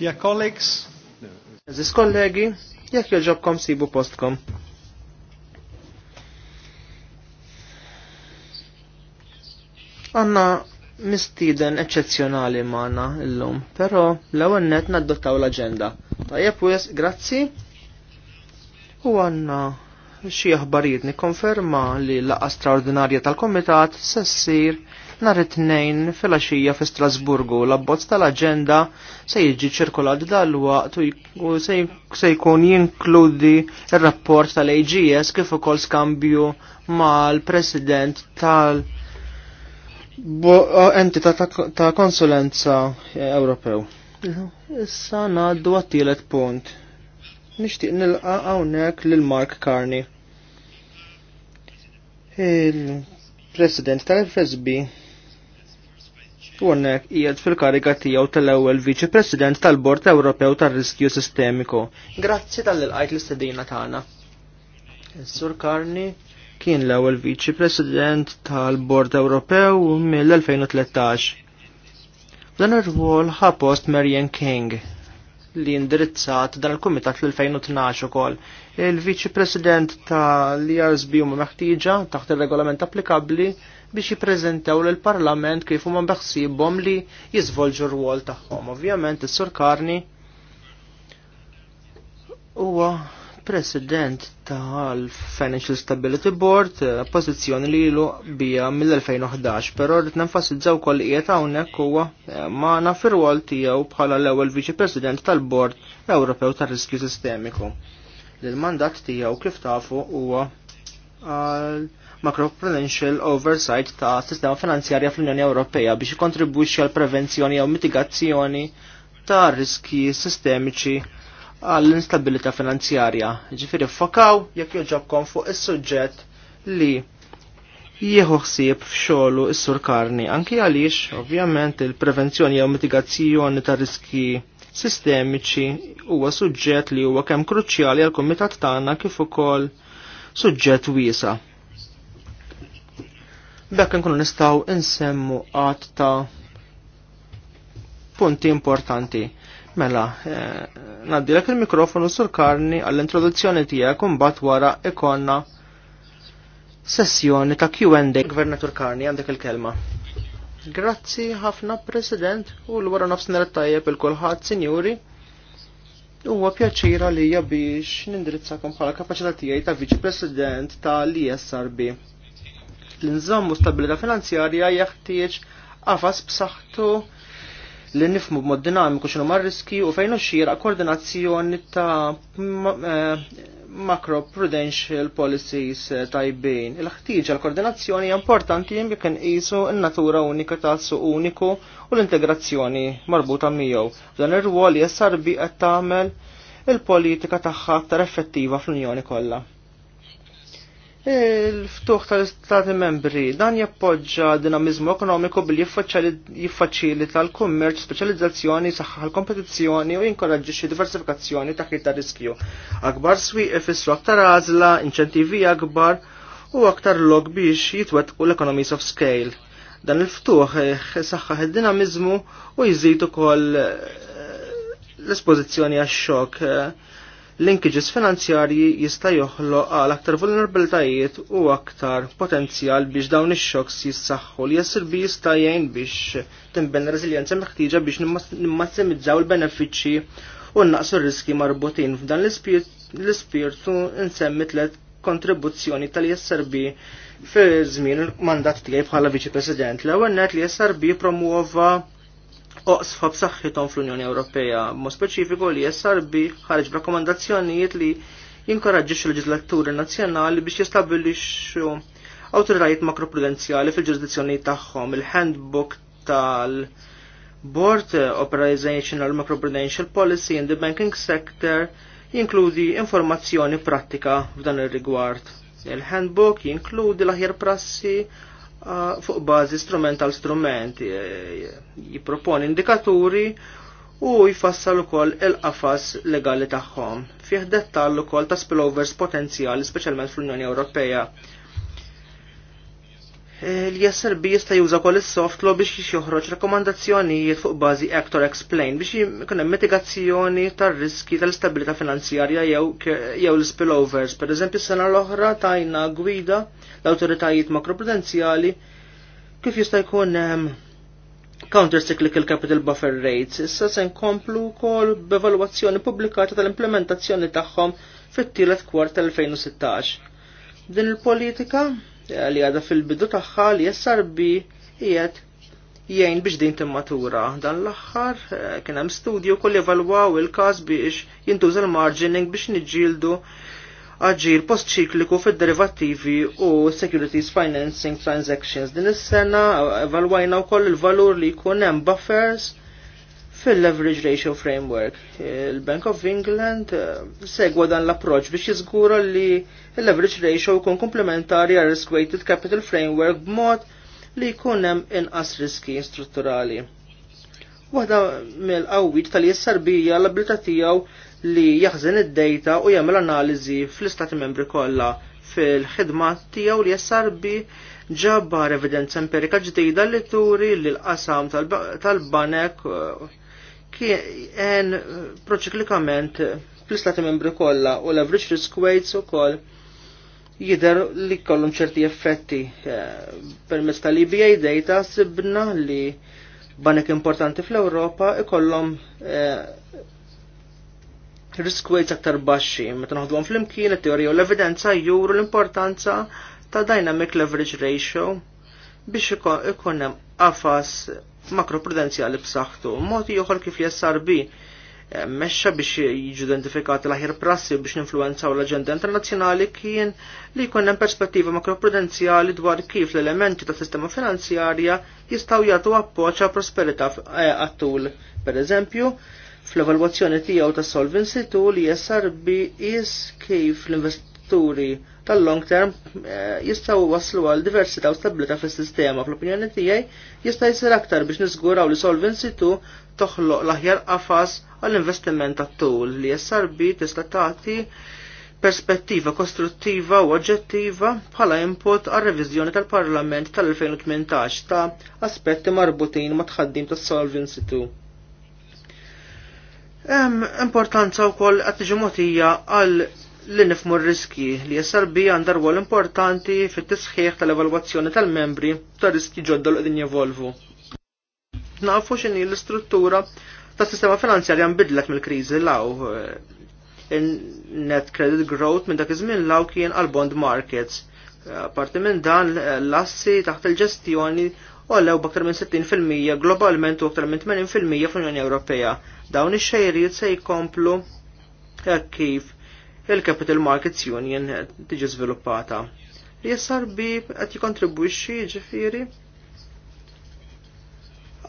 Dear colleagues, Aziz kollegi, jekk joġobkom sibu postkom. Għanna mistiden eccezjonali maħna l-lum, pero l-ewel net naddottaw l-agenda. Tajjeb wis, grazzi. U għanna xie aħbarijiet nikkonferma li laqa straordinarja tal-komitat sessir nhar it-tnejn fil axija fi Strasburgu l-abbozz tal-aġenda se jiġi ċirkolat dal-waqt u se jkun jinkludi ir-rapport tal-AGS kif ukoll skambju mal-President tal- entità ta' konsulenza Ewropew. Issa ngħaddu għat-tielet punt. Nixtieq nilqa' hawnhekk lil Mark Carney il-president tal-FSB u jgħed fil-karika tijaw tal-ewel Viċi President tal-Bord Ewropew tal-Riskju Sistemiku. Grazzi tal-ilqajt l-istedina tagħna. Sur Karni kien l-ewel Viċi President tal-Bord Ewropew mill-2013. Dan ir-rwol ħa post Marian King li indirizzat dan il-Kumitat l 2012 ukoll. Il-Viċi President tal-IRSB huma meħtieġa taħt ir-regolament applikabbli biex jippreżentaw l parlament kif huma beħsibhom li jiżvolġu r-rwol tagħhom. Ovvjament is-Sur Karni huwa president tal-Financial Stability Board, eh, pożizzjoni li ilu bija mill-2011, però rrid nenfasizzaw wkoll qiegħed hawnhekk huwa eh, maħna fir-rwol tiegħu bħala l-ewwel viċi president tal-Bord Ewropew tar-Riskju Sistemiku. L-mandat tiegħu kif tafu huwa għal macroprudential oversight ta' sistema finanzjarja fl-Unjoni Ewropea biex jikontribwixxi għal prevenzjoni jew mitigazzjoni ta' riski sistemiċi għall-instabilità finanzjarja. Ġifieri fokaw jekk joġobkom fuq is-suġġett li jieħu ħsieb f'xogħlu s-sur karni anki għaliex ovvjament il-prevenzjoni jew mitigazzjoni ta' riski sistemiċi huwa suġġett li huwa kemm kruċjali għal kumitat tagħna kif ukoll suġġett wiesa bekk nkunu nistaw insemmu għad ta' punti importanti. Mela, eh, naddilek il-mikrofonu sur karni għall-introduzzjoni tijak un bat wara ikonna sessjoni ta' Q&A. Gvernatur Karni, għandek il-kelma. Grazzi ħafna, President, u l-wara nafsner tajjeb il-kulħadd, Sinjuri. Huwa pjaċira li biex nindirizzakom bħala kapaċità tiegħi ta' Viċi President tal-ISRB l li u stabilità finanzjarja jeħtieġ għafas b'saħħtu li nifmu b'mod dinamiku x'inhu mar-riski u fejn xira koordinazzjoni ta' eh, prudential policies eh, tajbin. il ħtieġ għal koordinazzjoni hija importanti jekk inqisu n-natura unika ta' suq uniku u l-integrazzjoni marbuta miegħu. Dan ir-rwol jessar bi qed tagħmel il-politika tagħha aktar effettiva fl-Unjoni kollha il-ftuħ tal-Istati membri dan jappoġġa dinamizmu ekonomiku billi jiffaċilita l-kummerċ, speċjalizzazzjoni, saħħa l-kompetizzjoni u jinkoraġġixxi diversifikazzjoni ta' ta' riskju. Akbar swi ifissru aktar għażla, inċentivi akbar u aktar log biex jitwettqu l-economies of scale. Dan il-ftuħ saħħaħ id-dinamizmu u jżid ukoll eh, l-espożizzjoni għax-xokk linkages finanzjarji jista' joħloq għal aktar vulnerabilitajiet u aktar potenzjal biex dawn ix-xoks jissaħħu li SRB jista' jgħin biex tinben reżiljenza meħtieġa biex nimmassimizzaw il-benefiċċji u naqsu r-riski marbutin f'dan l-ispirtu nsemmi tliet kontribuzzjoni tal-ISRB fi żmien il-mandat tiegħi bħala Viċi President. L-ewwel li SRB promuova oqsfa b'saħħithom fl-Unjoni Ewropea, mod speċifiku li SRB ħareġ b'rakkomandazzjonijiet li jinkoraġġix il-leġislaturi nazzjonali biex jistabilixxu awtoritajiet makroprudenzjali fil-ġurisdizzjoni tagħhom il-handbook tal- Board Operational Macroprudential Policy in the Banking Sector jinkludi informazzjoni pratika f'dan ir-rigward. Il-handbook jinkludi l-aħjar prassi fuq bażi strument tal strument e, e, jiproponi indikaturi u jfassal ukoll il-qafas legali tagħhom. Fih dettall ukoll ta' spillovers potenzjali speċjalment fl-Unjoni Ewropea. E, L-ISRB jista' juża wkoll is-soft law biex joħroġ rekomandazzjonijiet fuq bażi Actor Explain biex jkun hemm mitigazzjoni tar-riski tal-istabilità finanzjarja jew l-spillovers. Pereżempju s-sena l-oħra tajna gwida l-awtoritajiet makroprudenzjali kif jista' jkun ehm, counter cyclical capital buffer rates. Issa se nkomplu wkoll b'evalwazzjoni pubblikata tal-implementazzjoni tagħhom fit-tielet kwart tal-2016. Din il-politika eh, li għadha fil-bidu tagħha li SRB qiegħed jgħin biex din timmatura. Dan l-aħħar eh, kien hemm studju kull evalwaw il-każ biex jintuża l-margining biex niġġieldu aġir ċikliku fid-derivattivi u securities financing transactions. Din is-sena evalwajna wkoll il-valur li jkun hemm buffers fil-leverage ratio framework. Il-Bank of England eh, segwa dan l-approċ biex jiżgura li il-leverage ratio jkun komplementari għal risk-weighted capital framework b'mod li jkun hemm inqas riski strutturali. Waħda mill-qawwiet tal-jessarbija l-abilità tiegħu li jaħżen id-data u jagħmel analiżi fl-istati membri kollha fil-ħidma tiegħu li bi ġabbar evidenza empirika ġdida li turi li l-qasam tal-banek uh, kien proċiklikament fl-istati membri kollha u l-average risk weights ukoll jidher li kollhom ċerti effetti uh, permezz tal-EBA data sibna li banek importanti fl-Ewropa ikollhom eh, risk weights aktar baxxi, meta naħduhom flimkien it-teorija u l-evidenza juru l-importanza ta' dynamic leverage ratio biex ikun hemm qafas makroprudenzjali b'saħħtu. Mod ieħor kif l-SRB eh, mexxa biex jiġu identifikati l-aħjar prassi biex ninfluenzaw l-aġenda internazzjonali kien li jkun hemm perspettiva makroprudenzjali dwar kif l-elementi ta' sistema finanzjarja jistgħu jagħtu appoġġ għal prosperità eh, għattul. Per eżempju, fl-evalwazzjoni tiegħu ta' Solvency tu li bi is kif l investituri tal-long term eh, jistaw waslu għal diversità u stabilità fis-sistema fl-opinjoni tiegħi jista' jsir aktar biex niżguraw li Solvency tu toħloq l-aħjar qafas għall-investiment tat-tul li e SRB tista' tagħti perspettiva kostruttiva u oġġettiva bħala input għal reviżjoni tal-Parlament tal-2018 ta' aspetti marbutin ma' tħaddim tas Solvency 2. Hemm importanza wkoll qed tiġi mogħtija għal li nifmu r-riski li jessarbi għandar rwol importanti fit tisħiħ tal-evalwazzjoni tal-membri ta' riski ġodda l jevolvu. Nafu xini l-istruttura ta' sistema finanzjarja nbidlet mill-krizi law. Net credit growth minn dak iż-żmien law kien għal bond markets. Parti minn dan l-assi taħt il-ġestjoni għallew baktar minn 60% globalment u aktar minn 80% fl-Unjoni Ewropea Dawn ix-xejrijiet se jkomplu kif il-Capital Markets Union tiġi żviluppata. Li SRB qed jikontribwixxi ġifieri?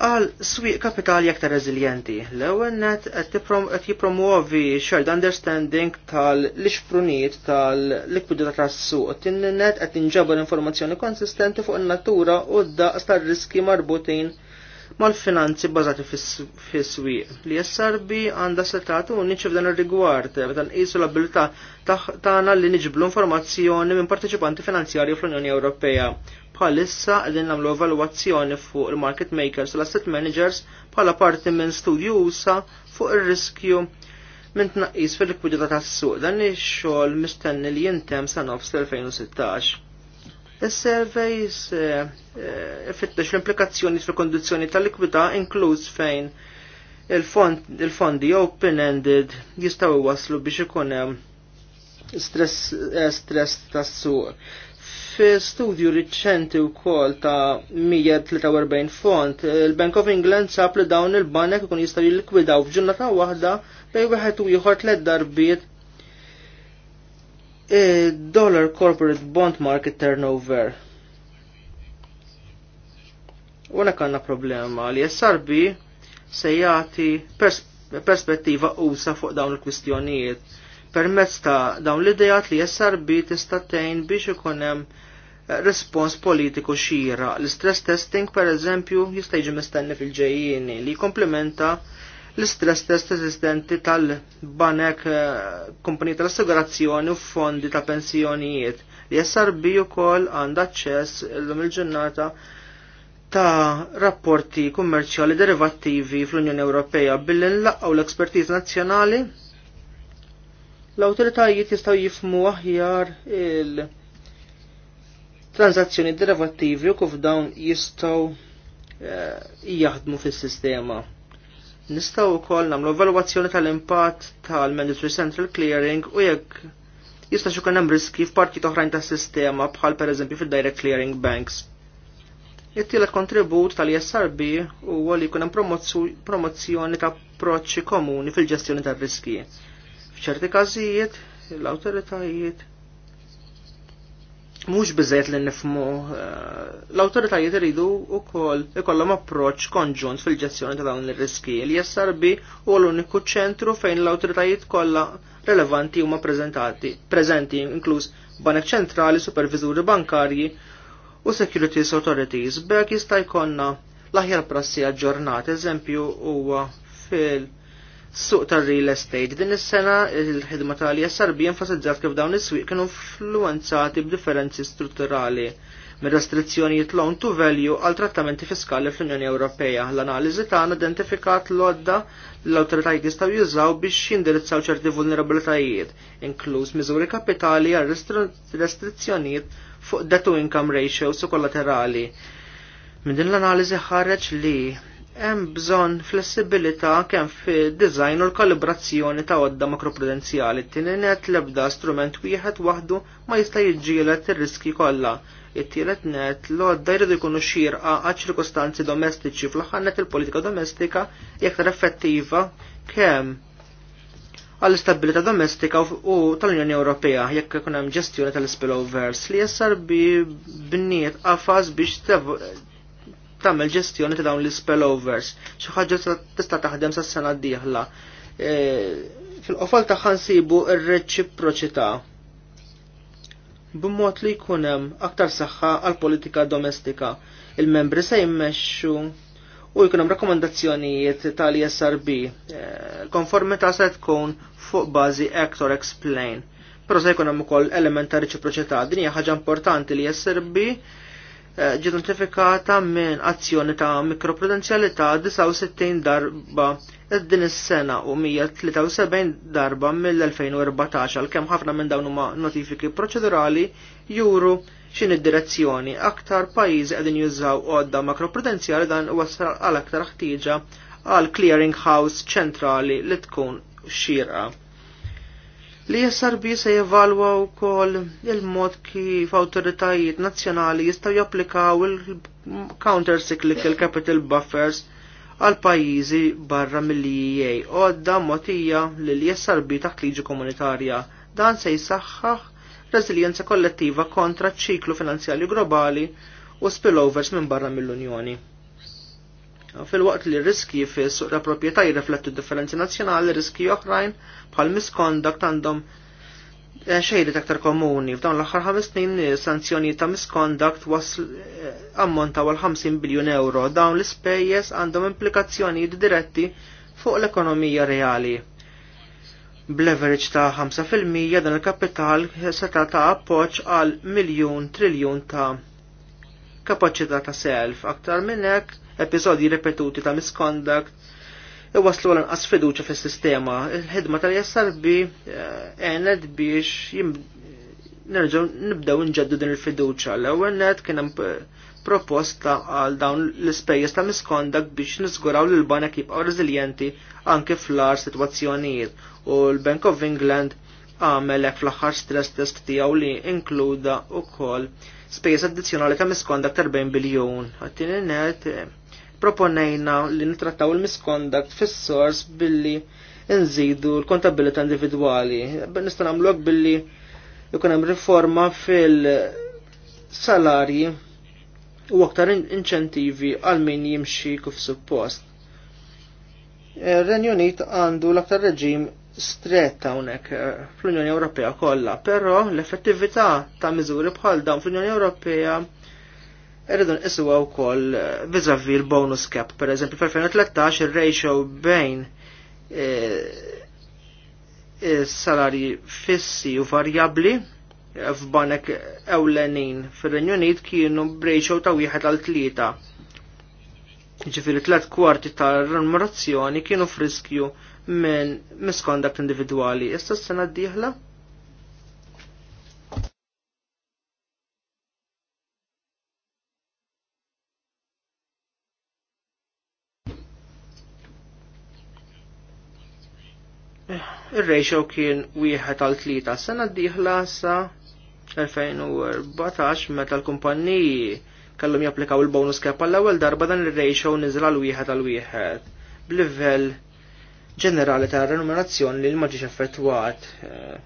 għal swieq kapitali aktar reżiljenti. L-ewwel net qed jippromuovi shared understanding tal-lixprunijiet tal-likwidità tas-suq. Tin net qed l informazzjoni konsistenti fuq in-natura u d-daqs tar-riski marbutin mal-finanzi bazati fis-swieq li SRB għandha setat uniċi f'dan ir-rigward meta nqisu l-abilità tagħna li niġblu informazzjoni minn partiċipanti finanzjarju fl-Unjoni Ewropea. Bħalissa qegħdin nagħmlu evalwazzjoni fuq il-market makers u l-asset managers bħala parti minn studju usa fuq ir-riskju minn tnaqqis fil-likwidità tas-suq dan ix-xogħol mistenni li jintemm sa nofs 2016. Is-surveys ifittex eh, eh, l-implikazzjoni fil-kondizzjoni tal-likwidità inkluż fejn il-fondi open-ended jistgħu waslu biex ikun hemm stress eh, stress tas-suq. Fi studju riċenti u kol ta' 143 font, il-Bank of England sab li dawn il-banek ikun jistaw jillikwidaw f'ġurnata waħda bej wieħed u ieħor tliet darbiet dollar corporate bond market turnover. Unek għanna problema li SRB se jagħti pers perspettiva usa fuq dawn il-kwistjonijiet permezz ta' dawn l-idejat li SRB tista' tgħin biex ikun hemm eh, respons politiku xira. L-stress testing per eżempju jista' jiġi mistenni fil ġejjini li komplementa l-istress test esistenti tal-banek eh, kumpanija tal-assigurazzjoni u fondi ta' pensjonijiet li SRB u kol għand ċess l-lum il-ġurnata ta' rapporti kummerċjali derivattivi fl-Unjoni Ewropea billi nlaqqaw l-ekspertiż nazzjonali l-autoritajiet jistaw jifmu aħjar il- transazzjoni derivattivi u kif dawn jistaw eh, jaħdmu fis-sistema. Nistaw ukoll nagħmlu evalwazzjoni tal-impatt tal-Mandatory Central Clearing u jekk jista' xi hemm riski f'parti oħrajn tas-sistema bħal pereżempju fid-Direct Clearing Banks. It-tielet kontribut tal-ISRB huwa li jkun hemm promozzjoni ta' approċċi komuni fil-ġestjoni tar-riski. F'ċerti każijiet l-awtoritajiet mhux biżejt li nifmu eh, l-awtoritajiet iridu wkoll ikollhom approċċ konġunt fil-ġestjoni ta' dawn ir-riski. li jessarbi u l-uniku ċentru fejn l-awtoritajiet kollha relevanti huma preżentati, preżenti inkluż Banek Ċentrali, Superviżuri Bankarji u Securities Authorities. Bek jista' jkollna l-aħjar prassi aġġornat, eżempju huwa fil- suq tal-real estate. Din is-sena il-ħidma tal SRB enfasizzat kif dawn is-swieq kienu influenzati b'differenzi strutturali minn restrizzjonijiet loan to value għal trattamenti fiskali fl-Unjoni Ewropea. L-analiżi tagħna identifikat l-għodda l-awtoritajiet jistaw jużaw biex jindirizzaw ċerti vulnerabilitajiet, inkluż miżuri kapitali għal restrizzjonijiet fuq debt to income ratios u kollaterali. Minn din l-analiżi ħareġ li hemm bżonn flessibilità kemm fid-design u l-kalibrazzjoni ta' għodda makroprudenzjali t-tininet l-ebda strument wieħed waħdu ma jista' jiġġielet ir-riski kollha. It-tielet net l-għodda jridu jkunu xierqa għad ċirkostanzi domestiċi fl-ħannet il-politika domestika jektar effettiva kemm għall-istabilità domestika u tal-Unjoni Ewropea jekk ikun hemm ġestjoni tal-spillovers li jessar bi bniet għafas biex tagħmel ġestjoni ta' dawn l-spellovers. Xi ħaġa tista' taħdem sas-sena d-dieħla. E, fil-qofol tagħha nsibu r-reċiproċità b'mod li jkun hemm aktar saħħa għal politika domestika. Il-membri se jimmexxu u jkun hemm rakkomandazzjonijiet tal-ISRB. E, Konformità se tkun fuq bażi actor explain. Però se jkun hemm ukoll element ta' reċiproċità. Din hija ħaġa importanti li e SRB Eh, notifikata minn azzjoni ta' mikroprudenzjalità 69 darba din is-sena u 173 darba mill-2014 għalkemm ħafna minn dawn huma notifiki proċedurali juru x'in id-direzzjoni aktar pajjiżi qegħdin jużaw għodda makroprudenzjali dan wassal għal aktar ħtieġa għal clearing house ċentrali li tkun xirqa. Li SRB se jevalwa u kol il-mod kif autoritajiet nazjonali jistaw japplikaw il-counter-cyclical capital buffers għal pajizi barra mill-EEA u għadda motija li l-SRB taħt liġi komunitarja. Dan se jisaxħaħ resilienza kollettiva kontra ċiklu finanzjali globali u spillovers minn barra mill-Unjoni. Fil-waqt li riski fi suq ta' proprjetà jirriflettu differenzi nazzjonali, riski oħrajn bħal misconduct għandhom eh, xejri aktar komuni. F'dawn l-aħħar ħames snin eh, sanzjoni ta' misconduct wasl eh, ammontaw għal 50 biljun euro. Dawn l-ispejjeż għandhom implikazzjonijiet diretti fuq l-ekonomija reali. B'leverage ta' 5% dan il-kapital seta ta' appoġġ għal miljun triljun ta' kapaċità ta' self. Aktar minn hekk episodji ripetuti ta' misconduct waslu għal nqas fiduċa fis-sistema. Il-ħidma tal-ISRB eh, għenet biex nerġgħu nibdew nġeddu din il-fiduċa. L-ewwel net kien hemm eh, proposta għal dawn l-ispejjeż ta' misconduct biex niżguraw l bana banek jibqgħu reżiljenti anke fl-ar sitwazzjonijiet u l-Bank of England għamel hekk fl-aħħar stress test tiegħu li inkluda wkoll spejjeż addizzjonali ta' misconduct 40 biljun. Għattini net eh, proponejna li nitrattaw il-misconduct fis-sors billi nżidu l-kontabilità individwali. Nista' nagħmluk billi jkun hemm riforma fil-salarji u aktar inċentivi għal min jimxi kif suppost. Ir-Renju eh, Unit għandu l-aktar reġim stretta hawnhekk eh, fl-Unjoni Ewropea kollha, però l-effettività ta' miżuri bħal dawn fl-Unjoni Ewropea irridu nqisuha wkoll eh, vizavi l-bonus cap. Pereżempju fl-2013 ir-ratio bejn eh, salari fissi u varjabli eh, f'banek ewlenin fir-Renju Unit kienu b'ratio ta' wieħed għal tlieta. Ġifieri tliet kwarti tal remorazzjoni kienu friskju minn misconduct individwali. Issa s-sena d-dieħla? Ir-ratio kien wieħed għal tlieta sena d-dieħla sa 2014 meta l-kumpanniji kellhom japplikaw il-bonus cap għall ewwel darba dan ir-ratio niżla l wieħed għal wieħed b'livell ġenerali ta' renumerazzjoni li ma ġiex effettwat. Eh,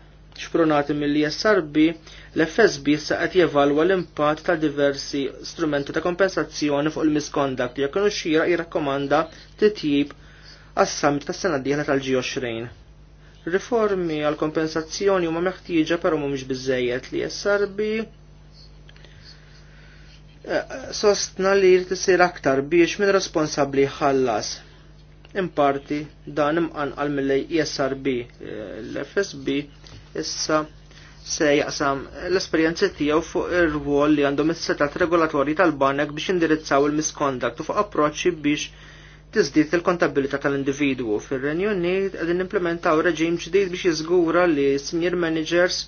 Xprunati mill srb l-FSB issa qed jevalwa l-impatt ta' diversi strumenti ta' kompensazzjoni fuq il-misconduct jekk kienu xira jirrakkomanda titjib għas-summit tas-sena d-dieħla tal-G20. Riformi għal kompensazzjoni huma meħtieġa però mhumiex biżejjed li jessarbi eh, sostna li isir aktar biex minn responsabli ħallas. Imparti dan imqanqal mill-lej ISRB eh, l-FSB issa se jaqsam l-esperienzi tiegħu fuq ir-rwol li għandhom is-setat regolatorji tal-banek biex indirizzaw il-misconduct u fuq approċċi biex tiżdied il-kontabilità tal-individwu. Fir-Renju Unit qegħdin implementaw reġim ġdid biex jiżgura li senior managers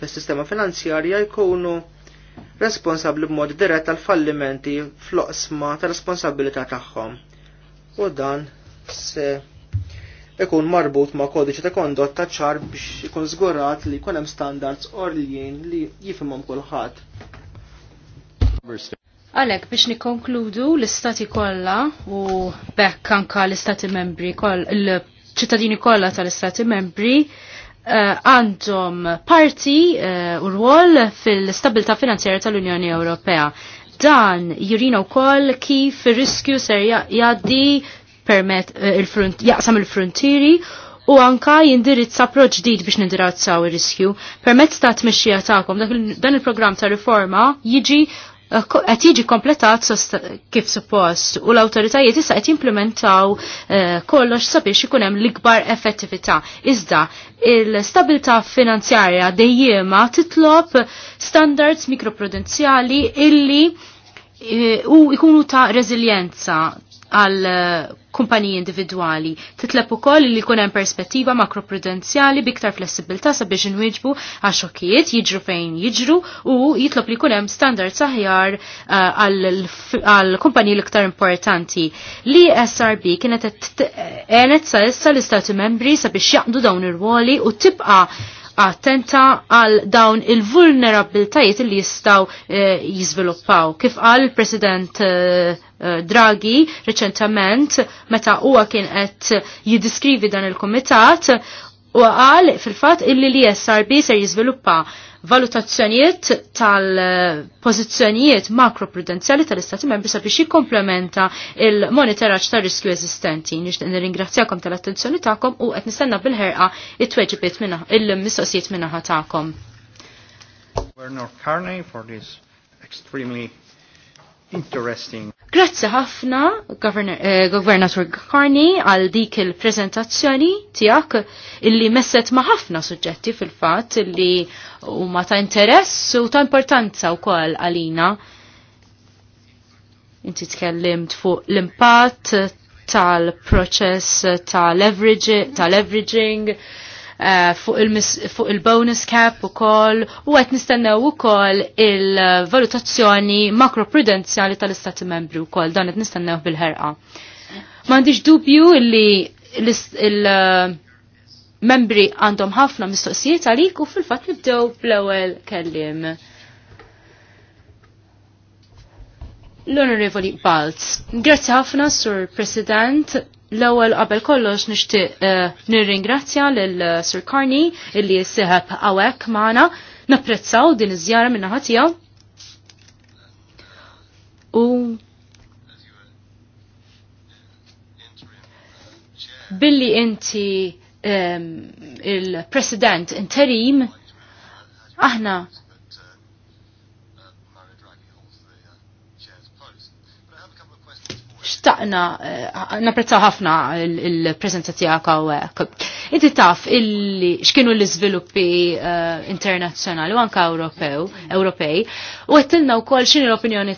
fis-sistema finanzjarja jkunu responsabbli b'mod dirett tal fallimenti fl-oqsma ta' responsabilità tagħhom. U dan se ikun marbut ma' kodiċi ta' kondotta ċar biex ikun żgurat li jkun hemm standards orljin li jifhimhom kulħadd. Għalek biex nikonkludu l-istati kolla u bekk anka l-istati membri l-ċittadini kolla tal-istati membri eh, għandhom uh, parti uh, u rwol fil-stabilta finanzjera tal-Unjoni Ewropea. Dan jirina koll kif ir-riskju ser jgħaddi permet uh, jaqsam il-frontieri u anka jindirizza proġ ġdid biex nindirazzaw ir-riskju. Permezz ta' tmexxija tagħkom dan il-programm ta' riforma jiġi qed jiġi kompletat kif suppost u l-awtoritajiet issa qed jimplementaw eh, kollox sabiex ikun hemm l-ikbar effettività. Iżda il-stabilità finanzjarja dejjema titlob standards mikroprudenzjali illi eh, u jkunu ta' reżiljenza għal kumpaniji individwali. Titleb ukoll li jkun hemm perspettiva makroprudenzjali biktar flessibilta sabiex inwieġbu għax xokkijiet jiġru fejn jiġru u jitlob li jkun hemm standard saħjar eh, għal kumpaniji l-iktar importanti. Li SRB kienet eh, għenet sa l-Istati membri sabiex jaqdu dawn ir-ruoli u tibqa' attenta għal dawn il-vulnerabiltajiet li jistaw eh, jizviluppaw. Kif għal president eh, eh, Draghi reċentament meta huwa kien qed jiddiskrivi dan il-Kumitat u għal fil fatt illi li SRB ser jizviluppa valutazzjonijiet tal-pozizjonijiet makroprudenzjali tal-Istati membri sabiex jikkomplementa il-monitoraġġ tar riskju eżistenti. Nixtieq nirringrazzjakom tal-attenzjoni tagħkom u qed nistenna bil-ħerqa it-tweġibiet il-mistoqsijiet minnaħa tagħkom. Werner Carney for this extremely Interesting. Grazzi ħafna, eh, Governatur Carney, għal dik il-prezentazzjoni tijak illi messet ma ħafna suġġetti fil-fat illi huma ta' interess u ta' importanza wkoll għalina. Inti tkellimt fuq l-impatt tal-proċess tal-leveraging, tal Eh, fuq il-bonus cap u koll u għet nistennew u koll il-valutazzjoni makroprudenzjali tal-istati membri u koll dan għet nistennew bil-ħerqa. Mandiġ dubju illi il-membri eh, għandhom ħafna mistoqsijiet għalik u fil-fat nibdew bl-ewel kellim. L-Onorevoli Balz. Grazie ħafna, Sur President L-ewwel qabel kollox nixtieq eh, nirringrazzja lil eh, Sir Carney illi jissieħeb hawnhekk magħna. Napprezzaw din iż-żjara minn naħa tiegħu. U billi inti ehm, il-president interim aħna xtaqna, eh, napprezzaw ħafna il-prezenza tijak għawek. Inti taf illi xkienu l-izviluppi eh, internazzjonali u anka Ewropej, u għettilna u kol xini l-opinjoni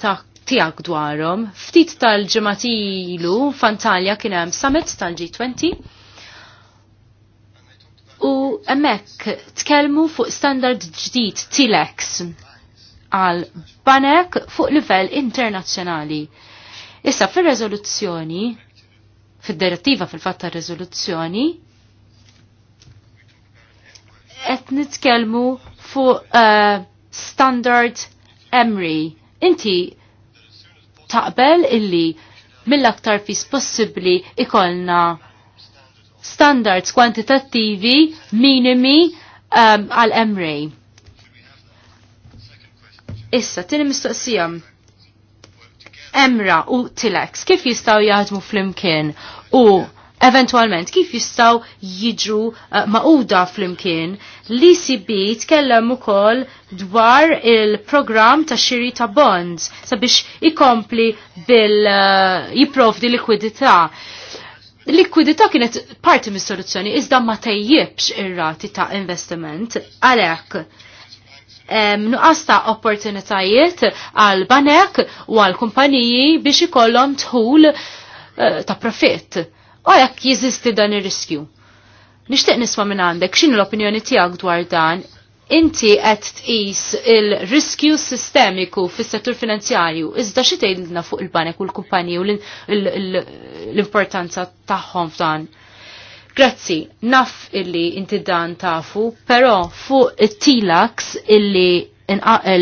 tijak dwarom. Ftit tal-ġematilu fantalja kienem summit tal-G20 u emmek tkelmu fuq standard ġdid TILEX għal banek fuq livell internazzjonali. Issa fir rezoluzzjoni fid-direttiva fil fatta rezoluzzjoni qed nitkellmu fuq uh, eh, standard emri. Inti taqbel illi mill-aktar fis possibbli ikolna standards kwantitattivi minimi eh, għal um, emri. Issa, tini mistoqsijam. Emra u Tilex kif jistaw jaħdmu flimkien u eventualment kif jistaw jidru uh, eh, maquda flimkien li e kellem u ukoll dwar il-programm ta' xiri ta' bonds sabiex ikompli bil uh, eh, jiprovdi likwidità. Likwidità kienet parti mis-soluzzjoni iżda ma tejjibx ir-rati ta' investiment għalhekk Nuqasta opportunitajiet għal banek u għal kumpaniji biex ikollhom tħul eh, ta' profitt. U jekk jeżisti dan ir-riskju. Nixtieq nisma' minn għandek x'inhu l-opinjoni tiegħek dwar dan inti qed tqis il-riskju sistemiku fis-settur finanzjarju, iżda xi tgħidilna fuq il-banek u l-kumpaniji u l-importanza tagħhom f'dan. Grazzi, naf illi inti dan tafu, pero fuq it-tilax illi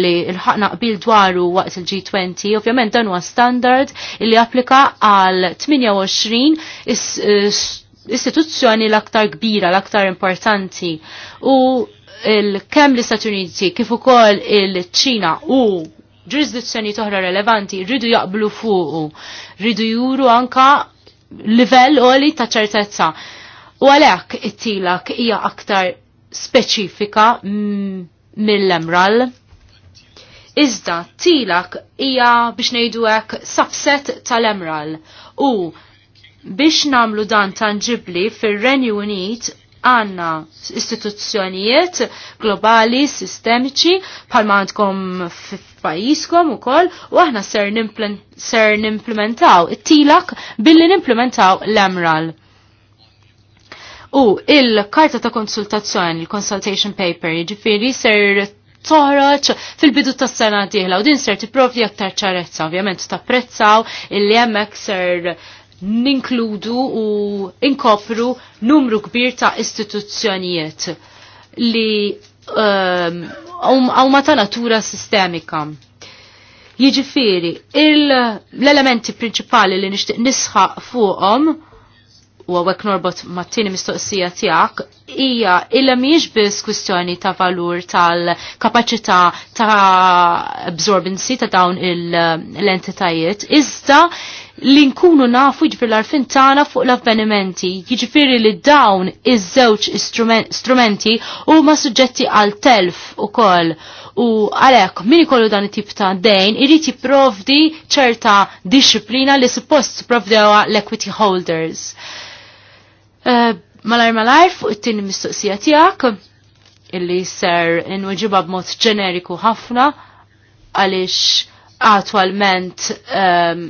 li il-ħakna qbil dwaru waqt il-G20, ovvjament dan huwa standard illi applika għal 28 istituzzjoni l-aktar kbira, l-aktar importanti. U il-kem l-Istati Uniti kif ukoll il-Ċina u ġurisdizzjoni toħra relevanti rridu jaqblu fuqu, rridu juru anka livell oli ta' ċertezza U għalhekk it-tilak hija aktar speċifika mill-emral. Iżda tilak hija biex ngħidu hekk subset tal-emral u biex namlu dan tangibli fir-Renju Unit għanna istituzzjonijiet globali, sistemiċi, f għandkom f'pajjiżkom ukoll, u aħna ser nimplementaw it-tilak billi nimplementaw l-emral. U il-karta ta' konsultazzjoni, il-consultation paper, ġifiri ser toħroċ fil-bidu ta' sena diħla u din ser tipprovdi aktar ċarezza, ovvjament ta' prezzaw il-li jemmek ser ninkludu u inkopru numru kbir ta' istituzzjonijiet li għaw ehm, ma ta' natura sistemika. Jiġifiri, l-elementi principali li nishtiq nisħaq fuqom u għawek norbot mat-tini mistoqsija tijak, ija illa miex bis kwistjoni ta' valur tal kapacita ta' absorbency ta' dawn l-entitajiet, iżda li nkunu nafu ġifir l-arfin tana fuq l-avvenimenti, ġifir li dawn iż-żewġ strumenti u ma suġġetti għal telf u koll. U għalek, min ikollu dan it-tip ta' dejn, irrit jiprovdi ċerta disciplina li suppost provdewa l-equity holders. Eh, malar malar fuq it-tieni mistoqsija tiegħek illi ser inweġibha b'mod ġeneriku ħafna għaliex attwalment ehm,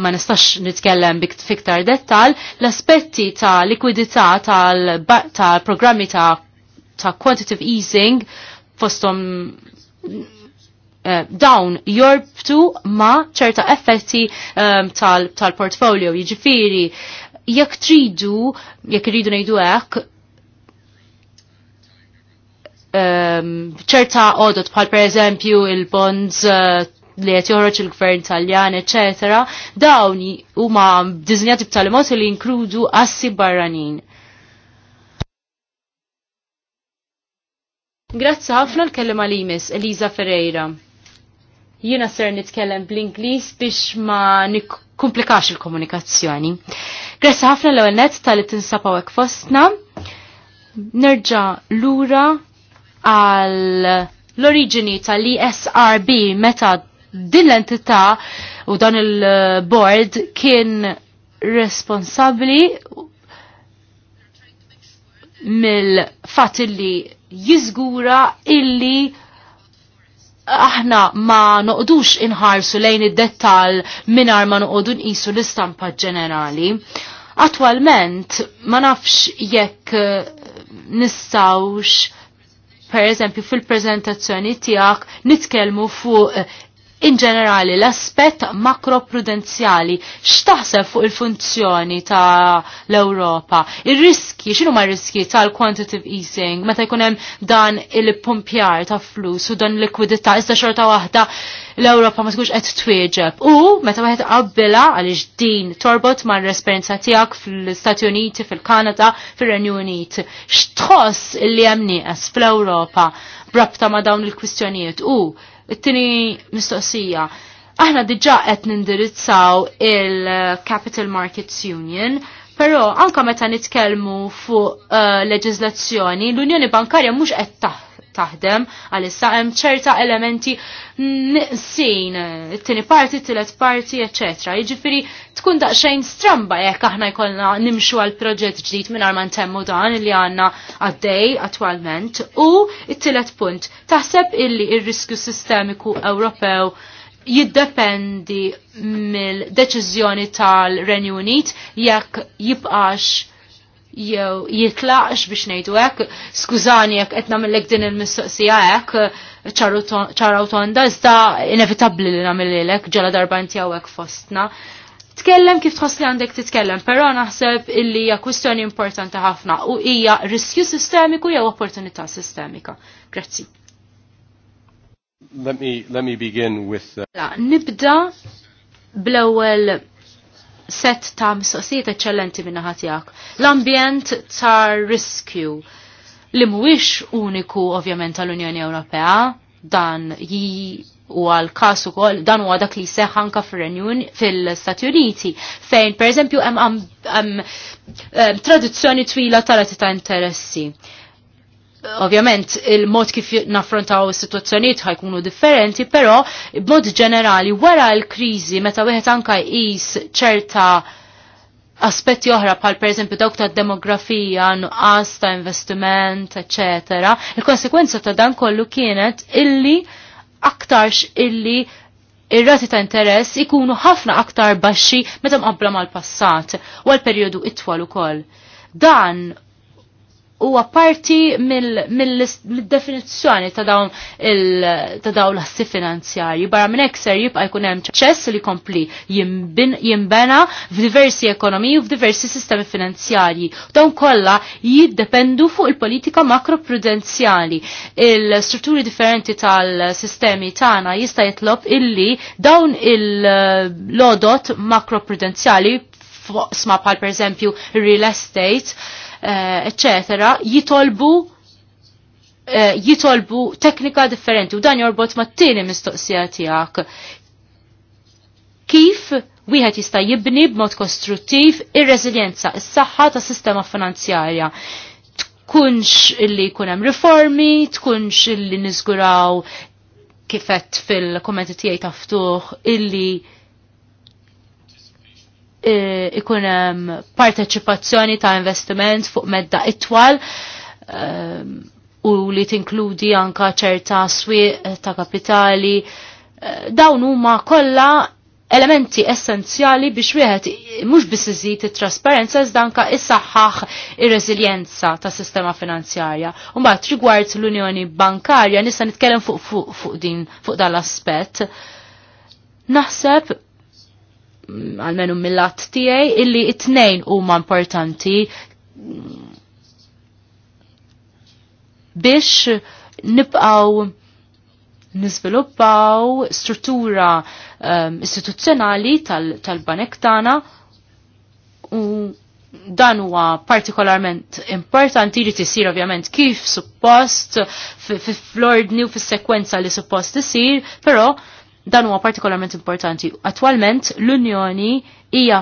ma nistax nitkellem fiktar dettal l-aspetti ta' likwidità tal-programmi ta' ta' quantitative easing fostom eh, dawn jorbtu ma ċerta effetti um, tal-portfolio, tal jiġifieri, jekk tridu, jekk iridu ngħidu hekk, ehm, ċerta għodot bħal per eżempju il-bonds eh, li qed joħroġ il-gvern Taljan, eċetera, dawn huma ddiżinjati b'tali mod li jinkludu assi barranin. Grazzi ħafna l-kellem għal-imis, Eliza Ferreira. Jiena ser nitkellem bl-Inglis biex ma nikkomplikax il-komunikazzjoni. Gressa ħafna l ewel net tal-li tinsabaw hekk fostna. Nerġa' lura għal l-oriġini tal-ESRB meta din l-entità u dan il-board kien responsabli mill-fat illi jizgura illi aħna ma noqdux inħarsu lejn id-dettal minar ma noqdu nqisu l-istampa ġenerali. Attualment ma nafx jekk eh, nistawx per eżempju fil-prezentazzjoni tijak nitkelmu fuq eh, in ġenerali l-aspett makroprudenzjali x'taħseb fuq il-funzjoni ta' l-Ewropa? Ir-riski, x'inhu ma' riski tal-quantitative easing meta jkun hemm dan il-pumpjar ta' flus u dan likwidità iżda xorta waħda l-Ewropa ma tkunx qed twieġeb. U meta wieħed qabbilha għaliex din torbot ma' l-esperjenza tiegħek fl istati Uniti, fil-Kanada, fir-Renju Unit. X'tħoss li hemm nieqes fl-Ewropa brabta ma' dawn il-kwistjonijiet u It-tini mistoqsija. Aħna diġa qed nindirizzaw il-Capital Markets Union, però anka meta nitkellmu fuq uh, eh, leġislazzjoni, l-Unjoni Bankarja mhux qed taħdem għalissa hemm ċerta elementi niqsin, it-tieni parti, t tilet parti, ecc. Jiġifieri tkun daqsxejn stramba jekk aħna jkollna nimxu għal proġett ġdid mingħajr ma ntemmu dan li għandna għaddej attwalment. U t tielet punt, taħseb illi il riskju sistemiku Ewropew jiddependi mill-deċiżjoni tal-Renju Unit jekk jibqax jew jitlaqx biex ngħidu hekk, skużani jekk qed nagħmellek din il-mistoqsija hekk ċaraw tonda iżda inevitabbli li nagħmellilek ġala darba inti hawnhekk fostna. Tkellem kif tħoss li għandek titkellem, però naħseb illi hija kwistjoni importanti ħafna u hija riskju sistemiku jew opportunità sistemika. Grazzi. Let me, let me begin with... Uh... La, mela, nibda bl-ewwel set ta' mistoqsijiet eċċellenti minna ħatijak. L-ambjent ta' riskju li mhuwiex uniku ovvjament tal-Unjoni Ewropea, dan ji u għal kas ukoll dan huwa dak li seħ anke fil-Stati Uniti fejn pereżempju hemm tradizzjoni twila tal-ati ta' interessi. Ovvjament, il-mod kif naffrontaw is-sitwazzjonijiet ħajkunu differenti, però b'mod ġenerali wara l-kriżi meta wieħed anka jqis ċerta aspetti oħra bħal pereżempju dawk ta' demografija, nuqqas ta' investiment, eċetera, il-konsekwenza ta' dan kollu kienet illi aktarx illi ir-rati ta' interess ikunu ħafna aktar baxxi meta mqabbla mal-passat u għal perjodu itwal ukoll. Dan huwa parti mill-definizzjoni ta' dawn ta' dawn l-assi finanzjarji. Barra minn hekk ser jibqa' jkun hemm ċess li kompli jimbena f'diversi ekonomiji u f'diversi sistemi finanzjarji. Dawn kollha jiddependu fuq il-politika makroprudenzjali. Il-strutturi differenti tal-sistemi tagħna jista' jitlob illi dawn il-lodot makroprudenzjali sma bħal per esempio real estate eccetera, eh, jitolbu eh, jitolbu teknika differenti u dan jorbot ma t-tieni mistoqsija tiegħek. Kif wieħed jista' jibni b'mod kostruttiv ir-reżiljenza, is-saħħa tas-sistema finanzjarja tkunx illi jkun hemm riformi, tkunx illi niżguraw kifet fil-kommenti tiegħi taftuħ illi Eh, ikun hemm parteċipazzjoni ta' investiment fuq medda itwal u li tinkludi anka ċerta swi ta' kapitali. Eh, dawn huma kollha elementi essenzjali biex wieħed mhux biss iżid it-trasparenza iżda anke issaħħaħ ir-reżiljenza tas sistema finanzjarja. U mbagħad rigward l-Unjoni Bankarja nista' nitkellem fuq fuq fuq din fuq dan l-aspett. Naħseb għalmenu mill-att tiegħi illi it-tnejn huma importanti biex nibqaw nizviluppaw struttura um, istituzzjonali tal-banek tal tagħna u dan huwa partikolarment importanti li tisir ovvjament kif suppost fl-ordni u fis-sekwenza li suppost isir, però Dan huwa partikolarment importanti. Attualment l-Unjoni hija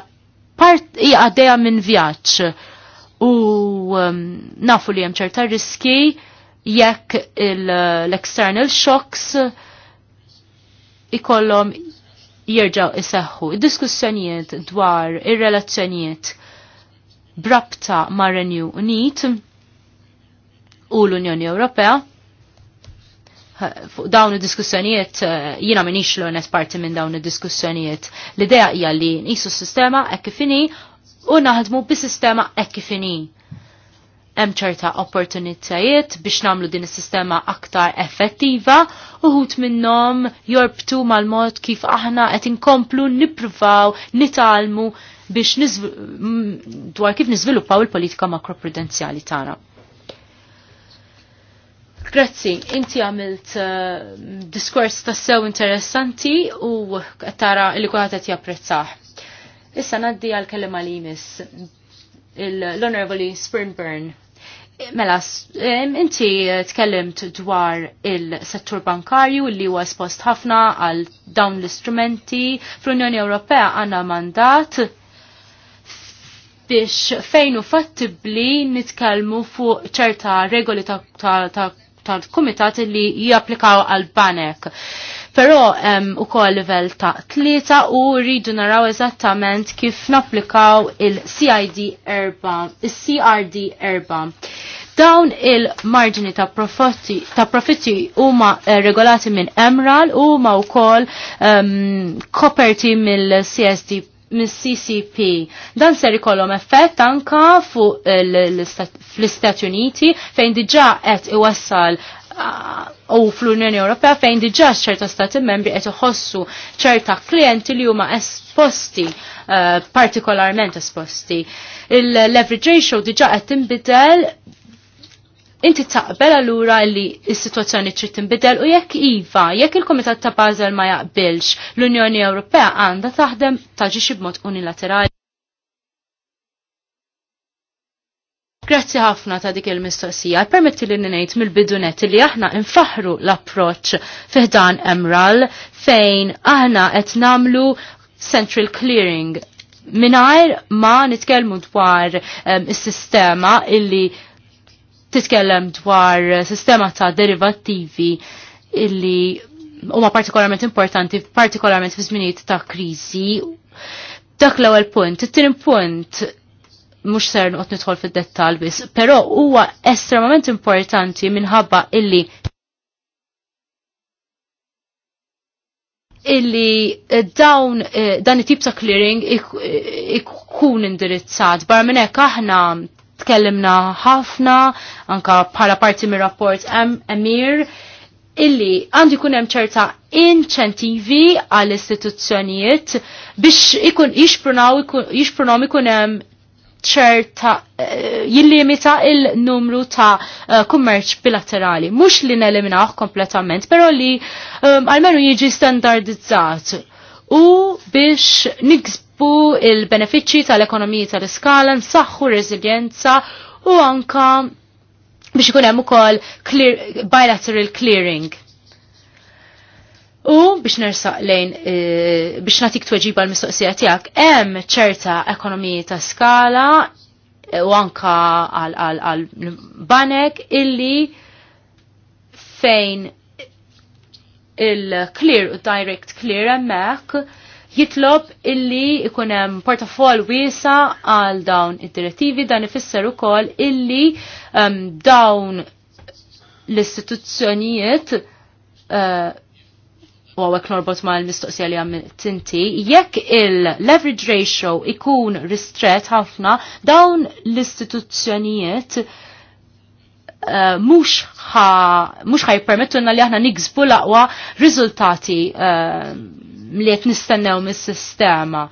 hija għaddejja minn vjaġġ u um, nafu li hemm ċerta riski jekk l-external shocks ikollhom jirġaw iseħħu. id Diskussjonijiet dwar ir-relazzjonijiet brabta ma' Renew Unit u l-Unjoni Ewropea fuq dawn id-diskussjonijiet eh, jiena minix l-onet parti minn dawn id-diskussjonijiet. L-idea hija li nqisu s-sistema hekk kifini u naħdmu bis-sistema hekk kifini. Hemm ċerta opportunitajiet biex nagħmlu din is-sistema aktar effettiva uħut minnhom jorbtu mal-mod kif aħna qed inkomplu nippruvaw nitalmu biex dwar kif niżviluppaw il-politika makroprudenzjali tagħna. Grazzi, inti għamilt uh, diskors tassew interessanti u tara li kuħat qed japprezzaħ. Issa naddi għal kellima li jmiss l-Honorable Springburn. Mela, inti tkellimt dwar il-settur bankarju li huwa espost ħafna għal dawn l-istrumenti fl-Unjoni Ewropea għandna mandat biex fejn u fattibli nitkellmu fuq ċerta regoli ta', ta, ta tant komitat li japplikaw għal banek. Pero um, u koll level ta' tlieta u rridu naraw eżattament kif napplikaw il-CID erba, il-CRD erba. Dawn il-marġini ta' profitti, ta' profitti huma eh, regolati minn Emral u ma' u um, koperti mill-CSDP mis-CCP. Dan ser ikollhom effett anka fuq l-Istati Uniti fejn diġà qed iwassal uh, u fl-Unjoni Ewropea fejn diġà ċerta stati membri qed iħossu ċerta klijenti li huma esposti, uh, partikolarment esposti. Il-leverage ratio diġà qed tinbidel Inti taqbel allura li s-situazzjoni trid tinbidel u jekk iva, jekk il-Komitat ta' Basel ma jaqbilx, l-Unjoni Ewropea għandha taħdem xi b'mod unilaterali. Grazzi ħafna ta' dik il-mistoqsija. Permetti li ninejt mill-bidunet li aħna nfaħru l-approċ fiħdan Emral fejn aħna qed namlu Central Clearing minajr ma nitkellmu dwar ehm, is-sistema illi titkellem dwar sistema ta' derivattivi illi huma partikolarment importanti, partikolarment fi żminijiet ta' kriżi. Dak l-ewwel punt, it tieni punt mhux ser noqgħod nidħol fid-dettall biss, però huwa estremament importanti minħabba illi illi eh, dawn eh, dan it-tip ta' clearing eh, ikun indirizzat barra minn hekk aħna tkellimna ħafna, anka bħala parti mir rapport Emir, illi għandu jkun hemm ċerta inċentivi għall istituzzjonijiet biex ikun jixprunaw ikun hemm ċerta eh, jillimita il-numru ta' eh, kummerċ bilaterali. Mux li neliminaħ kompletament, pero li eh, għalmenu jiġi standardizzat u biex niksb jaħsbu il-benefiċċji tal-ekonomiji tal-iskala, nsaħħu r-reżiljenza u anka biex ikun hemm ukoll clear, bilateral clearing. U biex nersaq lejn e, biex nagħtik tweġiba l-mistoqsija tiegħek, hemm ċerta ekonomiji ta' skala e, u anka għal banek illi fejn il-clear u direct clear hemmhekk jitlob illi ikun hemm portafol wiesa għal dawn id-direttivi dan ifisser ukoll illi um, dawn l-istituzzjonijiet uh, u għawek norbot ma l-mistoqsija li għam tinti, jekk il-leverage ratio ikun ristret ħafna, dawn l-istituzzjonijiet uh, mux ħaj permettuna li aħna nigzbu laqwa rizultati uh, li qed nistennew mis-sistema.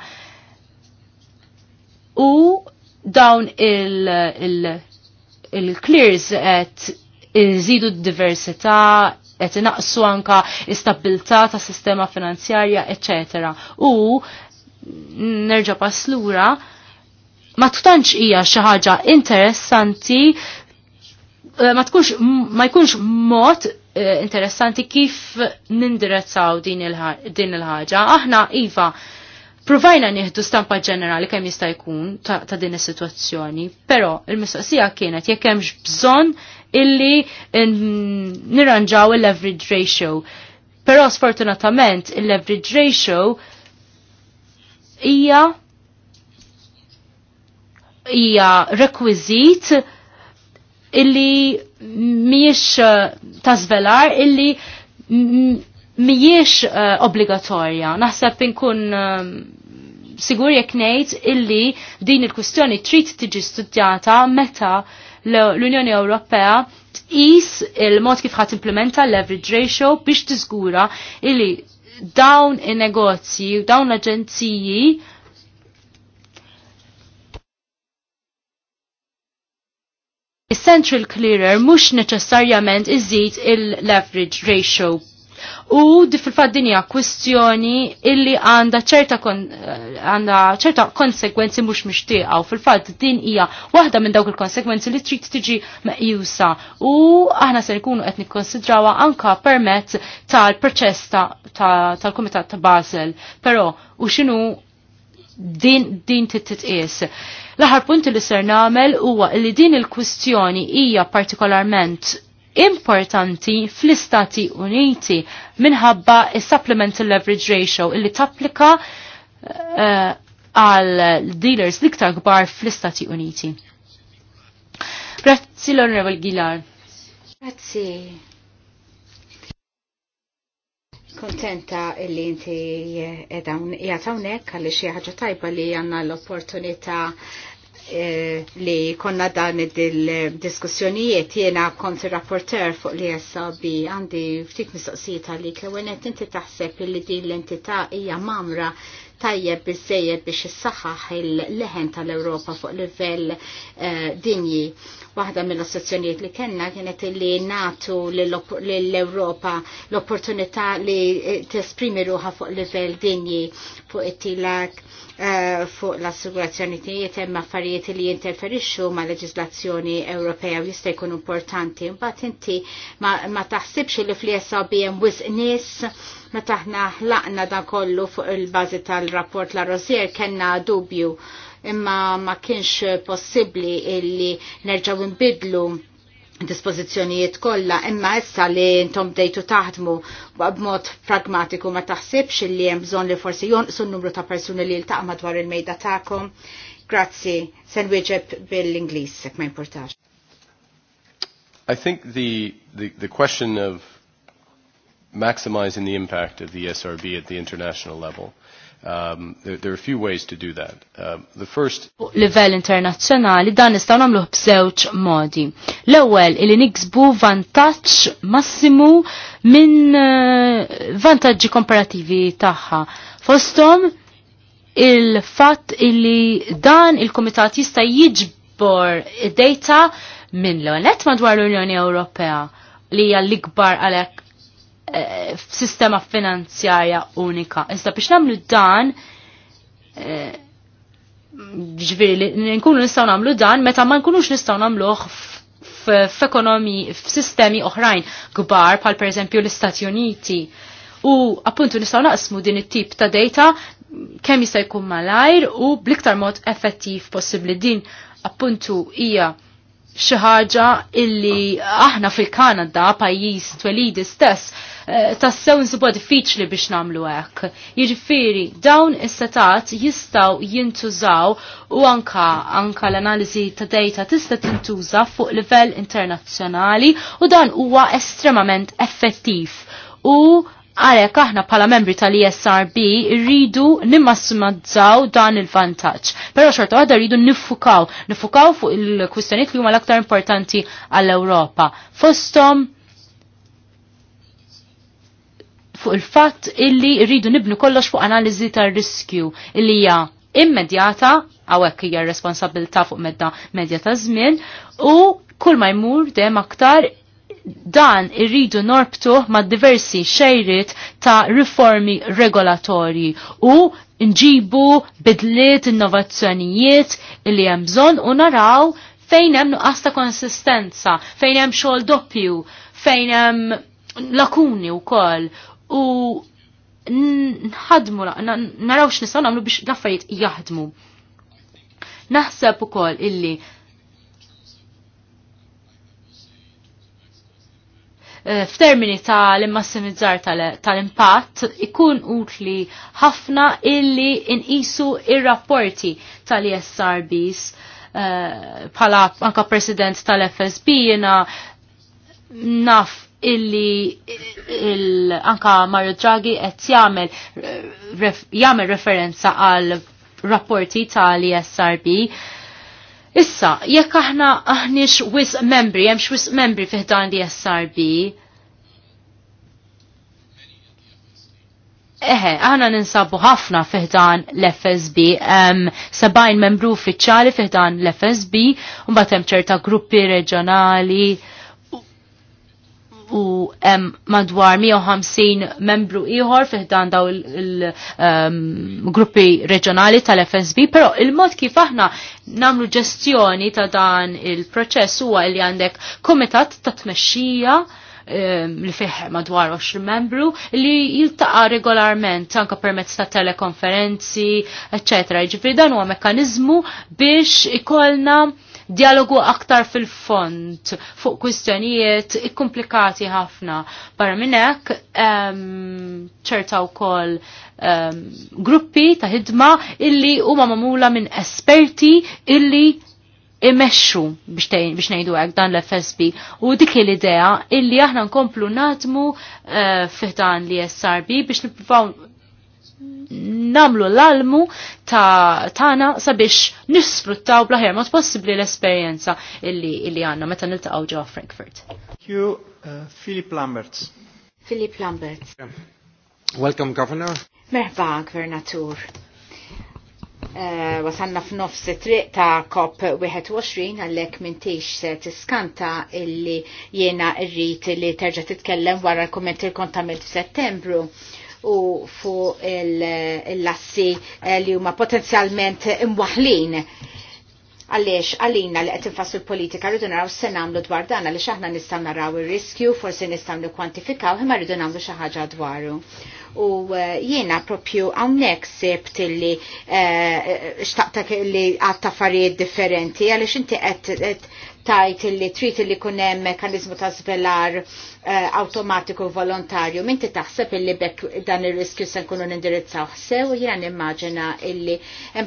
U dawn il-clears il, il qed iżidu d-diversità, qed naqsu anka istabilta ta' sistema finanzjarja, etc. U nerġa' paslura ma tutanċ hija xi ħaġa interessanti ma tkunx ma jkunx mod Eh, interessanti kif nindirezzaw din il-ħaġa. Aħna, Iva, provajna nieħdu stampa ġenerali kemm jista' jkun ta', ta din is-sitwazzjoni, però il-mistoqsija kienet jekk hemmx bżonn illi nirranġaw il-leverage ratio. Però sfortunatament il-leverage ratio hija hija rekwiżit illi miex eh, ta' illi miex eh, obbligatorja. Naħseb inkun eh, sigur jekk ngħid illi din il-kwistjoni trid tiġi studjata meta l-Unjoni Ewropea tqis il-mod kif ħadd implementa leverage ratio biex tiżgura illi dawn in-negozji u dawn l-aġenziji Central Clearer mhux neċessarjament iżid il-leverage ratio U di fil-fat dinja kwistjoni illi għanda ċerta eh, għanda ċerta konsekwenzi mhux mixtieqa u fil-fatt din hija waħda minn dawk il-konsekwenzi li trid tiġi meqjusa u aħna se nkunu qed nikkonsidrawha anka permezz tal-proċess tal-Kumitat ta' Basel. Però u x'inhu din din titqies. l aħħar punt li ser nagħmel huwa li din il-kwistjoni hija partikolarment importanti fl-Istati Uniti minħabba s supplement Leverage Ratio illi tapplika eh, għal uh, dealers liktar kbar fl-Istati Uniti. Grazzi l-Onorevole Gilar. Grazzi. Kontenta illi inti eh, jgħatawnek għalli xieħġa tajba li għanna l-opportunita eh, li konna dan il-diskussjonijiet jena kont rapporter fuq li SAB għandi ftit mistoqsijita li kewenet inti taħseb illi din l-entità hija mamra tajjeb biżejjed biex issaħħaħ il-leħen tal-Ewropa fuq livell eh, dinji. Waħda mill assozzjonijiet li kellna kienet li natu l-Ewropa l-opportunità li eh, tesprimi ruħa fuq livell dinji fuq it-tilak Eh, fuq l-assigurazzjoni tijiet hemm affarijiet li jinterferixxu ma' leġislazzjoni Ewropea u jista' jkun importanti. Imbagħad inti ma taħsibx li fliesa isab wis wisq nies meta aħna ħlaqna dan kollu fuq il-bażi tal-rapport la Rosier kellna dubju imma ma kienx possibbli illi nerġgħu nbidlu dispozizjonijiet kollha imma issa li intom bdejtu taħdmu b'mod pragmatiku ma taħsibx li hemm bżonn li forsi jonqsu n-numru ta' persuni li jiltaq madwar il-mejda tagħkom. Grazzi, se nwieġeb bil-Ingliż jekk ma jimpurtax. I think the, the, the question of maximizing the impact of the e SRB at the international level Um, there, there are a few ways to do that. Um, the first livell internazzjonali dan nistgħu nagħmluh b'żewġ modi. L-ewwel li niksbu vantaġġ massimu minn eh, vantaġġi komparativi tagħha. Fosthom il-fatt illi dan il-Kumitat jista' jiġbor id data minn l-onet madwar l-Unjoni Ewropea li hija l-ikbar għalhekk f'sistema eh, finanzjarja unika. Iżda biex nagħmlu dan eh, ġviri nkunu nistgħu nagħmlu dan meta ma nkunux nistgħu nagħmluh f'ekonomi f'sistemi oħrajn kbar bħal pereżempju l-Istati Uniti. U appuntu nistgħu naqsmu din it-tip ta' data kemm jista' jkun malajr u bliktar mod effettiv possibbli din appuntu hija xi ħaġa illi aħna fil-Kanada pajjiż twelidi stess Eh, tassew nsibu diffiċli biex namlu hekk. Jiġifieri dawn is-setat jistgħu jintużaw u anka anka l-analiżi ta' data tista' tintuża fuq livell internazzjonali u dan huwa estremament effettiv. U għalek aħna pala membri tal-ISRB rridu nimmassimazzaw dan il-vantaġġ. Però xorta għadha rridu nifukaw, nifukaw fuq il-kwistjoniet li huma l-aktar importanti għall-Ewropa. Fostom fuq il-fatt illi rridu nibnu kollox fuq analiżi tar-riskju illi hija immedjata għawek hija responsabilta fuq medda medja ta' żmien u kull ma jmur dem aktar dan irridu norbtuh ma' diversi xejrit ta' riformi regolatorji u nġibu bidliet innovazzjonijiet li hemm bżonn u naraw fejn hemm nuqqas ta' konsistenza, fejn hemm xogħol doppju, fejn hemm lakuni wkoll u nħadmu, naraw x'nistgħu nagħmlu biex l-affarijiet jaħdmu. Naħseb ukoll illi eh, f'termini tal-immassimizzar tal-impatt ikun utli ħafna illi inqisu ir-rapporti tal-ISRBs eh, bħala anka president tal-FSB jena naf illi anka Mario Draghi qed jagħmel jagħmel referenza għal rapporti tal-ISRB. Issa, jekk aħna aħniex wis membri, hemm wis membri fih dan l srb Eħe, aħna ninsabu ħafna fiħdan l-FSB, um, sabajn membru uffiċjali fiħdan l-FSB, un batem ċerta gruppi reġjonali, u em, madwar 150 membru iħor fiħdan daw il-gruppi il, um, reġjonali tal-FSB, pero il-mod kif aħna namlu ġestjoni ta' dan il-proċess huwa li għandek komitat ta' tmexxija um, li fih madwar 20 membru li jiltaqa regolarment anka permezz ta' telekonferenzi, eccetera. Ġifri dan huwa mekkaniżmu biex ikollna dialogu aktar fil-font fuq kwistjonijiet ikkomplikati ħafna. Barra minnek ċerta u wkoll um, gruppi ta' hidma illi huma mamula minn esperti illi imexxu biex ngħidu hekk dan l-FSB u dik l-idea illi aħna nkomplu natmu uh, eh, fiħdan li SRB biex nippruvaw namlu l-almu ta' tana sabiex nisfruttaw blaħjar mod possibli l-esperienza illi, illi għanna meta niltaqgħu ġewwa Frankfurt. Thank you, uh, Philip Lamberts. Philip Lamberts. Welcome, Governor. Merħba, Gvernatur. Uh, wasanna f'nofs triq ta' COP21 għallek mintix se tiskanta illi jena rrit li terġa titkellem wara l-komment il-kontamilt f'Settembru. settembru u fuq il-lassi eh, li huma potenzjalment imwaħlin għaliex għalina li qed infassu l-politika rridu naraw se nagħmlu dwar dan għaliex aħna nistgħu naraw ir-riskju, forsi nistgħu nikkwantifikaw, imma rridu nagħmlu xi ħaġa dwaru. U eh, jiena propju hawnhekk sebt li eh, xtaqtak li għatta affarijiet differenti għaliex inti qed tajt li trit li kunem mekanizmu ta' zvelar eh, automatiku volontarju. Minti taħseb illi bekk dan il-riskju se nkunu nindirizzaw sew, jena nimmaġina illi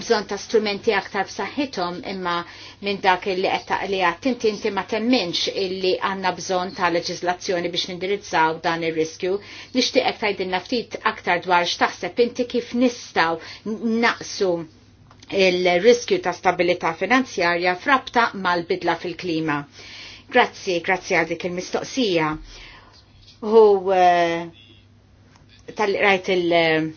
bżonn ta' strumenti aktar b'saħħithom imma minn dak illi qed li inti inti ma temminx illi għandna bżon ta' leġislazzjoni biex nindirizzaw dan ir-riskju. Nixtieq tajdilna ftit aktar dwar x'taħseb inti kif nistgħu naqsu il-riskju ta' stabilità finanzjarja frabta mal-bidla fil-klima. Grazzi, grazzi għadik il-mistoqsija. Hu eh, tal-rajt eh,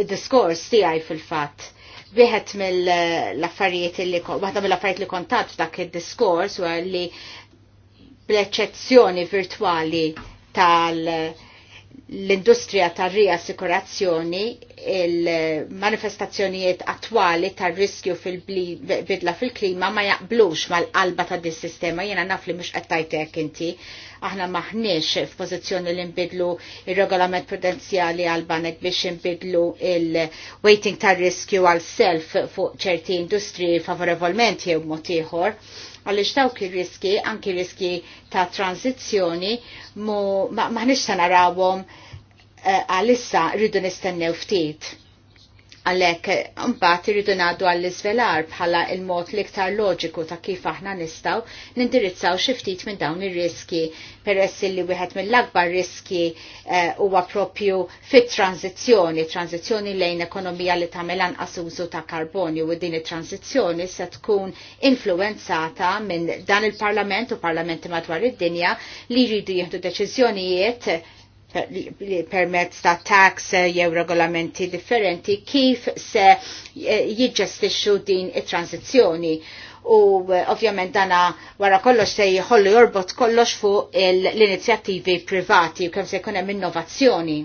il-diskors tiegħi fil-fatt. Wieħed mill-affarijiet li waħda mill-affarijiet li kontat dak id-diskors huwa li bl eċezzjoni virtwali tal- l-industrija tar riassikurazzjoni il-manifestazzjonijiet attwali tar riskju fil-bidla fil-klima ma jaqblux mal-qalba ta' dis sistema jiena naf li qed tajtek inti Aħna maħniex f'pożizzjoni li nbidlu il-regolament prudenzjali għal banek biex nbidlu il-waiting tar riskju għal self fuq ċerti industri favorevolment jew motiħor ieħor għalix dawk ir-riski, anki riski ta' tranzizjoni, ma' ta narawhom eh, għalissa rridu nistennew ftit Għalek, mbagħad irridu ngħaddu għall-iżvelar bħala il-mod l-iktar loġiku ta' kif aħna nistgħu nindirizzaw xi ftit minn dawn ir-riski peress li wieħed mill-akbar riski eh, huwa uh, propju fit-tranzizzjoni, tranzizzjoni lejn ekonomija li tagħmel anqas użu ta' karbonju u din it-tranzizzjoni se tkun influenzata minn dan il-Parlament u parlamenti madwar id-dinja li jridu jieħdu deċiżjonijiet permezz ta' tax eh, jew regolamenti differenti kif se eh, jiġġestixxu din it-tranzizzjoni. U eh, ovvjament dana wara kollox se jħollu jorbot kollox fuq l-inizjattivi privati u kemm se jkun hemm innovazzjoni.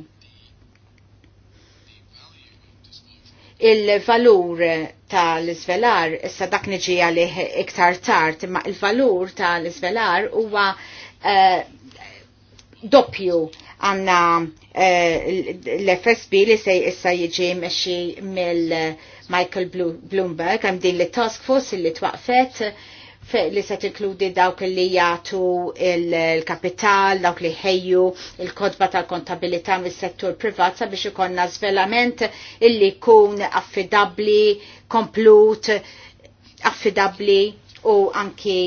il-valur tal-izvelar, issa dak niġi għalih iktar tard, ma il-valur tal-izvelar huwa uh, doppju għanna eh, l-FSB li se issa jiġi meċi mill eh, Michael Bloomberg għam din li task force li twaqfet li se tinkludi dawk li jgħatu il-kapital, dawk li ħejju il-kodba tal-kontabilità mis-settur privat sabiex ikonna zvelament illi kun affidabli, komplut, affidabli u anki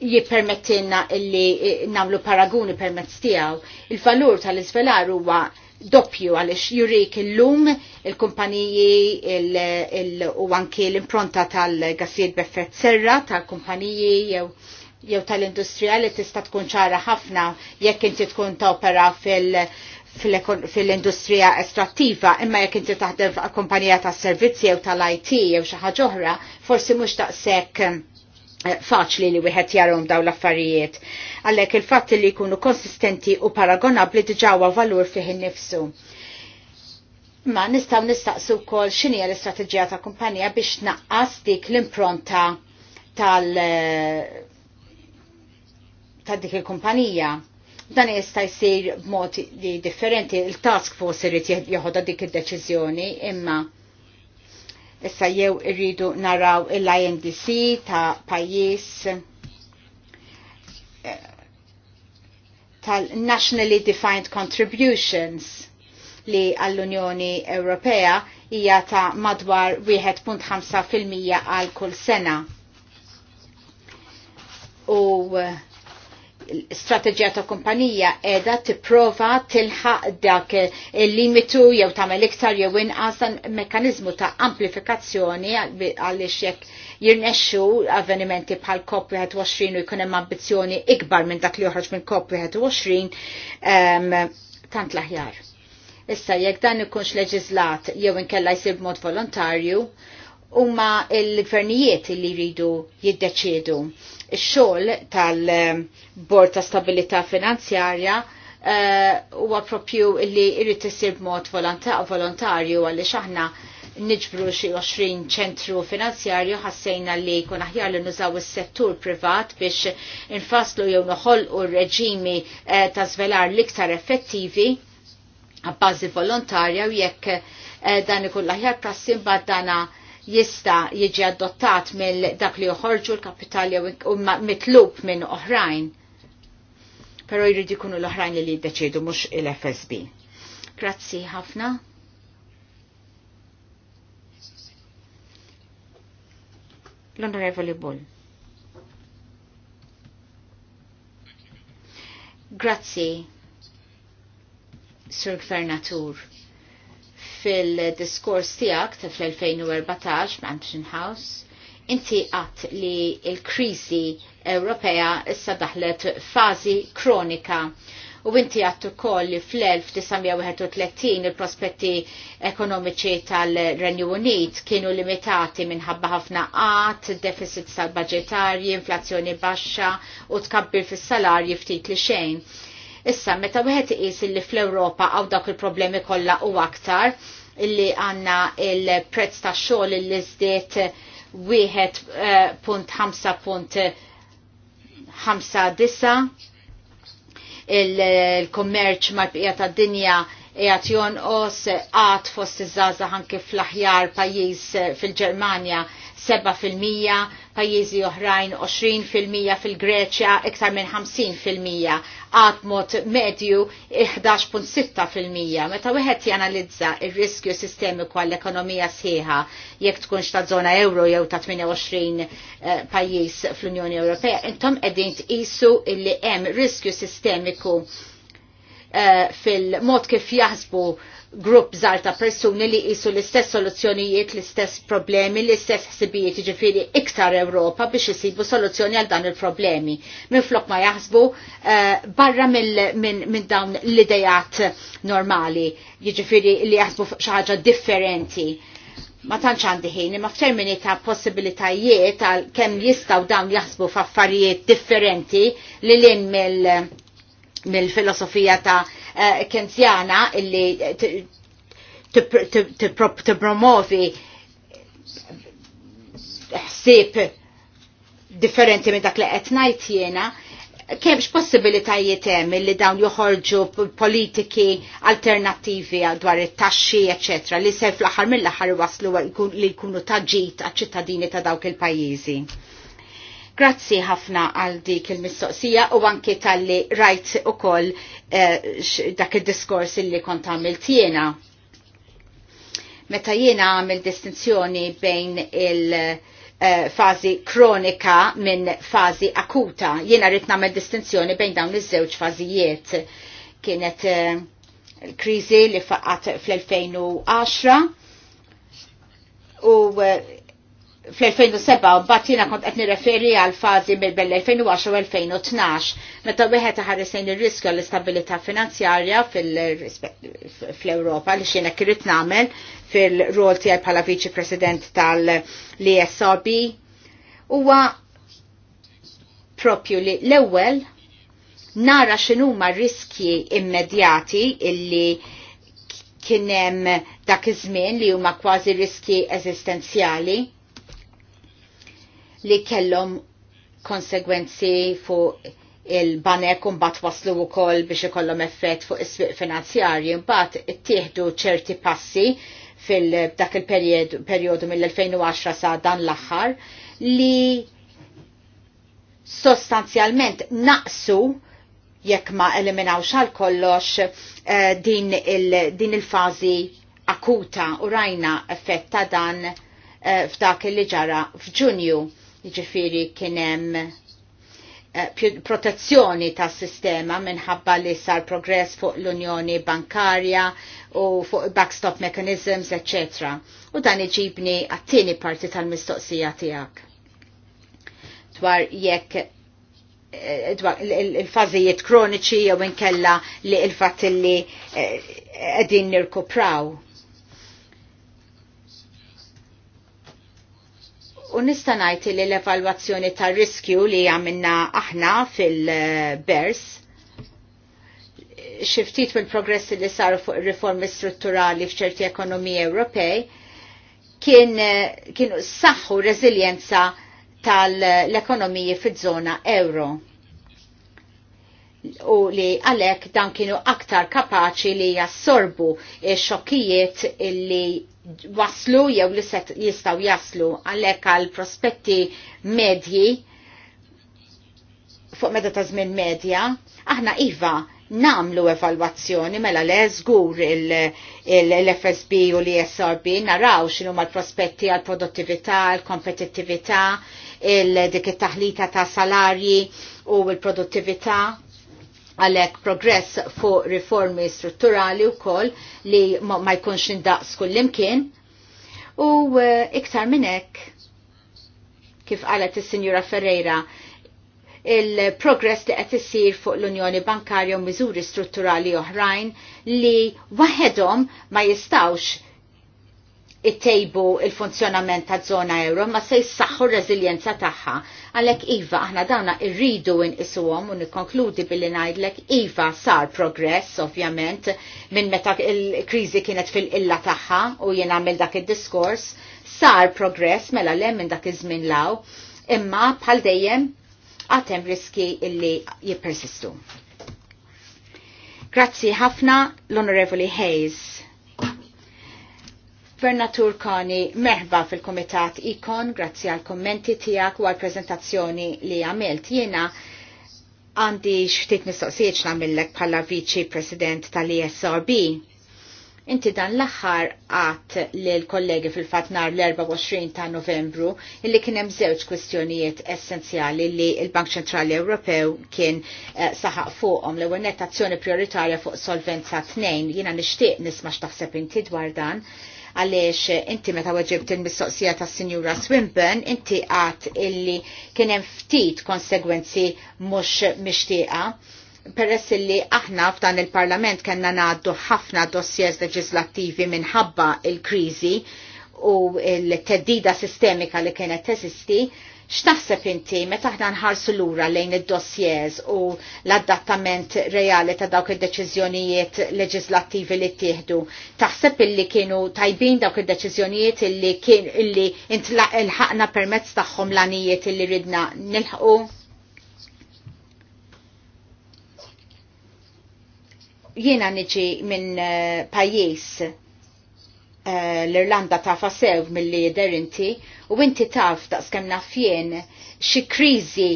jippermettilna illi eh, namlu paraguni permezz tiegħu. Il-valur tal-iżvelar huwa doppju għalix jurik il-lum, il-kumpaniji u anki l-impronta tal-gassijiet beffet serra, tal-kumpaniji jew jew tal-industrija li tista' tkun ċara ħafna jekk inti tkun topera fil-industrija estrattiva, imma jekk inti taħdem kumpanija tas-servizzi jew tal-IT jew xi ħaġa oħra, forsi mhux daqshekk Eh, faċli li wieħed jarhom daw l-affarijiet. Għalhekk il-fatt li jkunu konsistenti u paragonabli diġawa valur fih innifsu. Ma nistgħu nistaqsu wkoll x'inhi l-istrateġija ta' kumpanija biex naqqas dik l-impronta tal eh, ta' dik il-kumpanija. Dan jista' jsir b'mod differenti, il-task force irid joħodha dik id-deċiżjoni imma Issa jew irridu naraw il-INDC ta' pajjiż eh, tal-Nationally Defined Contributions li għall-Unjoni Ewropea hija ta' madwar 1.5% għal kull sena. U uh, l-strategija ta' kumpanija edha tipprova tilħaq dak il-limitu jew tagħmel iktar jew inqas mekanizmu ta' amplifikazzjoni għaliex jekk jirnexxu avvenimenti bħal COP21 u jkun hemm ambizzjoni ikbar minn dak li joħroġ minn COP21 tant l-aħjar. Issa jekk dan ikunx leġislat jew inkella jsir mod volontarju, huma l-gvernijiet li jridu jiddeċiedu. Ix-xogħol tal-Bord eh, ta' Stabilità Finanzjarja eh, huwa uh, propju li jrid isir b'mod volontarju għaliex aħna niġbru xi 20 ċentru finanzjarju ħassejna li kun aħjar li nużaw is-settur privat biex infaslu jew noħolqu reġimi eh, ta' żvelar l-iktar effettivi għabbażi volontarja u jekk dan ikun l-aħjar prassim bad dana jista jiġi adottat mill dak li joħorġu l-kapitali u mitlub minn oħrajn. Pero jridu jkunu l-oħrajn li jiddeċidu mhux il-FSB. Grazzi ħafna. L-Onorevoli Bull. Grazzi, Sir Gvernatur fil-diskors tijak ta' fl-2014 Mansion House, inti għat li il-krizi Ewropea issa daħlet fazi kronika u inti għattu koll li fl-1931 il-prospetti ekonomiċi tal-Renju Unit kienu limitati minħabba ħafna għat, deficit tal-budgetarji, inflazzjoni baxxa u tkabbir fis-salarji ftit li xejn Issa, meta wieħed iqis li fl-Ewropa għaw dawk il-problemi kollha u aktar, illi għanna il-prezz ta' xogħol li żdiet wieħed punt ħamsa punt ħamsa disa, il-kommerċ mal-bqija ta' dinja qiegħed jonqos għad fost iż żgħażagħ anke fl-aħjar pajjiż fil-Ġermanja 7%, pajjiżi oħrajn 20% fil-Greċja mija fil iktar minn 50%. fil-150 għatmot medju 11.6%. Meta wieħed janalizza il-riskju sistemiku għall-ekonomija sħiħa jekk tkunx ta' zona euro jew ta' 28 eh, pajjiż fl-Unjoni Ewropea, intom qegħdin tqisu illi hemm riskju sistemiku eh, fil-mod kif jaħsbu grupp żgħar ta' persuni li qisu l-istess soluzzjonijiet, l-istess problemi, l-istess ħsibijiet, jiġifieri iktar Ewropa biex isibu soluzzjoni għal dan il-problemi. Minflok ma jaħsbu uh, barra minn dawn l-idejat normali, jiġifieri li jaħsbu xi ħaġa differenti ma tantx għandi ħin, imma f'termini ta' possibilitajiet għal kemm jistgħu dawn jaħsbu f'affarijiet differenti li lin mill-filosofija ta' Eh, kenzjana illi t-promovi ħsib differenti minn dak li qed ngħid jiena, kemx possibilitajiet hemm li dawn joħorġu politiki alternattivi dwar it-taxxi, eċetera, li se fl-aħħar mill-aħħar waslu li jkunu taġġit għaċ-ċittadini ta' dawk il-pajjiżi. Grazzi ħafna għal dik il-mistoqsija u anke tal-li rajt u koll eh, dak il-diskors illi kont għamilt jena. Meta jena għamil distinzjoni bejn il-fazi eh, kronika minn fazi akuta, jena rrit namel distinzjoni bejn dawn iż-żewġ fażijiet. Kienet eh, l kriżi li faqqat fl-2010 u eh, fl-2007 u bat jina kont qed nirreferi għal fażi mill-2010 u 2012 meta wieħed ħaresejn ir-riskju għall istabilità finanzjarja fl-Ewropa li xina kirrit nagħmel fil-rol tiegħi bħala viċi president tal-ESRB huwa propju li l-ewwel nara x'inhuma riskji immedjati illi kienem dak iż-żmien li huma kważi riski eżistenzjali li kellhom konsegwenzi fuq il-banek mbagħad waslu wkoll biex ikollhom effett fuq is-swieq finanzjarji mbagħad ittieħdu ċerti passi fil-dak il-perjodu mill-2010 sa dan l-aħħar li sostanzjalment naqsu jekk ma eliminaw xal kollox eh, din il-fazi akuta u rajna effett ta' dan eh, f'dak li ġara f'Ġunju Ġifiri kienem eh, protezzjoni tas sistema minħabba li sar progress fuq l-Unjoni Bankarja u fuq backstop mechanisms, etc. U dan iġibni għattini parti tal-mistoqsija tijak. Dwar jekk eh, il-fazijiet kroniċi jew inkella li il-fat li eh, għedin nirkupraw. U nista' li l-evalwazzjoni tar-riskju li għamilna aħna fil-BERS xiftit fil progressi li saru fuq riformi strutturali f'ċerti ekonomiji Ewropej kien kien saħħu reżiljenza tal-ekonomiji fiż-żona euro. U li għalhekk dan kienu aktar kapaċi li jassorbu xokkijiet illi waslu jew li set jistaw jaslu għalhekk għal prospetti medji fuq meta ta' żmien medja, aħna iva namlu evalwazzjoni mela le żgur l-FSB u l-ISRB e naraw x'inhu mal-prospetti għal produttività, l kompetittività il-dik it-taħlita ta' salarji u l-produttività għalek progress fuq riformi strutturali u kol li ma jkunx indaqs kullimkien. U e, iktar minnek, kif għalet il-Sinjura Ferreira, il-progress li qed isir fuq l-Unjoni Bankarja u miżuri strutturali oħrajn li waħedhom ma jistawx it-tejbu il-funzjonament ta' zona euro ma se jissaxħu r-reżiljenza tagħha Għalek Iva, aħna dana irridu nqisuhom u nikkonkludi billi ngħidlek Iva sar progress ovvjament minn meta il-kriżi kienet fil-illa tagħha u jien għamil dak id-diskors, sar progress mela lem minn dak iż-żmien law, imma bħal dejjem għatem riski illi jippersistu. Grazzi ħafna l-Onorevoli Hayes. Vernatur Kani, meħba fil-Komitat Ikon, grazzi għal kommenti tijak u għal prezentazzjoni li għamilt. Jena għandi xftit mistoqsijiet xnamillek bħala viċi president tal-ESRB. Inti dan l-axħar għat li l-kollegi fil fatnar l-24 ta' novembru illi kien hemm żewġ kwestjonijiet essenzjali li l-Bank Ċentrali Ewropew kien eh, saħaq fuqhom l net azzjoni prioritarja fuq solvenza 2 jiena nixtieq nisma' x'taħseb inti dwar dan għaliex inti meta weġibt il-mistoqsija ta' Sinjura Swinburne inti għat illi kienem ftit konsegwenzi mux mixtieqa peress illi aħna f'dan il-parlament kena naħdu ħafna dossiers leġislattivi minħabba il-krizi u il-teddida sistemika li kienet teżisti, X'taħseb inti meta aħna nħarsu lura lejn id-dossiers u l-adattament reali ta' dawk id-deċiżjonijiet leġislattivi li ttieħdu, taħseb illi kienu tajbin dawk id-deċiżjonijiet illi kien illi il permezz tagħhom l-anijiet illi ridna nilħqu? jiena niġi minn eh, pajjiż eh, l-Irlanda ta' fasew mill-lider inti U inti taf daqskem nafjen xi kriżi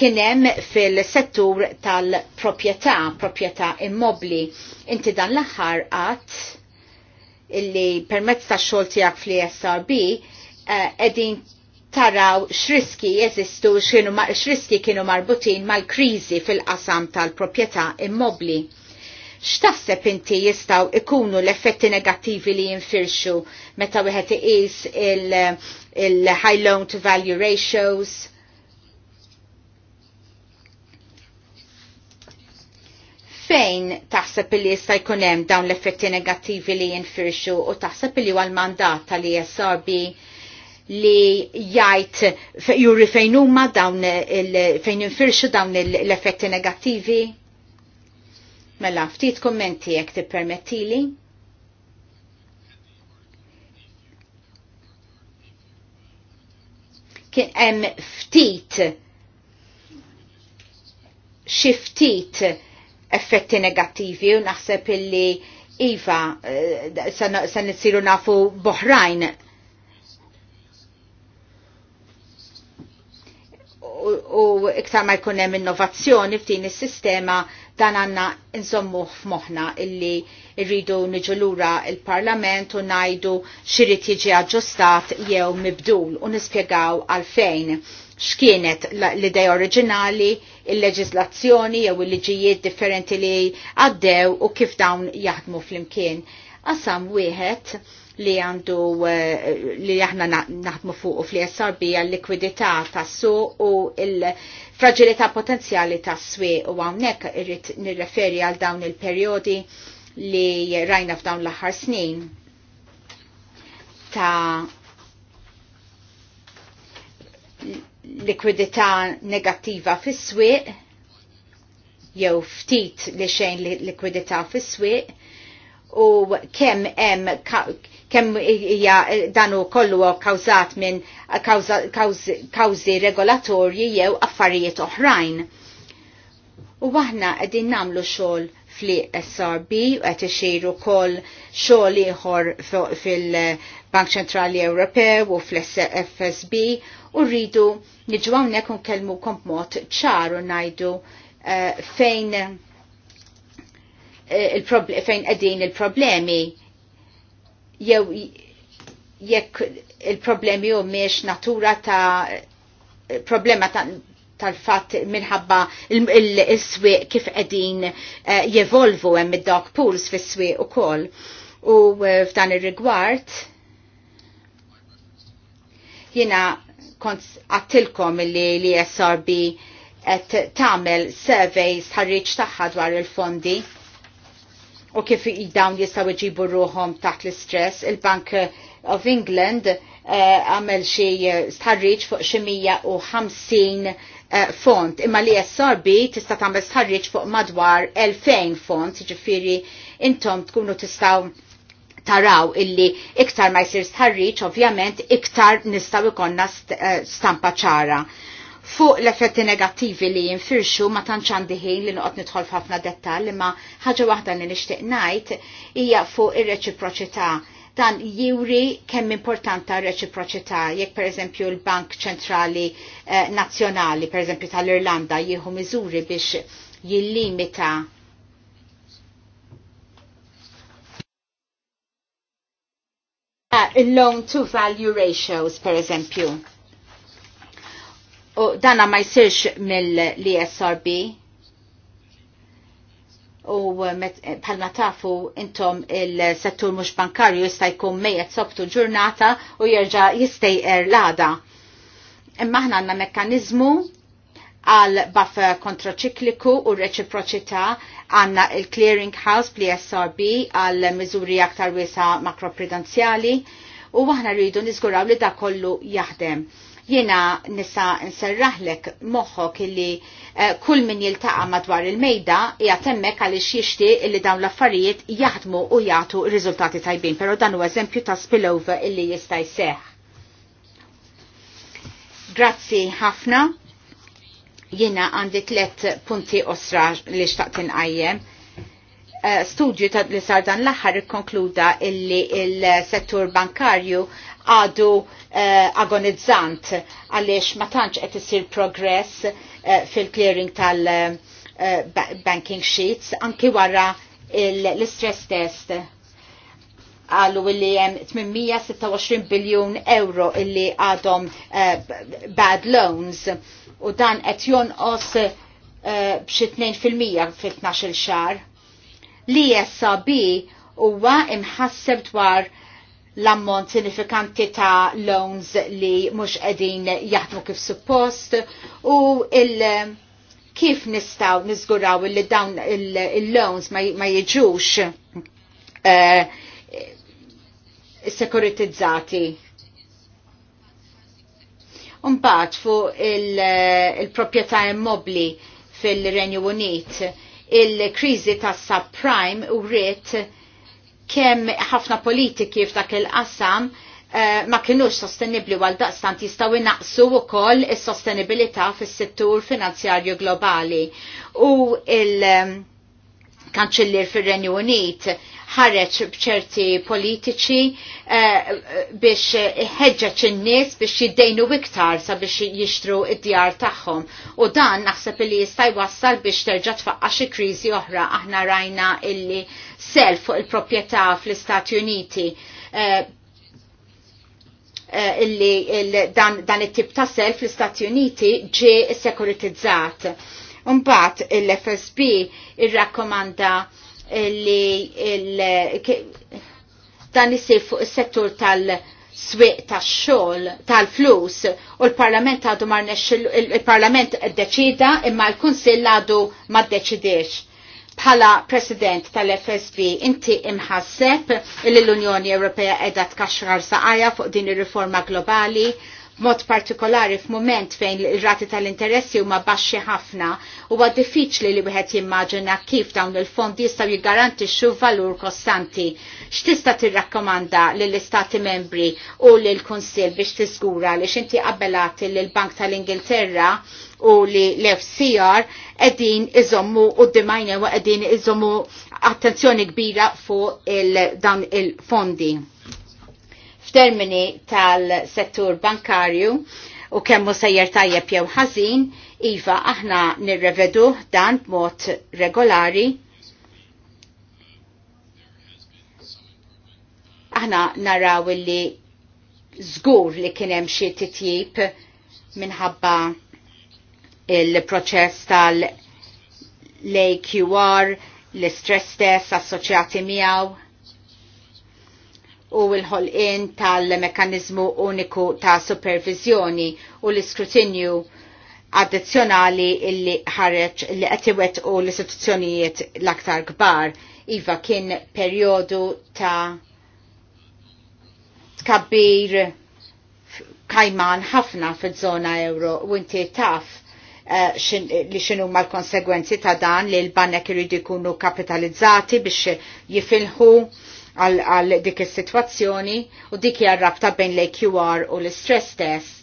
kienem fil-settur tal-propieta, propieta immobli. Inti dan l aħħar għat illi permezz ta' xolti għak fl-ESRB edin eh, taraw xriski jeżistu xriski kienu marbutin mal-krizi fil-qasam tal-propieta immobli. X'taħseb inti jistgħu ikunu l-effetti negattivi li jinfirxu meta wieħed iqis il-high loan to value ratios? fejn taħseb li jista' jkun hemm dawn l-effetti negattivi li jinfirxu u taħseb li huwa l-mandat tal-ISRB li jgħid juri fejn huma dawn fejn jinfirxu dawn l-effetti negattivi? Mela, ftit kommenti jek ti permettili. Kien hemm ftit xi ftit effetti negattivi u naħseb illi Iva, eh, san nisiru nafu boħrajn u iktar ma jkun hemm innovazzjoni f'din is-sistema dan għandna insommu f'moħħna illi rridu niġu lura il-Parlament u ngħidu x'irid jiġi aġġustat jew mibdul u nispjegaw għalfejn x'kienet l-idea oriġinali, il-leġiżlazzjoni jew il-liġijiet differenti li għaddew u kif dawn jaħdmu fl-imkien. Qasam wieħed li għandu eh, li aħna naħdmu fuq u fl-ISRB għal-likwidità tas-su u il-fragilità potenzjali tas-swi u għamnek irrit nirreferi għal dawn il-periodi li rajna f'dawn l-aħħar snin ta' likwidità negattiva fis-swieq jew ftit li xejn likwidità fis-swieq u kemm hemm kemm hija danu kollu kawżat minn kawżi regolatorji jew affarijiet oħrajn. U aħna qegħdin nagħmlu xogħol fl-SRB u qed ixiru wkoll xogħol iħor fil-Bank Ċentrali Ewropew u fl-FSB u rridu nġu għawnek un kelmu kompmot ċaru najdu uh, eh, fejn uh, fejn il-problemi jew jekk il-problemi u miex natura ta' problema ta' tal-fat minħabba il-swiq kif edin eh, jevolvu hemm id-dog pools fis-swiq ukoll. U eh, f'dan ir-rigward jiena kont għattilkom li l-ESRB qed tagħmel surveys ħarriġ tagħha dwar il-fondi u kif dawn jistaw iġibu ruħom taħt l-istress, il-Bank of England eh, għamel uh, xie starriċ fuq u ħamsin uh, font, imma li jessorbi tista tagħmel starriċ fuq madwar 2000 font, ġifiri intom tkunu tistaw taraw illi iktar ma jsir starriċ, ovvjament iktar nistaw ikonna st eh, stampa ċara. Fuq l-effetti negattivi li jinfirxu ma tantx għandi ħin li noqgħod nidħol f'ħafna dettall imma ħaġa waħda li nixtieq ngħid hija fuq ir-reċiproċità. Dan juri kemm importanta r-reċiproċità jekk pereżempju l-Bank Ċentrali eh, Nazzjonali, pereżempju tal-Irlanda, jieħu miżuri biex jillimita ah, il-loan to value ratios, per eżempju U dana ma jsirx mill-ESRB. U eh, eh, bħalma tafu intom il-settur mhux bankarju jista' jkun mejjed sobtu ġurnata u jerġa' jistejqer l-għada. Imma aħna għandna mekkaniżmu għal baff kontraċikliku u reċiproċità għanna il-clearing house bli SRB għal miżuri aktar wisa makroprudenzjali u aħna rridu niżguraw li da kollu jaħdem. Jena nisa nserraħlek moħħok illi eh, kull min jiltaqa madwar il-mejda jatemmek għalix jixti illi dawn l-affarijiet jaħdmu u jgħatu riżultati tajbin, pero dan u eżempju ta' spillover illi jista' jseħ. Grazzi ħafna. Jena għandi tlet punti osra li xtaqt għajjem. Uh, eh, studju ta' li sar dan l-aħħar ikkonkluda illi il-settur bankarju għadu uh, agonizzant għaliex ma tantx qed isir progress uh, fil-clearing tal-banking eh, uh, sheets anki wara l-stress test għallu illi jem 826 biljun euro illi għadhom bad loans u dan qed jonqos b'xi 2% fil-12 xar. L-ISAB huwa imħasseb dwar l-ammont sinifikanti ta' loans li mhux qegħdin jaħdmu kif suppost u il- kif nistaw nizguraw li dawn il-loans ma jiġux uh, sekuritizzati. Umbat fu il-propieta il immobli fil-Renju Unit, il-krizi ta' subprime u rrit kemm ħafna politiki f'dak il-qasam eh, ma kienux sostenibli għal daqstant jistaw naqsu u koll il-sostenibilita fis settur finanzjarju globali. U il- kanċillir fil fir-Renju Unit ħareċ bċerti politiċi uh, biex ħedġaċ in-nies biex jiddejnu iktar sabiex jixtru id-djar tagħhom. U dan naħseb li jista' jwassal biex terġa' tfaqqa xi kriżi oħra aħna rajna illi sel fuq il-proprjetà fl-Istati Uniti. Uh, illi dan, dan it-tip ta' self fl-Istati Uniti ġie sekuritizzat Umbat l-FSB il-rakkomanda li dan isir fuq is-settur tal- swiq tax xogħol tal-flus u l-Parlament għadu marnex il-Parlament deċida imma l-Kunsill għadu ma deċidiex. Bħala President tal-FSB, inti imħasseb li l-Unjoni Ewropea edha tkaxxar saqajja fuq din ir-riforma globali mod partikolari f'mument fejn il-rati tal-interessi huma baxxi ħafna huwa diffiċli li wieħed jimmaġina kif dawn il-fondi jistgħu jiggarantixxu valur kostanti. X'tista' tirrakkomanda lill-Istati membri u lill-Kunsill biex tiżgura li x'inti qabbelati lill-Bank tal-Ingilterra u li l-FCR edin iżommu u d-dimajna u edin iżommu attenzjoni kbira fuq il-dan il-fondi f'termini tal-settur bankarju u kemmu sejjer tajjeb jew ħażin, iva aħna nirrevedu dan b'mod regolari. Aħna naraw li żgur li kien hemm xi titjib minħabba il-proċess tal-AQR, l-stress test assoċjati miegħu u l-ħolqien tal-mekanizmu uniku ta' supervizjoni u l-iskrutinju addizzjonali illi ħareċ li qed u l-istituzzjonijiet l-aktar kbar iva kien perjodu ta' tkabbir kajman ħafna fil-żona euro u inti taf uh, li xinu ma l-konsegwenzi ta' dan li l-banek jridu jkunu kapitalizzati biex jifilħu għal dik is-sitwazzjoni u dik hija rabta bejn l-AQR u l-stress test.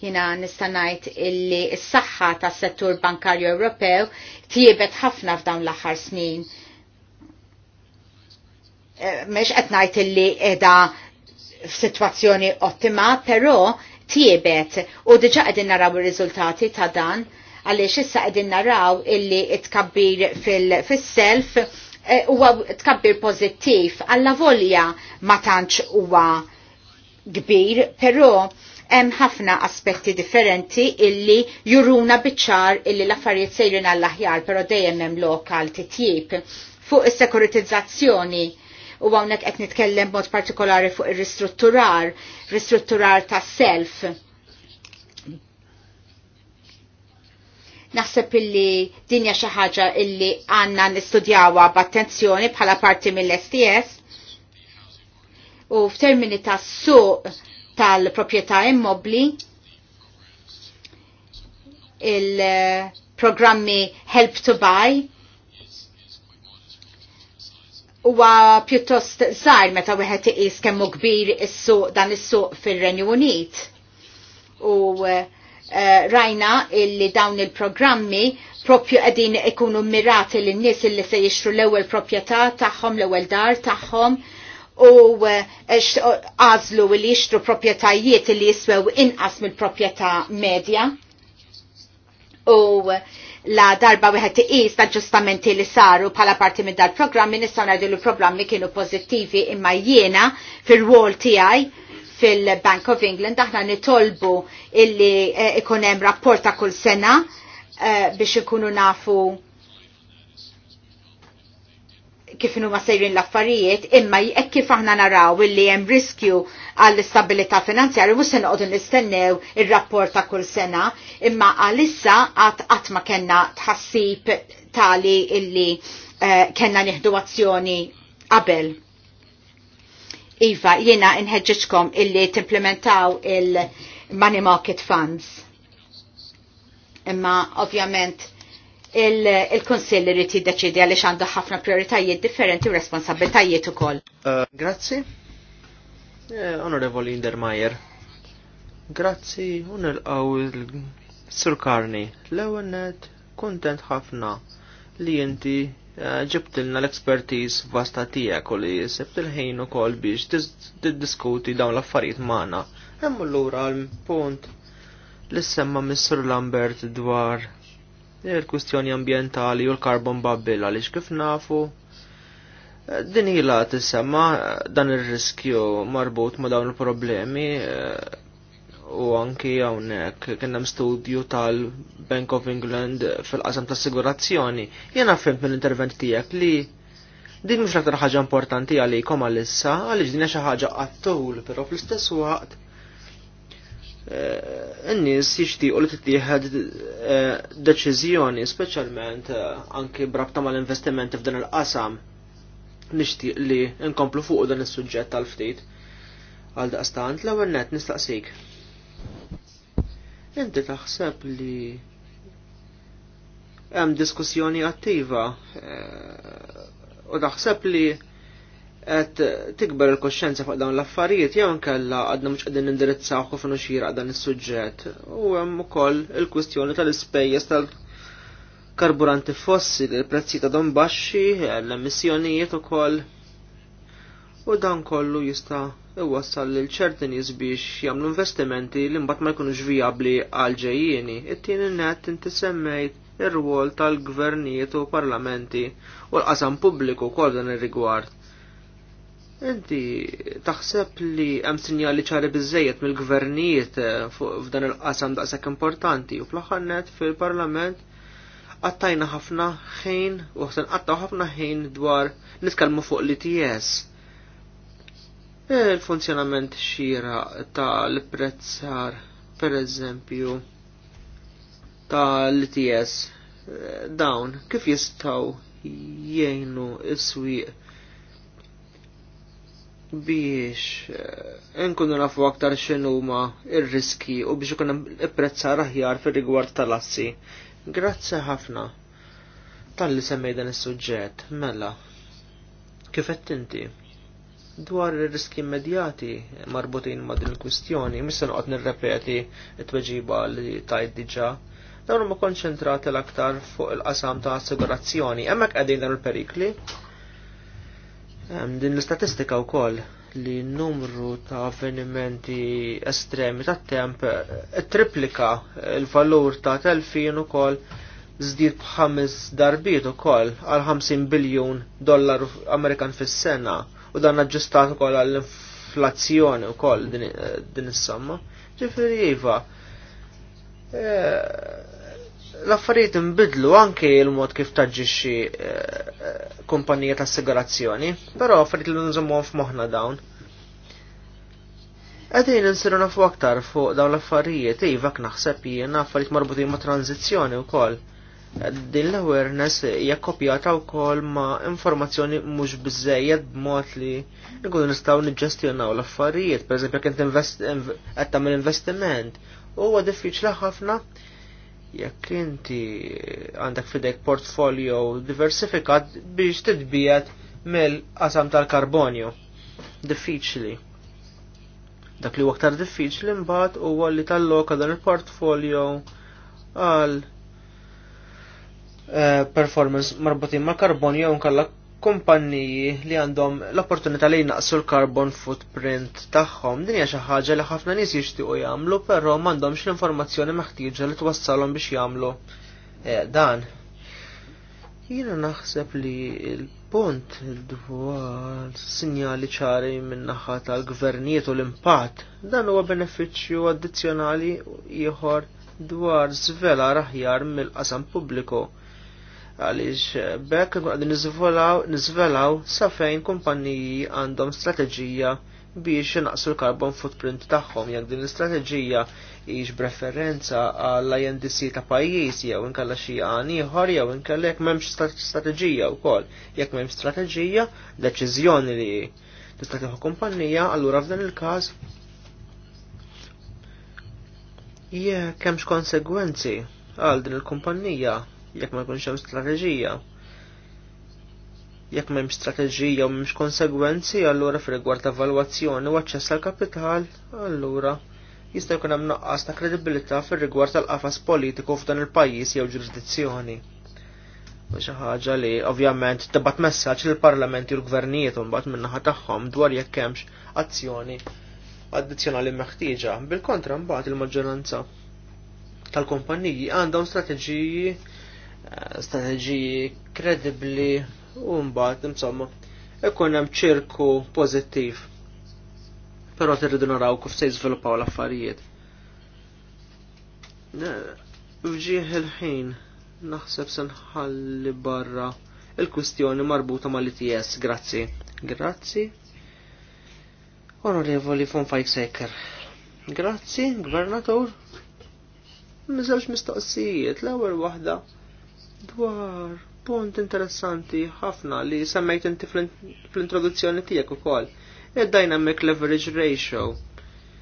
Jina nistanajt illi s-saxħa ta' settur bankarju Ewropew tiebet ħafna f'dawn l-aħħar snin. Eh, Mex qed illi edha f'sitwazzjoni ottima, però tiebet u diġà qegħdin naraw ir-riżultati ta' dan għaliex issa qegħdin naraw illi tkabbir fil-self eh, huwa tkabbir pożittiv għalla volja ma tantx huwa kbir, però hemm ħafna aspetti differenti illi juruna biċċar illi l-affarijiet sejrin għall-aħjar, però dejjem hemm lokal titjib fuq is-sekuritizzazzjoni u għawnek qed nitkellem mod partikolari fuq ir-ristrutturar, ristrutturar ta' self Naħseb illi dinja xi ħaġa illi għandna nistudjawha b'attenzjoni bħala parti mill-STS u f'termini ta' suq tal-proprjetà immobbli il-programmi Help to Buy huwa pjuttost żgħar meta wieħed iqis kemm kbir is-suq dan is-suq fir-Renju Unit. U uh, Uh, rajna illi dawn il-programmi propju għedin ikunu mirati l-nis illi se jixtru l-ewel propieta taħħom, l-ewel dar taħħom u eh, għazlu uh, illi jixtru propietajiet illi jiswew inqas mill-propieta medja. U eh, la darba wieħed tiqis ta' aġġustamenti li saru bħala parti minn dal-programmi nistgħu ngħidu programmi kienu pożittivi imma jiena fir wol tiegħi fil-Bank of England aħna nitolbu illi eh, ikun hemm rapport ta' kull sena eh, biex ikunu nafu kif ma sejrin l-affarijiet, imma jekk kif aħna naraw illi hemm riskju għall-istabilità finanzjarja mhux se noqogħdu nistennew ir-rapport ta' kull sena, imma għalissa qatt qatt ma kellna tħassib tali illi eh, kellna nieħdu azzjoni qabel. Iva, jiena inħedġiċkom illi timplementaw il-money market funds. Imma ovvjament il-Konsill il irid jiddeċidi għaliex għandu ħafna prioritajiet differenti u responsabiltajiet ukoll. koll. Uh, grazzi. Eh, Onorevoli Indermajer. Grazzi u nilqgħu Sur Karni. L-ewwel net kuntent ħafna li inti ġibtilna l-ekspertiz vasta tijak u li jisibt il-ħin u kol biex tiddiskuti dawn l-affarijiet maħna. Hemm l-lura punt li semma Mr. Lambert dwar il-kustjoni ambientali u l-carbon bubble għalix kif nafu. Din ila tisemma dan ir riskju marbut ma dawn il-problemi u anki hawnhekk kien hemm studju tal-Bank of England fil-qasam tas-sigurazzjoni. Jiena fimt mill-intervent tiegħek li din mhux aktar ħaġa importanti għalikom għalissa għaliex din xi ħaġa għattul, però fl-istess waqt eh, n-nies jixtiequ li tittieħed eh, deċiżjoni speċjalment eh, anki brabta mal-investimenti f'dan il-qasam nixtieq li nkomplu fuq dan is-suġġett tal-ftit għal daqstant l-ewwel net nistaqsik. Inti taħseb li hemm diskussjoni attiva eh, u taħseb li qed tikber il-koxxenza fuq dawn l-affarijiet jew inkella għadna mhux qegħdin nindirizzaw kif inhu dan is-suġġett u hemm ukoll il-kwistjoni tal-ispejjeż tal-karburanti fossili, il-prezzi ta' dombaxxi baxxi, l-emissjonijiet ukoll u dan kollu jista' wassal lil ċertin biex jagħmlu investimenti li mbagħad ma jkunux vijabbli għal ġejjieni. It-tieni net inti semmejt ir-rwol tal-gvernijiet u parlamenti u l-qasam pubbliku wkoll dan ir-rigward. Inti taħseb li hemm sinjali ċari biżejjed mill-gvernijiet eh, f'dan il-qasam daqshekk importanti u fl-aħħar net fil-parlament għattajna ħafna ħin u ħsen ħafna ħin dwar nitkellmu fuq l-ITS il-funzjonament xira tal-prezzar, per eżempju, tal-ITS, dawn, kif jistaw jgħinu is-swieq biex eh, nkunu nafu aktar x'inhuma ir-riski u biex ikun ipprezzar aħjar fir-rigward tal-assi. Grazzi ħafna tal-li semmej dan is-suġġett, mela. Kif qed inti? Dwar il-riski immedjati marbutin ma' din il-kwistjoni, missa noqgħod nirrepeti t-tweġiba li tajt diġà, dawn huma konċentrati l-aktar fuq il-qasam ta' assigurazzjoni. Hemmhekk qegħdin dan il-perikli. din l-istatistika wkoll li n-numru ta' avvenimenti estremi ta' temp eh, triplika il-valur ta' telfin ukoll zdid darbit darbiet ukoll għal 50 biljun dollar Amerikan fis-sena u dan aġġustat ukoll għall-inflazzjoni wkoll din is-somma. Ġifieri iva. Eh, l-affarijiet inbidlu anke il-mod kif taġġixxi eh, kumpanija ta' assigurazzjoni, però affarijiet li nżommuhom f'moħħna dawn. Għadin nsiru nafu aktar fuq dawn l-affarijiet, iva naħseb jiena affarijiet marbutin ma' tranzizzjoni wkoll. koll Din l-awareness hija kopjata wkoll ma' informazzjoni mhux biżejjed b'mod li nkunu nistgħu niġġestjonaw l-affarijiet, pereżempju jekk invest, inv investiment. Huwa diffiċli ħafna jekk inti għandek f'idek portfolio diversifikat biex tidbijat mill-qasam tal-karbonju. Diffiċli dak li aktar diffiċli mbagħad huwa li talloka dan il-portfolio għal Eh, performance marbutin ma' karbon jew nkalla kumpanniji li għandhom l-opportunità li jnaqsu l-carbon footprint tagħhom. Din hija xi ħaġa li ħafna nies jixtiequ jagħmlu, però m'għandhomx l-informazzjoni meħtieġa li twassalhom biex jagħmlu eh, dan. Jiena naħseb li l-punt dwar sinjali ċari minn naħa tal-gvernijiet u l-impatt dan huwa benefiċċju addizzjonali ieħor dwar żvela raħjar mill-qasam pubbliku għaliex eh, bekk għadin nizvelaw sa fejn kumpanniji għandhom strateġija biex naqsu l-carbon footprint tagħhom jekk din l-istrateġija hix preferenza għall INDC ta' pajjiż jew inkella xi għan ieħor jew inkella jekk m'hemmx strateġija wkoll. Jekk m'hemm strateġija, deċiżjoni li tista' tieħu kumpanija, allura f'dan il-każ jekk hemmx konsegwenzi għal din il-kumpanija jekk ma jkunx hemm strateġija. Jekk m'hemm strateġija u m'hemmx konsegwenzi, allura f'rigward ta' valwazzjoni u aċċess għal kapital, allura jista' jkun hemm naqqas ta' kredibilità fir-rigward tal-qafas politiku f'dan il-pajjiż jew ġurisdizzjoni. U xi ħaġa li ovvjament tibgħat messaġġ lill parlamenti u l-gvernijiet u mbagħad min-naħa tagħhom dwar jekk hemmx azzjoni addizzjonali meħtieġa. Bil-kontra mbagħad il-maġġoranza tal-kumpaniji għandhom strateġiji strateġiji kredibbli u mbagħad insomma ikun hemm ċirku pożittiv. Però tirridu naraw kif se jiżviluppaw l-affarijiet. Fġieħ il-ħin naħseb se nħalli barra il-kwistjoni marbuta mal-ITS, grazzi. Grazzi. Onorevoli von Fajkseker. Grazzi, gvernatur. Miżewġ mistoqsijiet, l-ewwel waħda dwar punt interessanti ħafna li semmejt inti fl-introduzzjoni tiegħek ukoll. Id-dynamic leverage ratio.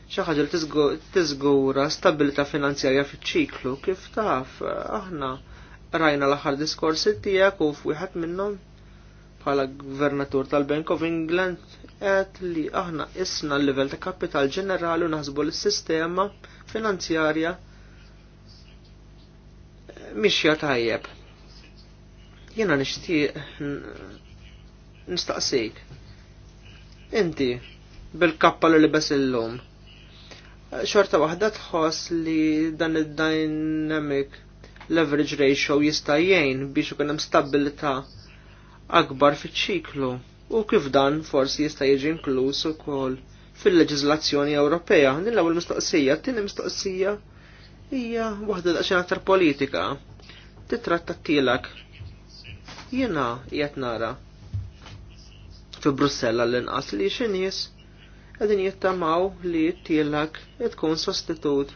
Xi ħaġa li tiżgura stabilità finanzjarja fiċ-ċiklu kif taf aħna rajna l-aħħar diskorsi tiegħek u f'wieħed minnhom bħala gvernatur tal-Bank of England qed li aħna isna l-livell ta' kapital ġenerali u naħsbu l-sistema finanzjarja Miexja tajjeb Jena nishtiq nistaqsik. Inti, bil-kappa li libes illum. Xorta waħda tħoss li dan id-dynamic leverage ratio jista' jgħin biex ikun hemm stabilità akbar fiċ-ċiklu u kif dan forsi jista' jiġi inkluż ukoll fil-leġiżlazzjoni Ewropea. Din l-ewwel mistoqsija, t-tieni mistoqsija hija waħda daqsxejn aktar politika. Titratta tilak Jiena qiegħed nara fi Brussella l-inqas li xi nies qegħdin jittamaw li jittilak tielak tkun sostitut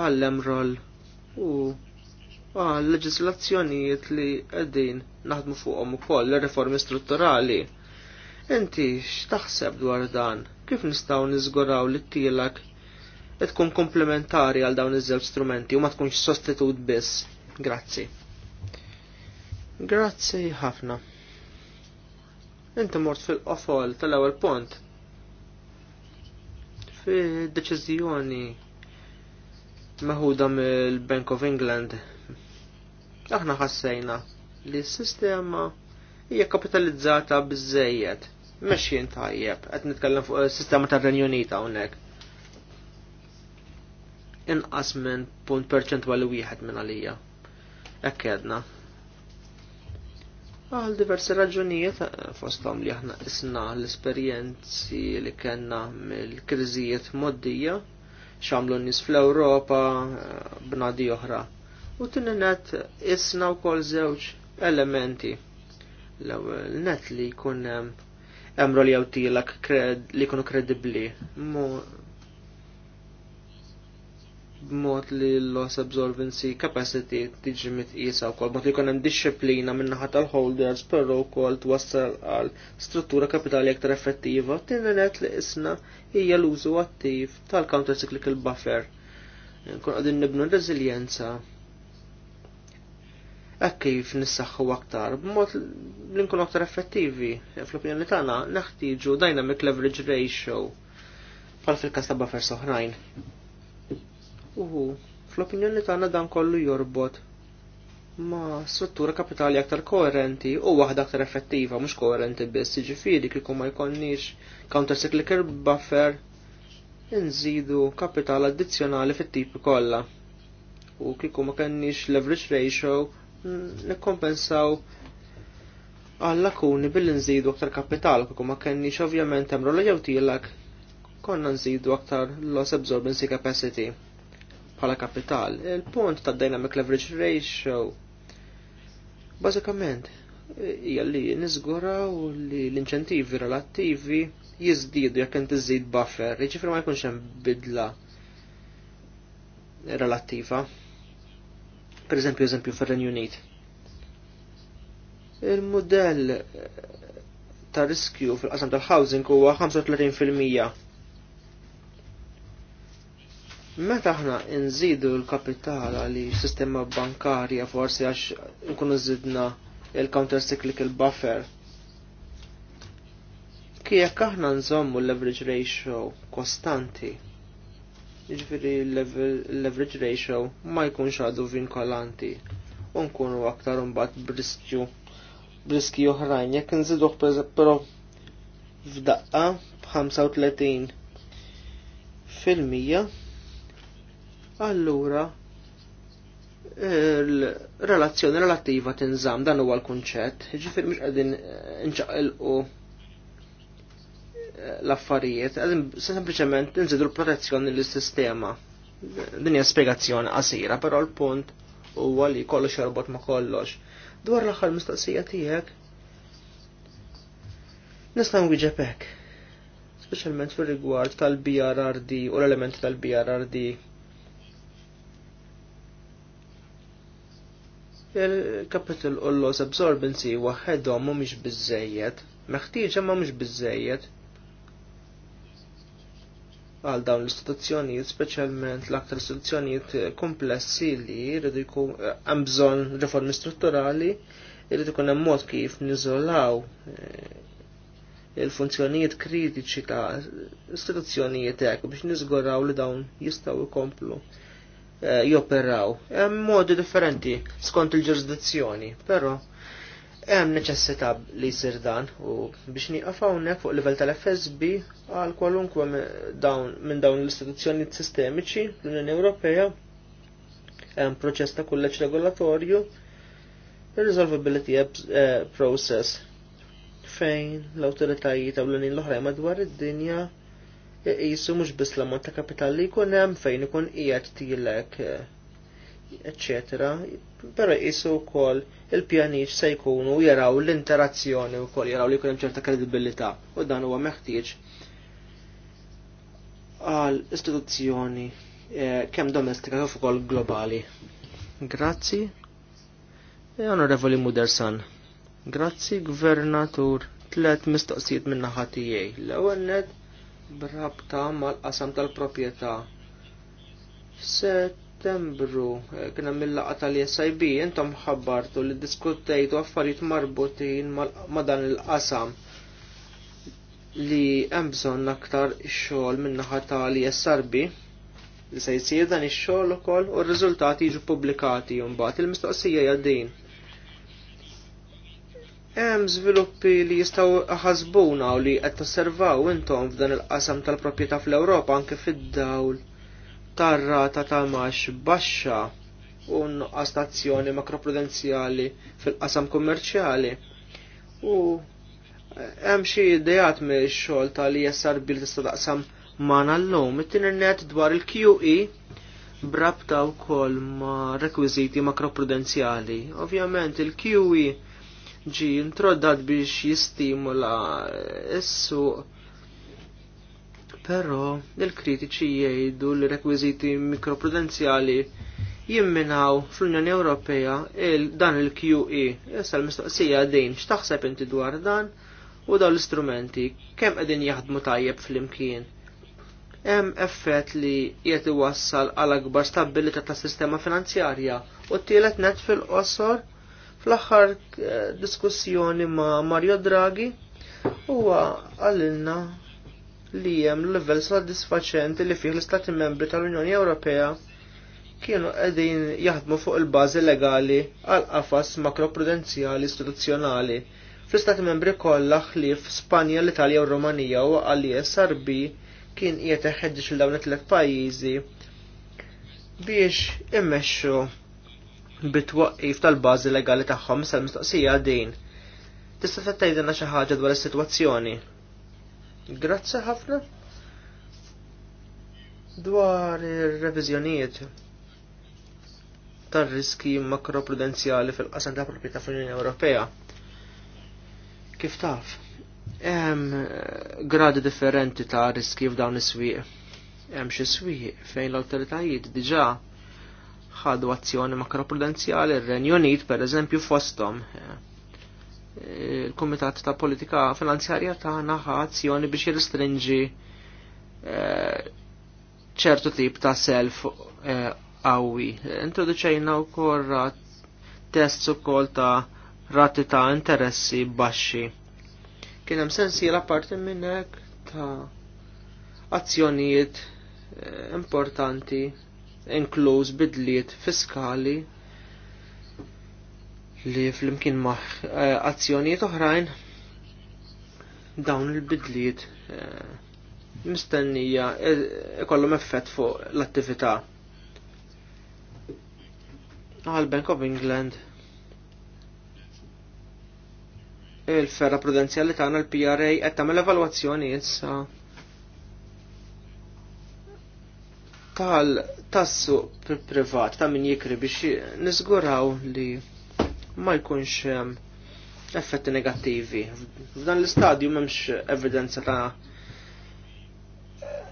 għall emrol u għal leġislazzjonijiet li qegħdin naħdmu fuqhom ukoll reformi strutturali. Inti x'taħseb dwar dan? Kif nistgħu niżguraw li t tkun komplementari għal dawn iż-żewġ strumenti u ma tkunx sostitut biss? Grazzi. Grazzi ħafna. Inti mort fil-qofol tal-ewwel pont. Fi deċiżjoni meħuda mill-Bank of England. Aħna ħassejna li s-sistema hija kapitalizzata biżejjed. Mexjin tajjeb, qed nitkellem fuq is-sistema tar-Renju Unita hawnhekk. Inqas minn punt perċentwali wieħed minn għalija. Hekk għedna għal diversi raġunijiet eh, fostom li aħna isna l-esperjenzi li kena mill-kriżijiet moddija xamlu nis fl-Europa eh, b'nadi oħra. U t-ninet isna u kol zewċ elementi. L-ewel net li kunem emro li jawtilak li kunu kredibli b'mod li l-loss absorbency capacity tiġi mitqisa wkoll mod li jkun hemm dixxiplina min-naħa tal-holders però wkoll twassal għal struttura kapitali aktar effettiva tinnet li isna hija l-użu attiv tal-counter cyclical buffer. Nkun qegħdin nibnu r-reżiljenza hekk kif nissaħħu aktar b'mod li nkunu aktar effettivi. Fl-opinjoni tagħna neħtieġu dynamic leverage ratio bħal fil-kas ta' buffer soħrajn. Uhu, fl-opinjoni tagħna dan kollu jorbot ma struttura kapitali aktar koerenti u waħda aktar effettiva, mhux koerenti biss, jiġifieri kieku ma jkollniex counter cyclical buffer inżidu kapital addizzjonali fit tip kollha. U kieku ma kenniex leverage ratio nikkompensaw għal kuni billi nżidu aktar kapital, kieku ma kenniex ovvjament hemm rolla jew tielek konna nżidu aktar loss absorbency capacity bħala kapital. Il-punt ta' dynamic leverage ratio bażikament hija li u li l-inċentivi relattivi jiżdiedu jekk inti żid buffer, jiġifieri ma jkunx hemm bidla relattiva. Per eżempju, eżempju fir-Renju Unit. Il-modell ta' riskju fil-qasam tal-housing huwa 35 Meta aħna nżidu l kapitala li sistema bankarja forsi għax nkunu zidna il-counter cyclical buffer, kiek aħna nżommu l-leverage ratio kostanti, ġifiri l-leverage ratio ma jkunx għadu vinkolanti, unkunu aktar unbat briskju, briski oħrajn, jekk nżidu però f'daqqa b'35 fil-mija allura il-relazzjoni relattiva tinżam dan huwa l-kunċett, ġifir mhux qegħdin eh, inċaqilqu eh, l-affarijiet, qegħdin sempliċement inżidu l-protezzjoni lis-sistema. Din hija spjegazzjoni qasira, però l-punt huwa li kollox jorbot ma kollox. Dwar l-aħħar mistoqsija tiegħek nista' nwieġeb hekk. Speċjalment fir-rigward tal-BRRD u l-elementi tal-BRRD il-capital u loss absorbency waħedhom mhumiex biżejjed, meħtieġa mhumiex biżejjed għal dawn l-istituzzjonijiet, speċjalment l-aktar istituzzjonijiet komplessi li jridu jkun eh, hemm bżonn riformi strutturali, jridu jkun hemm mod kif niżolaw eh, il-funzjonijiet kritiċi ta' istituzzjonijiet hekk biex niżguraw li dawn jistgħu jkomplu Eh, joperraw Hemm modi differenti skont il-ġurisdizzjoni, però hemm neċessità li jsir dan u biex nieqaf hawnhekk fuq livell tal-FSB għal kwalunkwe minn dawn l-istituzzjoni sistemiċi l-Unjoni Ewropea hemm proċess ta' kulleġġ regolatorju ir-resolvability eh, process fejn l-awtoritajiet u l-oħrajn madwar id-dinja jissu mhux biss l-ammont ta' kapital li jkun hemm fejn ikun qiegħed tilek eccetera, però jissu wkoll il-pjanix se jkunu jaraw l-interazzjoni wkoll jaraw li jkun hemm ċerta kredibilità u dan huwa meħtieġ għal istituzzjoni eh, kemm domestika kif ukoll globali. Grazzi. E onorevoli Mudersan. Grazzi, Gvernatur, tlet mistoqsijiet minna tiegħi. L-ewwel brabta mal-qasam tal-propieta. Settembru eh, kien hemm il-laqgħa tal-SIB intom ħabbartu li diskutejtu affarijiet marbutin ma' dan il-qasam li hemm bżonn aktar xogħol min-naħa tal-ISRB li se jsir dan ix-xogħol ukoll u r-riżultati jiġu pubblikati u mbagħad il-mistoqsija din Hemm żviluppi li jistgħu ħasbuna u li qed tosservaw intom f'dan il-qasam tal-proprjetà fl-Ewropa anke fid-dawl tar-rata ta' max baxxa u nuqqas tazzjoni makroprudenzjali fil-qasam kummerċjali. U eh, hemm xi ideat mix-xogħol tal-ISRB li tista' taqsam magħna llum it-tieni net dwar il-QE brabta wkoll ma' rekwiżiti makroprudenzjali. Ovvjament il-QE ġi introdat biex jistimula s-suq. Però il-kritiċi jgħidu li rekwiżiti mikroprudenzjali jimminaw fl-Unjoni Ewropea il dan il-QE. Issa l-mistoqsija din x'taħseb inti dwar dan u daw l-istrumenti kemm qegħdin jaħdmu tajjeb fl-imkien. Hemm effett li qed iwassal għal akbar stabilità tas-sistema finanzjarja u t-tielet net fil-qosor Fl-aħħar eh, diskussjoni ma' Mario Draghi huwa għalilna li hemm livell sodisfaċenti li fih l-Istati Membri tal-Unjoni Ewropea kienu qegħdin jaħdmu fuq il-bażi legali għal qafas makroprudenzjali istituzzjonali fl-Istati Membri kollha ħlief Spanja, l-Italja u Rumanija u għal SRB kien qiegħed iħeġġeġ il dawn it-tliet pajjiżi biex immexxu bitwaqqif tal-bażi legali tagħhom sal-mistoqsija din. Tista' tattajdilna xi ħaġa dwar is-sitwazzjoni. Grazzi ħafna dwar ir-reviżjonijiet tar-riski makroprudenzjali fil-qasam ta' proprjetà fl-Unjoni Ewropea. Kif taf? Hemm gradi differenti ta' riski f'dawn is-swieq. Hemm xi swieq fejn l-awtoritajiet diġà ħadu azzjoni makroprudenzjali r-Renju Unit per eżempju fostom. Il-Kumitat ta' Politika Finanzjarja tagħna ħa azzjoni biex jirrestrinġi eh, ċertu tip ta' self eh, qawwi. Introduċejna wkoll test ukoll ta' rati ta' interessi baxxi. Kien hemm sensiela parti minn hekk ta' azzjonijiet eh, importanti inkluż bidliet fiskali li flimkien ma' azzjonijiet oħrajn dawn il-bidliet eh, mistennija eh, ikollhom effett fuq l-attività. Għal Bank of England il-ferra prudenzjali tagħna l-PRA qed tagħmel evalwazzjoni issa tal-tassu privat ta' min jikri biex nizguraw li ma jkunx ehm, effetti negattivi. F'dan l-istadju memx evidenza ta'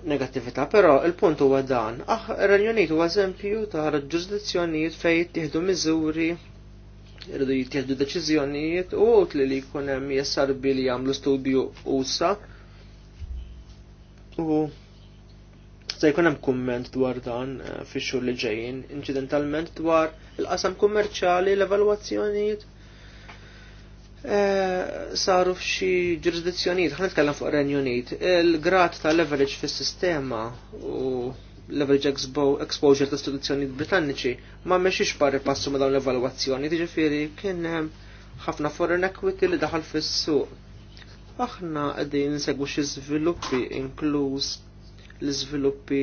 negattività, però il-punt huwa dan. Aħ, Renjonit huwa eżempju ta' ġurisdizzjonijiet fejn jittieħdu miżuri irridu jittieħdu deċiżjonijiet u li li jkun hemm jessarbi li jagħmlu studju usa u Se jkun hemm kumment dwar dan eh, fix-xhur li ġejjin, inċidentalment dwar il-qasam kummerċjali l-evalwazzjonijiet eh, saru f'xi ġurisdizzjonijiet, ħan nitkellem fuq Renju Unit, il-grad ta' leverage fis-sistema u leverage exposure ta' istituzzjonijiet Britanniċi ma mexiex pari passu ma' dawn l-evalwazzjoni, jiġifieri kien hemm ħafna foreign equity li daħal fis-suq. Aħna qegħdin insegwu xi żviluppi inkluż l-iżviluppi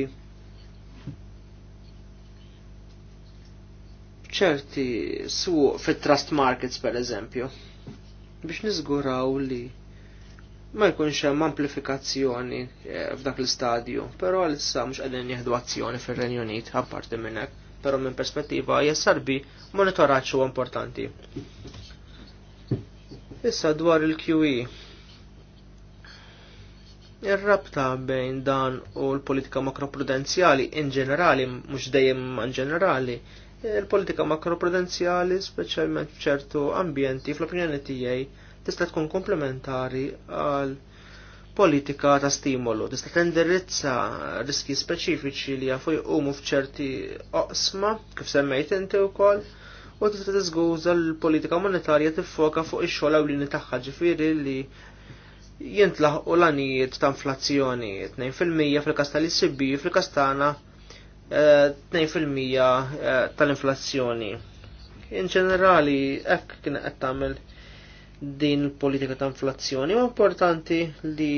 ċerti suq fit-trust markets per eżempju biex niżguraw li ma jkunx hemm amplifikazzjoni eh, f'dak l-istadju, però issa mhux qegħdin jieħdu azzjoni fir-Renju Unit apparti minn hekk, però minn perspettiva jessarbi monitoraġġ huwa importanti. Issa dwar il-QE Ir-rabta bejn dan u l-politika makroprudenzjali in ġenerali, mhux dejjem in ġenerali, il-politika makroprudenzjali speċjalment ċertu ambjenti fl-opinjoni tiegħi tista' tkun komplementari għal politika ta' stimolu, tista' tendirizza riski speċifiċi li jafu jqumu f'ċerti oqsma, kif semmejt inti wkoll, u tista' tiżguża l-politika monetarja tiffoka fuq ix-xogħol ewlieni tagħha ġifieri li jintlaħqu l-anijiet ta' inflazzjoni 2% fil-kas tal fil-kas tagħna 2% eh, eh, tal-inflazzjoni. In ġenerali, hekk kien qed tagħmel din il-politika ta' inflazzjoni, huwa importanti li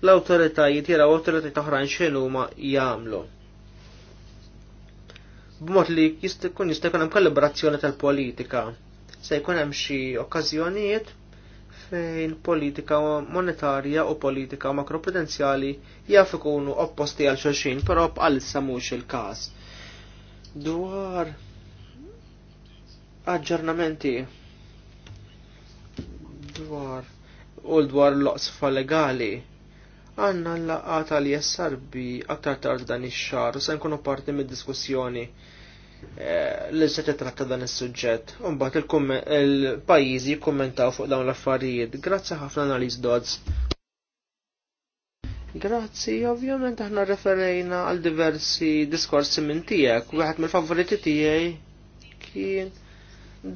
l-awtoritajiet jaraw awtoritajiet oħrajn xejn huma jagħmlu. B'mod li jkun jista' jkun hemm kalibrazzjoni tal-politika. Se jkun hemm xi okkażjonijiet fejn politika monetarja u politika makroprudenzjali jaf ikunu opposti għal xulxin, però bħalissa mhux il-każ. Dwar aġġornamenti dwar u dwar l-oqsfa legali għanna l-laqqa tal-jessarbi aktar tard dan ix-xar u se nkunu parti mid-diskussjoni Eh, li se titratta dan is-suġġett. Umbat il-pajjiżi jikkummentaw fuq dawn l-affarijiet. Grazzi ħafna analiz Dodds. Grazzi, ovvjament aħna referejna għal diversi diskorsi minn tiegħek. Wieħed mill-favoriti tiegħi kien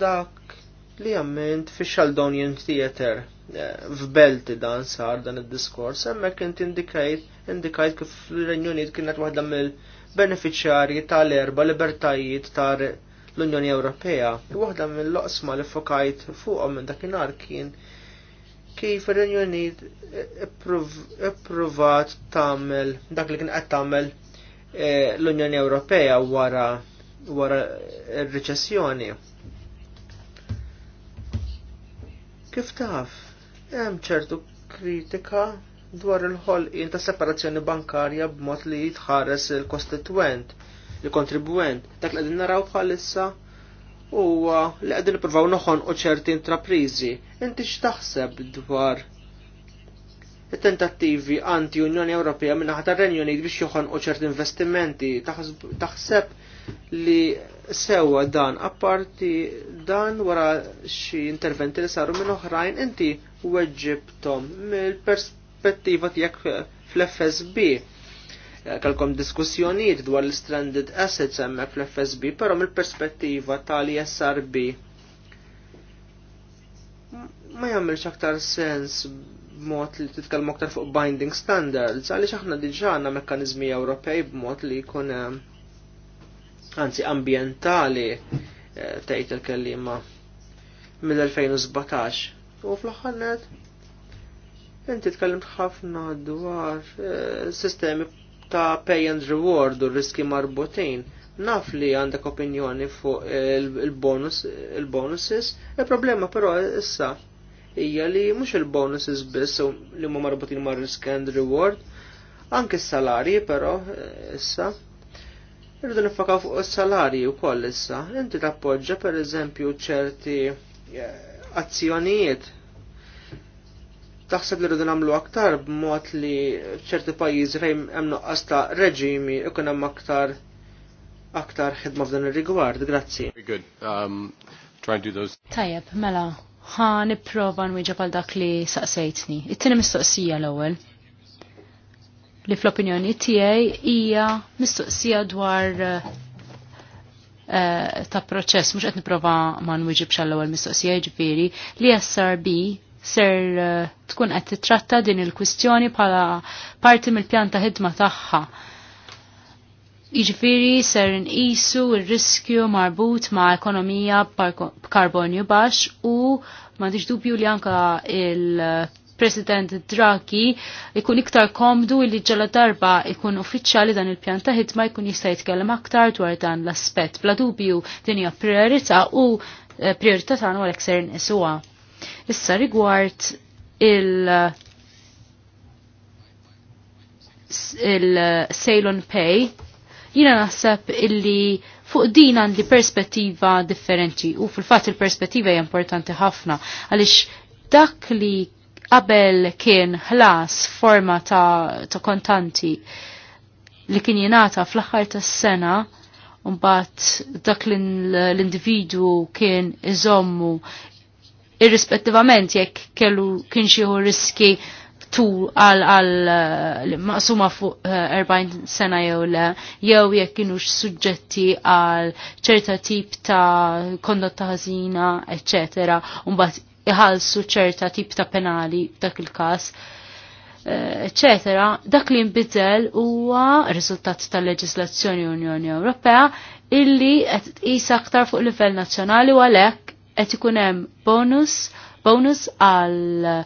dak li għamment fi Sheldonian Theater eh, f'Belti dan sar dan id-diskors, hemmhekk kien indikajt indikajt kif l-Renjuniet kienet waħda mill- beneficjari tal-erba libertajiet tar l-Unjoni Ewropea. Waħda mill-loqsma li fokajt fuqhom minn dakinhar kien kif ir-Unjoni ippruvat tagħmel dak li kien qed tagħmel eh, l-Unjoni Ewropea wara wara r-riċessjoni. Kif taf? Hemm ċertu kritika dwar il-ħolqien ta' separazzjoni bankarja b'mod li jitħares il-kostituent, il-kontribuent, dak li qegħdin naraw bħalissa huwa li qegħdin nippruvaw u ċerti intraprizi. Inti x'taħseb dwar it-tentattivi anti-Unjoni Ewropea minna ħata tar renjoni biex biex u ċerti investimenti taħseb li sewa dan apparti dan wara xi interventi li saru minn oħrajn inti weġġibtom mill-perspettiva perspettiva tiegħek fl-FSB kalkom diskussjonijiet dwar l-stranded assets hemmhekk fl-FSB, però mill-perspettiva tal-ISRB ma jagħmilx aktar sens b'mod li titkellmu aktar fuq binding standards għaliex aħna diġà għandna mekkaniżmi Ewropej b'mod li jkun eh, anzi ambjentali eh, tgħid il-kelliema mill-2017 u fl-aħħar Inti tkellimt ħafna dwar eh, sistemi ta' pay and reward u riski marbutin. Naf li għandek opinjoni fuq il-bonuses, il-problema però issa hija li mhux il-bonuses biss li huma marbutin mar risk and reward, anke s-salarji però eh, issa. Irridu nifakaw fuq is-salarji wkoll issa. Inti tappoġġa pereżempju ċerti eh, azzjonijiet taħseb li rridu nagħmlu aktar b'mod li ċerti pajjiżi fejn hemm nuqqas ta' reġimi ikun hemm aktar aktar ħidma f'dan ir-rigward. Grazzi. Um, Tajjeb, mela, ħa nipprova nwieġa għal dak li saqsejtni. It-tieni mistoqsija l-ewwel. Li fl-opinjoni tiegħi hija mistoqsija dwar eh, eh, ta' proċess, mux għet niprofa ma' nwieġibx għall ewwel mistoqsija ġifiri, li SRB ser eh, tkun qed titratta din il-kwistjoni bħala parti mill-pjan ta' ħidma tagħha. Iġviri ser nqisu r-riskju marbut ma' ekonomija b'karbonju baxx u ma dubju li anka il-President Draghi ikun iktar komdu li ġala darba ikun uffiċjali dan il-pjan ta' ħidma jkun jista' jitkellem aktar dwar dan l-aspett. Bla dubju din hija priorità u eh, priorità tagħna għalhekk ser nqisuha. Issa rigward il- il-sale on pay, jina naħseb illi fuq din għandi perspettiva differenti u fil-fat il-perspettiva hija importanti ħafna għaliex dak li qabel kien ħlas forma ta', ta kontanti li kien jingħata fl-aħħar tas-sena mbagħad dak l-individwu kien iżommu irrispettivament jekk kellu kien xi riski tu għal għal eh, maqsuma fuq 40 eh, sena jew le, jew jekk kienux suġġetti għal ċerta tip ta' kondotta ħażina, eccetera, mbagħad iħallsu ċerta tip ta' penali dak il-każ. Eccetera, eh, dak li nbidel huwa riżultat tal-leġislazzjoni Unjoni Ewropea illi qed tqis aktar fuq livell nazzjonali u għalhekk qed ikun hemm bonus bonus għal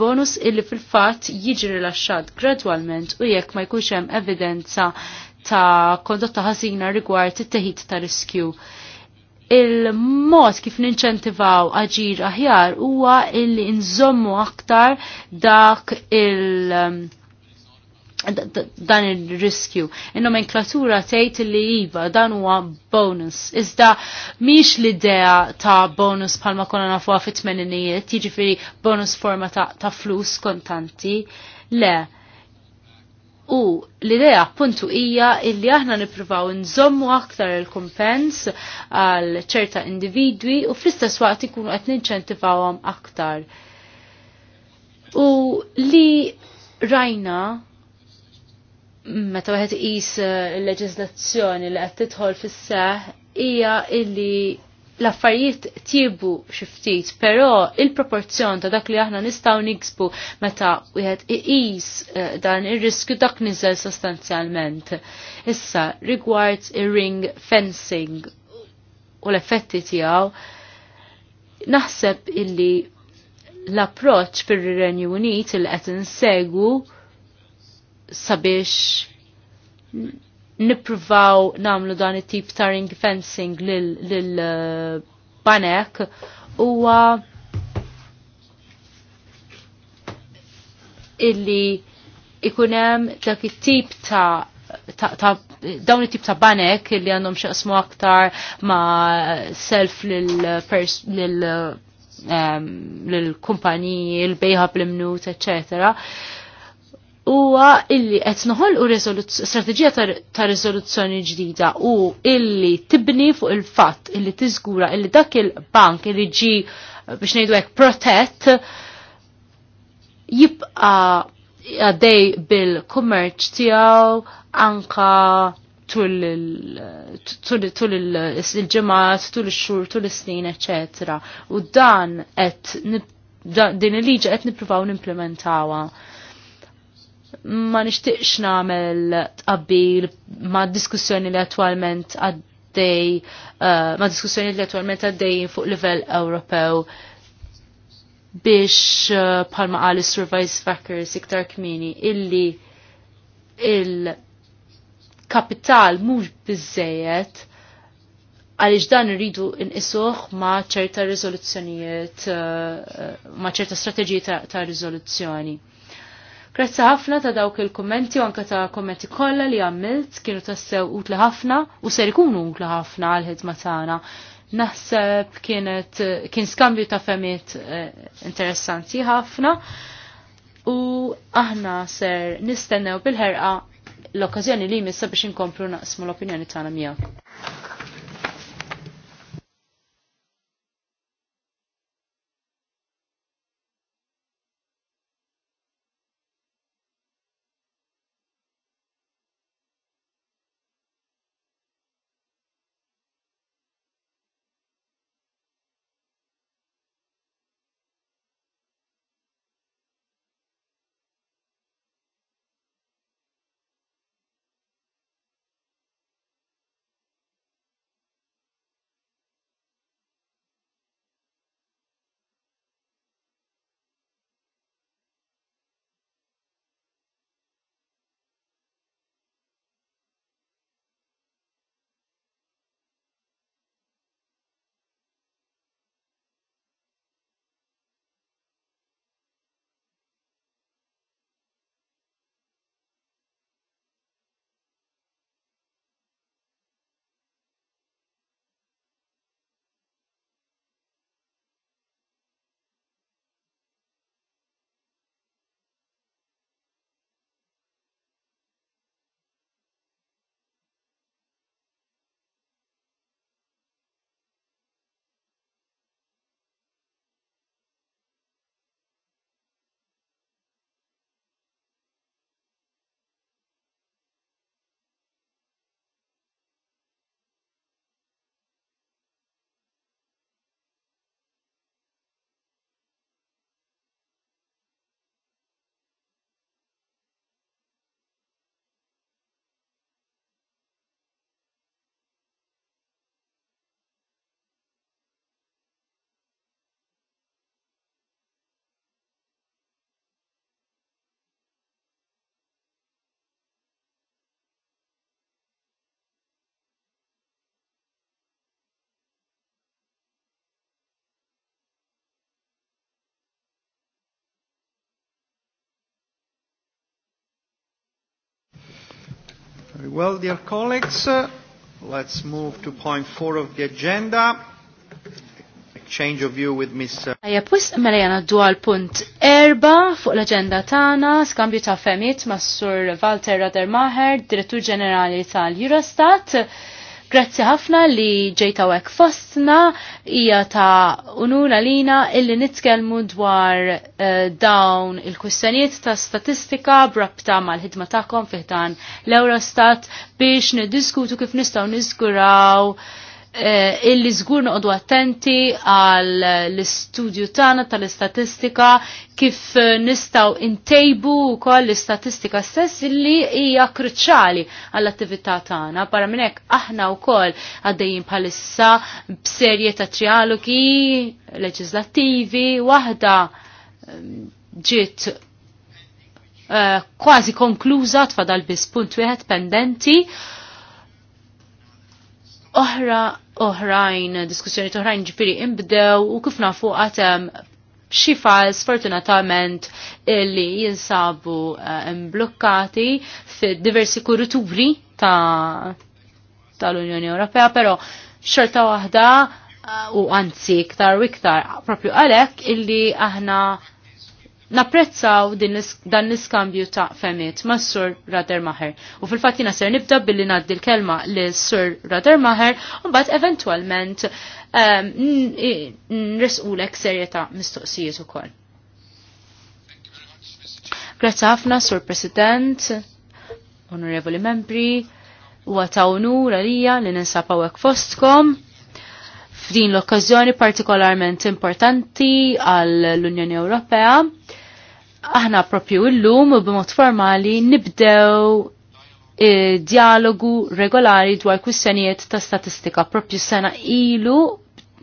bonus illi fil-fatt jiġi rilaxxat gradwalment u jekk ma jkunx hemm evidenza ta' kondotta ħażina rigward it-teħid ta' riskju. Il-mod kif ninċentivaw aġir aħjar huwa illi nżommu aktar dak il- dan il-riskju. Il-nomenklatura tgħid li jiva dan huwa bonus. Iżda miex l-idea ta' bonus palma konna nafuha fit-tmeninijiet, jiġifieri bonus forma ta', ta flus kontanti. Le, U l-idea appuntu hija illi aħna nippruvaw nżommu aktar il-kumpens għal ċerta individwi u fl-istess waqt ikunu qed ninċentivawhom aktar. U li rajna meta wieħed qis eh, il leġislazzjoni li qed tidħol fis-seħ hija illi l-affarijiet tjibu xiftit, però il-proporzjon ta' dak li aħna nistgħu niksbu meta wieħed iqis eh, dan ir-riskju dak niżel sostanzjalment. Issa rigward ir-ring fencing u l-effetti tiegħu naħseb illi l-approċċ fir-Renju Unit il qed insegwu sabiex nipruvaw namlu dan it-tip ta' ring fencing lil-banek uh, u huwa illi ikunem dak it-tip ta' ta' dawn it-tip ta' banek illi għandhom xaqsmu aktar ma' self lil um, lil kumpaniji, l-bejħa bl-imnut, eccetera huwa illi qed noħolqu strateġija ta' riżoluzzjoni ġdida u illi tibni fuq il-fatt illi tiżgura illi dak il-bank illi ġi eh, biex ngħidu hekk protett jibqa għaddej bil-kummerċ tiegħu anka tul il-ġemat, tul il-xur, tul il-snin, etc. U dan et, din il-liġa qed nippruvaw nimplementawa. implementawa ma nixtieqx nagħmel tqabbil ma' diskussjoni li attualment għaddej uh, ma' diskussjoni li attualment għaddej fuq livell Ewropew biex uh, palma għalli survice factors iktar kmini illi il-kapital mhux biżejjed għaliex dan irridu nqisuh ma ċerta riżoluzzjonijiet uh, ma ċerta strategji ta', ta riżoluzzjoni. Grazzi ħafna ta' dawk il-kommenti u anka ta' kommenti kollha li għamilt kienu tassew utli ħafna u ser ikunu utli ħafna għal ħidma tagħna. Naħseb kienet kien skambju ta' femiet eh, interessanti ħafna u aħna ser nistennew bil-ħerqa l-okkażjoni li jmissa biex inkomplu naqsmu l-opinjoni tagħna miegħek. Very well, dear colleagues, uh, let's move to point four of the agenda. Exchange of view with Ms. Uh, Ajja, pwis mela għal punt erba fuq l-agenda tagħna, skambju ta' femmit mas-sur Walter Radermacher, Direttur Ġenerali tal-Eurostat Grazzi ħafna li ġejta wek fostna, hija ta' unura lina illi nitkelmu dwar uh, dawn il-kwistjonijiet ta' statistika brabta mal-ħidma ta'kom fiħdan l-Eurostat biex nidiskutu kif nistaw nizguraw eh, illi żgur noqogħdu attenti għal l-istudju tagħna tal-istatistika kif eh, nistgħu intejbu wkoll l-istatistika stess illi hija kruċjali għall-attività tagħna. Para minn hekk aħna wkoll għaddejjin bħalissa b'serje ta' trialogi leġislattivi waħda ehm, ġiet uh, kważi konkluża tfadal biss punt wieħed pendenti. Uh, oħra oħrajn, diskussjoni oħrajn ġifiri imbdew u kif nafu għatem xi files sfortunatament li jinsabu eh, imblokkati fid diversi kurituri ta' tal-Unjoni Ewropea, pero xorta waħda eh, u anzi iktar u iktar propju għalek illi aħna napprezzaw dan l-iskambju ta' femiet ma' Sur Maher. U fil-fatt jina ser nibda billi naddi l-kelma li Sur Maher u bat eventualment ehm, nresqulek serjeta mistoqsijiet u koll. Grazie ħafna, Sur President, Onorevoli Membri, u għatawnu għalija li għek fostkom f'din l-okkazjoni partikolarment importanti għall unjoni Ewropea aħna propju l-lum u b'mod formali nibdew eh, dialogu regolari dwar kwistjonijiet ta' statistika. Propju sena ilu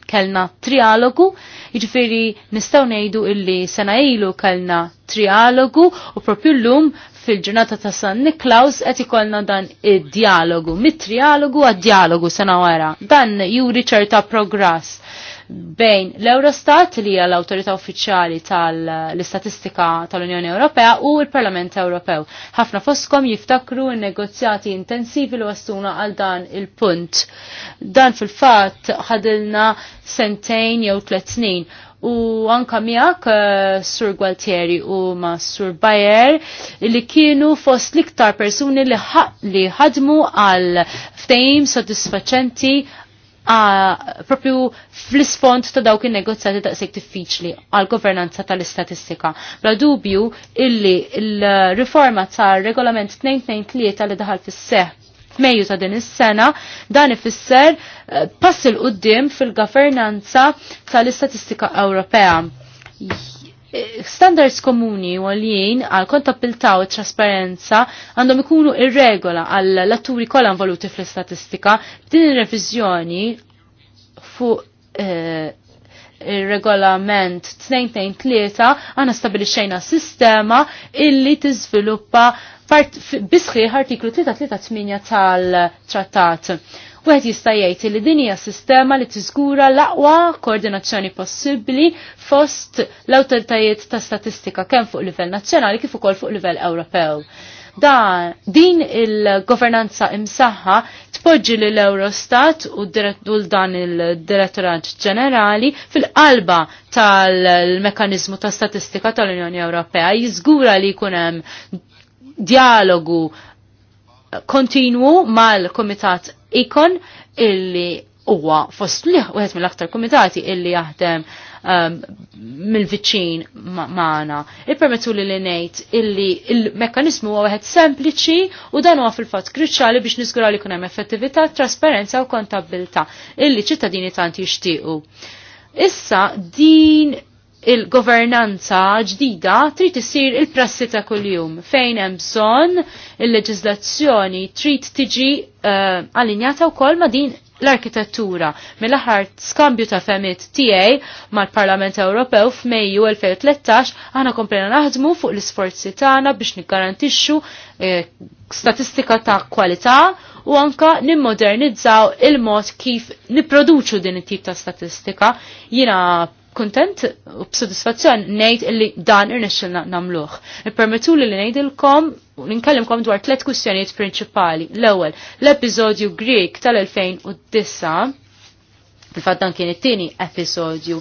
kellna trialogu, jiġifieri nistgħu ngħidu illi sena ilu kellna trialogu u propju llum fil-ġurnata ta' San Niklaus qed ikollna dan id-dialogu, mit-trialogu għad-dialogu sena wara. Dan juri ċerta progress bejn l-Eurostat li hija l-awtorità uffiċjali tal-istatistika tal-Unjoni Ewropea u l-Parlament Ewropew. Ħafna foskom jiftakru n-negozjati intensivi li wastuna għal dan il-punt. Dan fil-fatt ħadilna sentejn jew tliet snin u anka miak eh, Sur Gualtieri u ma Sur Bayer li kienu fost liktar persuni li ħadmu għal ftejm soddisfaċenti propju fl-isfond ta' dawk in-negozjati daqshekk diffiċli għal governanza tal-istatistika. Bla dubju illi l-riforma tar-regolament 293 li daħal fis-seħ Mejju ta' din is-sena dan ifisser eh, passi l qudiem fil-governanza tal-istatistika Ewropea Eh, standards komuni u għalijin għal kontabilta u trasparenza għandhom ikunu irregola għal l kolla involuti fl-istatistika b'din il-revizjoni fuq eh, il-regolament 223 għana stabilixxejna sistema illi tiżviluppa bisħi artiklu 338 tal-trattat. Wieħed jista' jgħid li din hija sistema li tiżgura l-aqwa koordinazzjoni possibbli fost l-awtoritajiet ta' statistika kemm fuq livell nazzjonali kif ukoll fuq livell Ewropew. Dan din il-governanza imsaħħa tpoġġi l eurostat u dan il-Direttorat Ġenerali fil-qalba tal-mekanizmu ta' statistika tal-Unjoni Ewropea jiżgura li jkun hemm dialogu kontinwu mal-Komitat ikon illi huwa fost liħ u mill-aktar komitati illi jaħdem um, mill-viċin maħna. Ippermettu li l-nejt illi il mekanismu huwa wieħed sempliċi u dan huwa fil-fatt kruċjali biex niżgura li kun hemm effettività, trasparenza u kontabilta illi ċittadini tant jixtiequ. Issa din il-governanza ġdida trid issir il-prassi ta' kuljum fejn hemm bżonn il-leġiżlazzjoni trid tiġi uh, allinjata wkoll ma' din l-arkitettura mill-aħħar skambju ta' femit tiegħi mal-Parlament Ewropew f'Mejju 2013 aħna komplejna naħdmu fuq l-isforzi tagħna biex nikgarantixxu uh, eh, statistika ta' kwalità u anka nimmodernizzaw il-mod kif niproduċu din it-tip ta' statistika. Jina kuntent u b'sodisfazzjon ngħid illi dan irnexxilna nagħmluh. Ippermettu li ngħidilkom u ninkallimkom dwar tliet kwistjonijiet prinċipali. L-ewwel, l-episodju Greek tal-2009 fil fat dan kien it-tieni episodju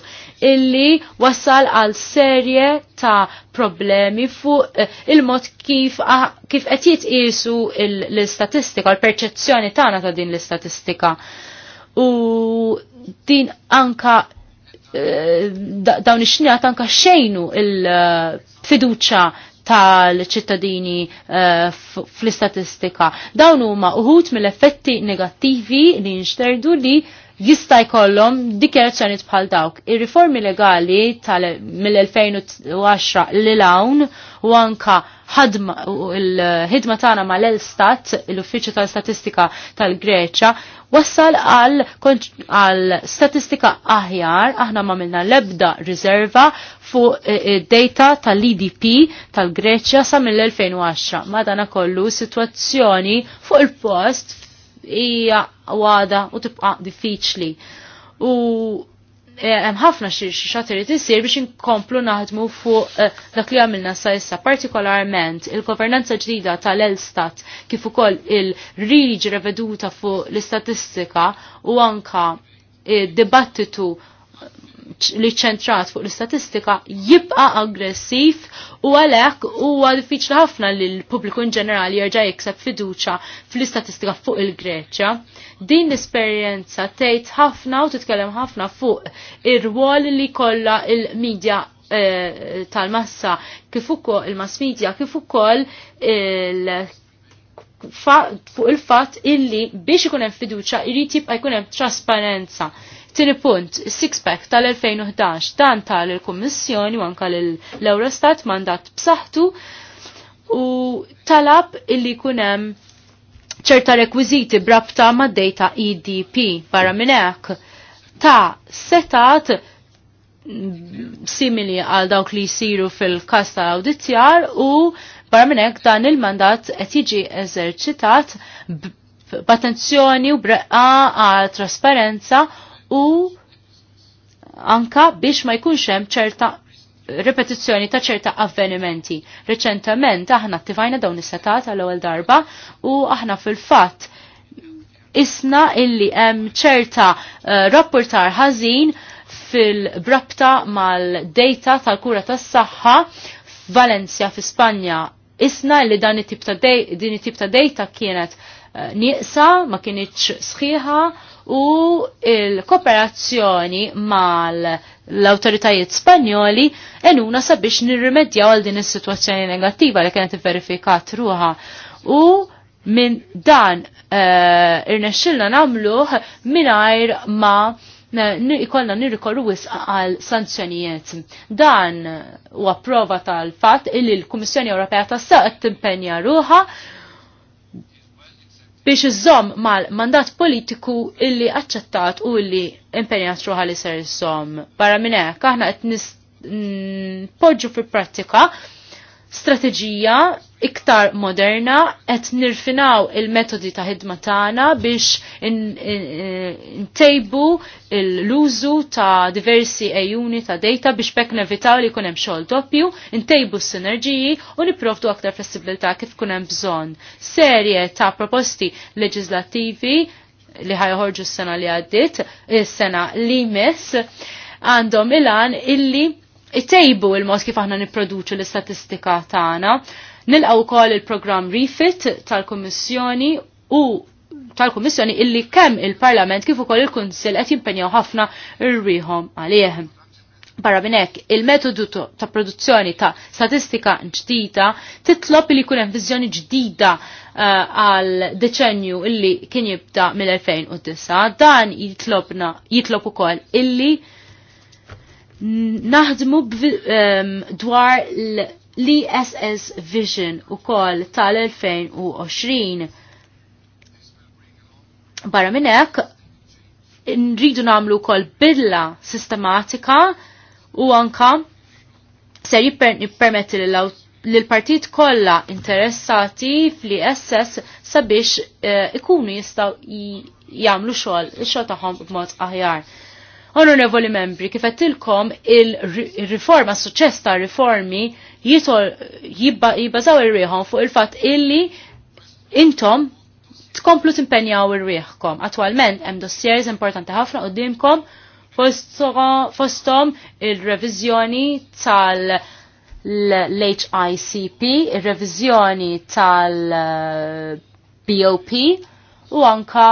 illi wassal għal serje ta' problemi fuq eh, il-mod kif kif qed jitqisu l-istatistika, l-perċezzjoni tagħna ta' din l-istatistika. U din anka Eh, dawn ix-xnijat anka xejnu il-fiduċa tal-ċittadini eh, fl-istatistika. Dawn huma uħut mill-effetti negattivi li nxterdu li jista' jkollhom dikjerazzjonijiet bħal dawk. Ir-riformi legali mill-2010 lil hawn u anka ħadma il-ħidma tagħna mal-Elstat, l-Uffiċċju tal-Statistika tal-Greċja, wassal għal, għal statistika aħjar, aħna ma minna lebda riserva fuq e, e, data tal-IDP tal-Greċja sa mill-2010. Madana kollu situazzjoni fuq il-post hija għada u tibqa' diffiċli. U Eh, hemm ħafna xi xatri tisir biex inkomplu naħdmu fuq eh, dak li għamilna sa issa partikolarment il-governanza ġdida tal-Elstat kif ukoll il-riġ reveduta fuq l-istatistika u anka id-dibattitu eh, li ċentrat fuq l-istatistika jibqa aggressiv u għalhekk huwa diffiċli ħafna li l-pubbliku in ġenerali jerġa' jikseb fiduċa fl-istatistika fuq il-Greċja. Din l-esperjenza tgħid ħafna u titkellem ħafna fuq ir-rwol li kolla il-medja eh, tal-massa kif ukoll il-mass media kif ukoll il- fuq il-fatt illi biex ikun hemm fiduċja irid jibqa' jkun hemm trasparenza. Tini punt, six-pack tal-2011 dan tal-Kommissjoni u anka l-Eurostat mandat b'saħħtu u talab illi kunem ċerta rekwiziti brabta ma' data EDP barra minnek ta' setat simili għal dawk li jisiru fil kasta tal-audizjar u barra minnek dan il-mandat qed jiġi eżerċitat b'attenzjoni u breqqa għal trasparenza u anka biex ma jkunx hemm ċerta repetizzjoni ta' ċerta avvenimenti. Reċentament aħna attivajna dawn is-setat għal ewwel darba u aħna fil-fatt isna illi hemm ċerta uh, rapportar ħażin fil-brabta mal-data tal-kura tas-saħħa f'Valencia fi Spanja. Isna illi dan it-tip ta' din it-tip ta' data kienet uh, nieqsa, ma kienitx sħiħa u il-kooperazzjoni mal l-autoritajiet spanjoli enuna sabiex nirrimedjaw għal din is-sitwazzjoni negattiva li kienet verifikat ruha. U minn dan uh, irnexxilna nagħmluh mingħajr ma nirrikollu wisq għal sanzjonijiet. Dan huwa prova tal-fatt illi l-Kummissjoni Ewropea tas-saq timpenja ruha biex iżomm mal-mandat politiku illi aċċettat u illi impenjat ruħali li ser iżomm. Barra minn hekk aħna qed poġġu fil-prattika strateġija iktar moderna qed nirfinaw il-metodi ta' ħidma tagħna biex ntejbu l-użu ta' diversi ejuni ta' data biex bekk nevitaw li jkun hemm xogħol doppju, ntejbu s-sinerġiji u nipprovdu aktar flessibilità kif kun hemm bżonn. Serje ta' proposti leġislattivi li ħajħorġu s-sena li għaddit, s-sena li mis, għandhom il-għan illi Ittejbu il-mod kif aħna nipproduċu l-istatistika tagħna. Nilqgħu wkoll il-programm Refit tal-Kummissjoni u tal-Kummissjoni illi kemm il-Parlament kif ukoll il-Kunsill qed jimpenjaw ħafna rrieħhom għalih. Barra minn hekk, il-metodu ta' produzzjoni ta' statistika ġdida titlob li jkun hemm viżjoni ġdida eh, għal uh, deċenju illi kien jibda mill-2009. Dan jitlobna jitlob ukoll illi naħdmu dwar l-ESS Vision u kol tal-2020. Barra minnek, nridu namlu kol bidla sistematika u anka ser jippermetti l-partit kolla interessati fl-ESS sabiex eh, ikunu jistaw jamlu xol, xol taħom b'mod aħjar. Onorevoli membri, kif għattilkom il-riforma, suċċess ta' riformi jibbażaw ir-rieħom fuq il-fatt illi intom tkomplu timpenjaw ir riħkom Attualment hemm dossiers importanti ħafna dimkom fostom il revizjoni tal- l-HICP, il-revizjoni tal-BOP u anka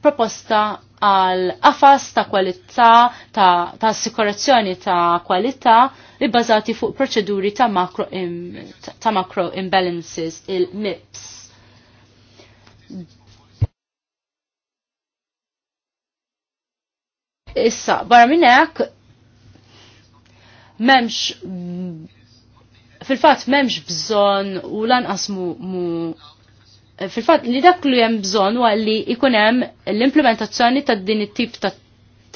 proposta għal qafas ta' kwalità ta', ta assikurazzjoni ta' kwalità li bbażati fuq proċeduri ta' macro, im, ta macro imbalances il-MIPS. Issa, barra minn hekk m'hemmx fil-fatt m'hemmx bżonn u lanqas mu, mu fil-fatt li dak li hemm bżon u għalli ikunem hemm l-implementazzjoni ta' din it-tip ta'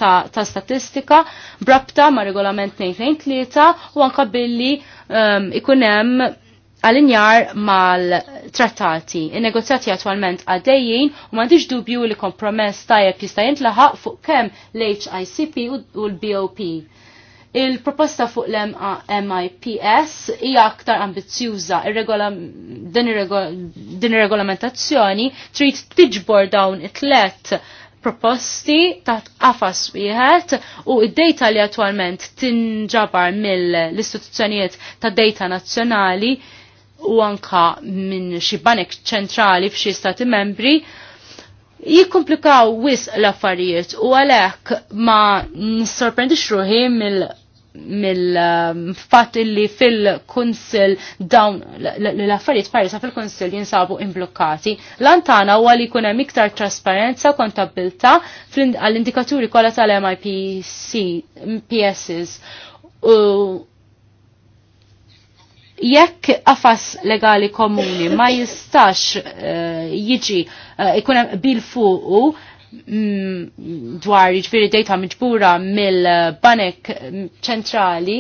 ta', ta statistika brabta ma' regolament 223 u anka billi um, ikun hemm għal-injar mal-trattati. Il-negozjati attualment għaddejjien u mandiġ dubju li kompromess tajab jista' jintlaħaq fuq kemm l-HICP u l-BOP. Il-proposta fuq l-MIPS hija aktar ambizzjuża. Din ir-regolamentazzjoni trid tiġbor dawn it-tlet proposti ta' qafas wieħed u id-data li attwalment tinġabar mill-istituzzjonijiet ta' data nazzjonali u anka minn xi banek ċentrali f'xi stati membri jikkomplikaw wis l-affarijiet u għalhekk ma nissorprendix ruħi mill mill-fatt illi fil-kunsil dawn l-affarijiet parisa fil-kunsil jinsabu imblokkati. Lantana huwa li jkun hemm iktar trasparenza kontabilta għall-indikaturi kollha tal-MIPC PSs. Jekk qafas legali komuni ma jistax eh, jiġi eh, ikunem bil fuqu Mm, dwar jiġifieri dejta miġbura mill-banek ċentrali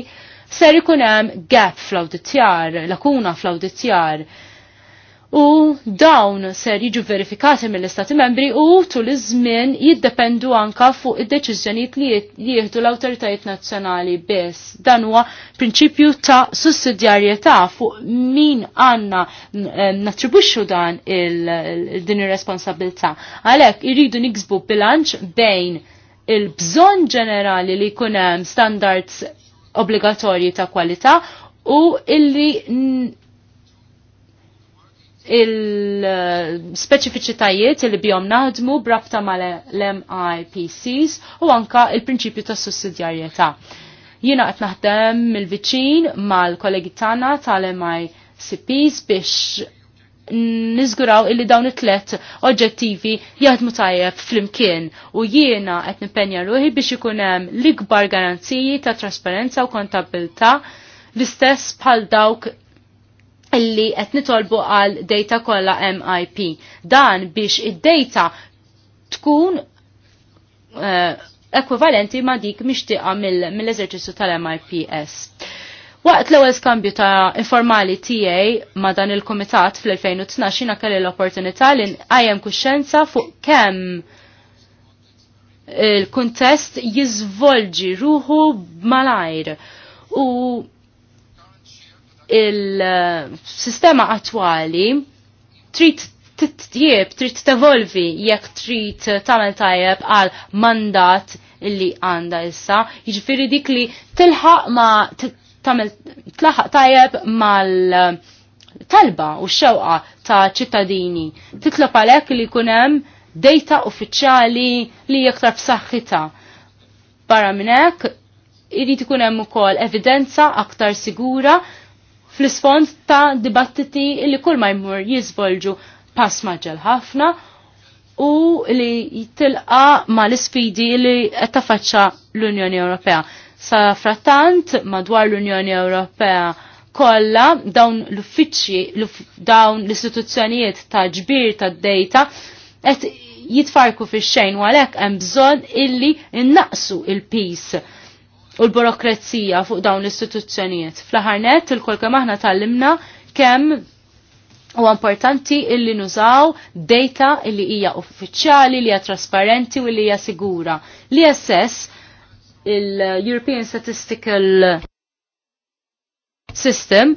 ser ikun hemm gap fl-awdizzjar, lakuna fl-awdizzjar u dawn ser jiġu verifikati mill-Istati membri u tul iż-żmien jiddependu anka fuq id-deċiżjonijiet li jieħdu l-awtoritajiet nazzjonali biss. Dan huwa prinċipju ta' sussidjarjetà fuq min għandna eh, nattribwixxu dan din ir-responsabilità. Għalhekk iridu niksbu bilanċ bejn il-bżonn ġenerali li jkun hemm standards obbligatorji ta' kwalità u illi il-speċifiċitajiet li bihom naħdmu brabta mal l-MIPCs u anka il-prinċipju ta' sussidjarjetà. Jiena qed naħdem mill-viċin mal-kollegi tagħna tal-MICPs biex nizguraw illi dawn it-tlet oġġettivi jaħdmu tajjeb fl-imkien u jiena qed nimpenja ruħi biex ikun hemm l-ikbar garanziji ta' trasparenza u kontabilta l-istess bħal dawk illi qed nitolbu għal data kollha MIP. Dan biex id-data tkun uh, ekwivalenti ma' dik mixtieqa mill-eżerċizzju mill eżerċizzju mil tal mips Waqt l-ewwel skambju ta' informali tiegħi ma' dan il-kumitat fl-2012 jiena kelli l-opportunità li nqajjem kuxjenza fuq kemm il-kuntest jiżvolġi ruħu malajr. U il-sistema attwali trid titjieb, trid tevolvi jekk trid tagħmel tajjeb għal mandat illi għanda issa, jiġifieri dik li tilħaq ma tagħmel tlaħaq tajjeb mal eh, talba u xewqa ta' ċittadini. Titlob għalhekk li jkun hemm data uffiċjali li jektar f'saħħitha. Barra minn hekk irid ikun hemm ukoll evidenza aktar sigura fl-isfond ta' dibattiti li kull ma jmur jizvolġu pass maġġal ħafna u li jitilqa ma l isfidi li qed tafaċċa l-Unjoni Ewropea. Sa frattant madwar l-Unjoni Ewropea kollha dawn l-uffiċċji dawn l-istituzzjonijiet ta' ġbir ta' d qed jitfarku fix-xejn u għalhekk hemm bżonn illi innaqsu il-peace u l-burokrazija fuq dawn l-istituzzjonijiet. Fl-aħħar net, il-kol kemm aħna tallimna kemm u importanti illi nużaw data illi hija uffiċjali, li hija trasparenti u li hija sigura. L-ISS, il-European Statistical System,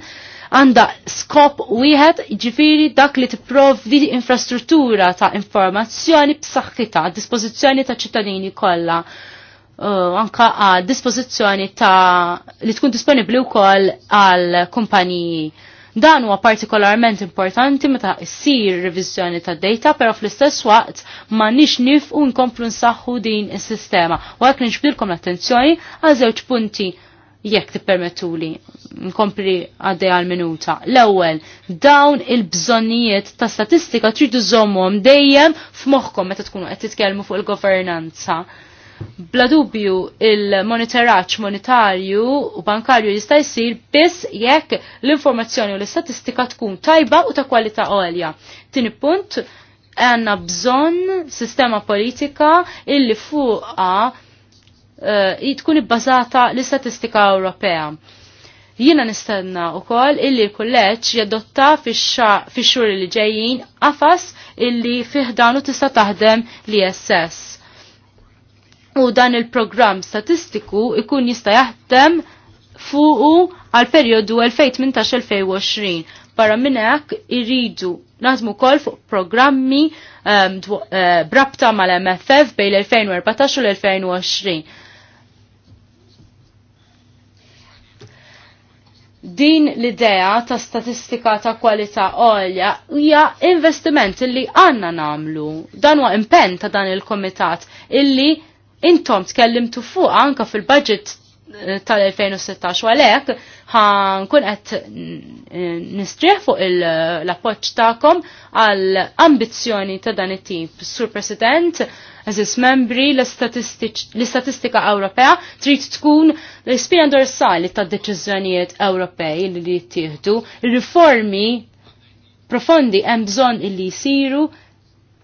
għanda skop wieħed ġifiri dak li tipprovdi infrastruttura ta' informazzjoni b'saħħitha għad dispożizzjoni ta' ċittadini kollha uh, anka għal dispozizjoni ta' li tkun disponibli wkoll għal kumpaniji. Dan huwa partikolarment importanti meta ssir revizjoni ta' data, però fl-istess waqt ma nix nif u nkomplu nsaħħu din is-sistema. U għak nixbilkom l-attenzjoni għal żewġ punti jekk tippermettuli nkompli għaddej għal minuta. L-ewwel, dawn il-bżonnijiet ta' statistika tridu żommhom dejjem f'moħħkom meta tkunu qed titkellmu fuq il-governanza Bla dubju il-monitoraċ monetarju u bankarju jista' jsir biss jekk l-informazzjoni u l-istatistika tkun tajba u ta' kwalità għolja. Tini punt, għanna bżonn sistema politika illi fuqa uh, tkun ibbażata l-istatistika Ewropea. Jiena nistenna u koll illi l-kulleġġ jadotta fix-xhur li ġejjin għafas illi fih tista' taħdem l-ISS u dan il-programm statistiku ikun jista' jaħdem fuqu għal periodu 2018-2020. Barra minn hekk nazmu kol fuq programmi um, uh, brabta mal-MFF bejn l-2014 u l-2020. din l-idea ta' statistika ta' kwalità għolja hija investiment illi għanna namlu. Dan huwa impenn ta' dan il-komitat illi intom tkellimtu fuq anka fil-budget eh, tal-2016 u għalek kun qed nistrieħ fuq l-appoġġ tagħkom għal ambizzjoni ta' dan it-tip. Sur President, eżis membri l-istatistika Ewropea trid tkun l ispina dorsali ta' deċiżjonijiet Ewropej li jittieħdu, riformi profondi hemm bżonn illi jsiru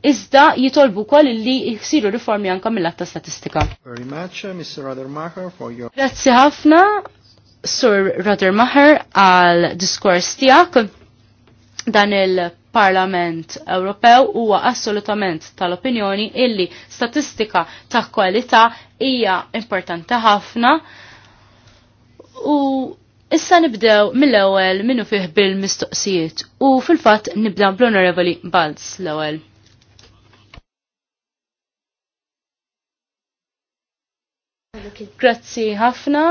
iżda jitolbu kol li jiksiru riformi anka mill-att ta' statistika. Uh, Grazzi ħafna, Sur Rothermacher, għal diskors tijak dan il-Parlament Ewropew huwa assolutament tal-opinjoni illi statistika ta' kwalità hija importanti ħafna u Issa nibdew mill-ewwel minnu fih bil-mistoqsijiet u fil-fatt nibda bl-Onorevoli Balz l-ewwel. Grazzi ħafna.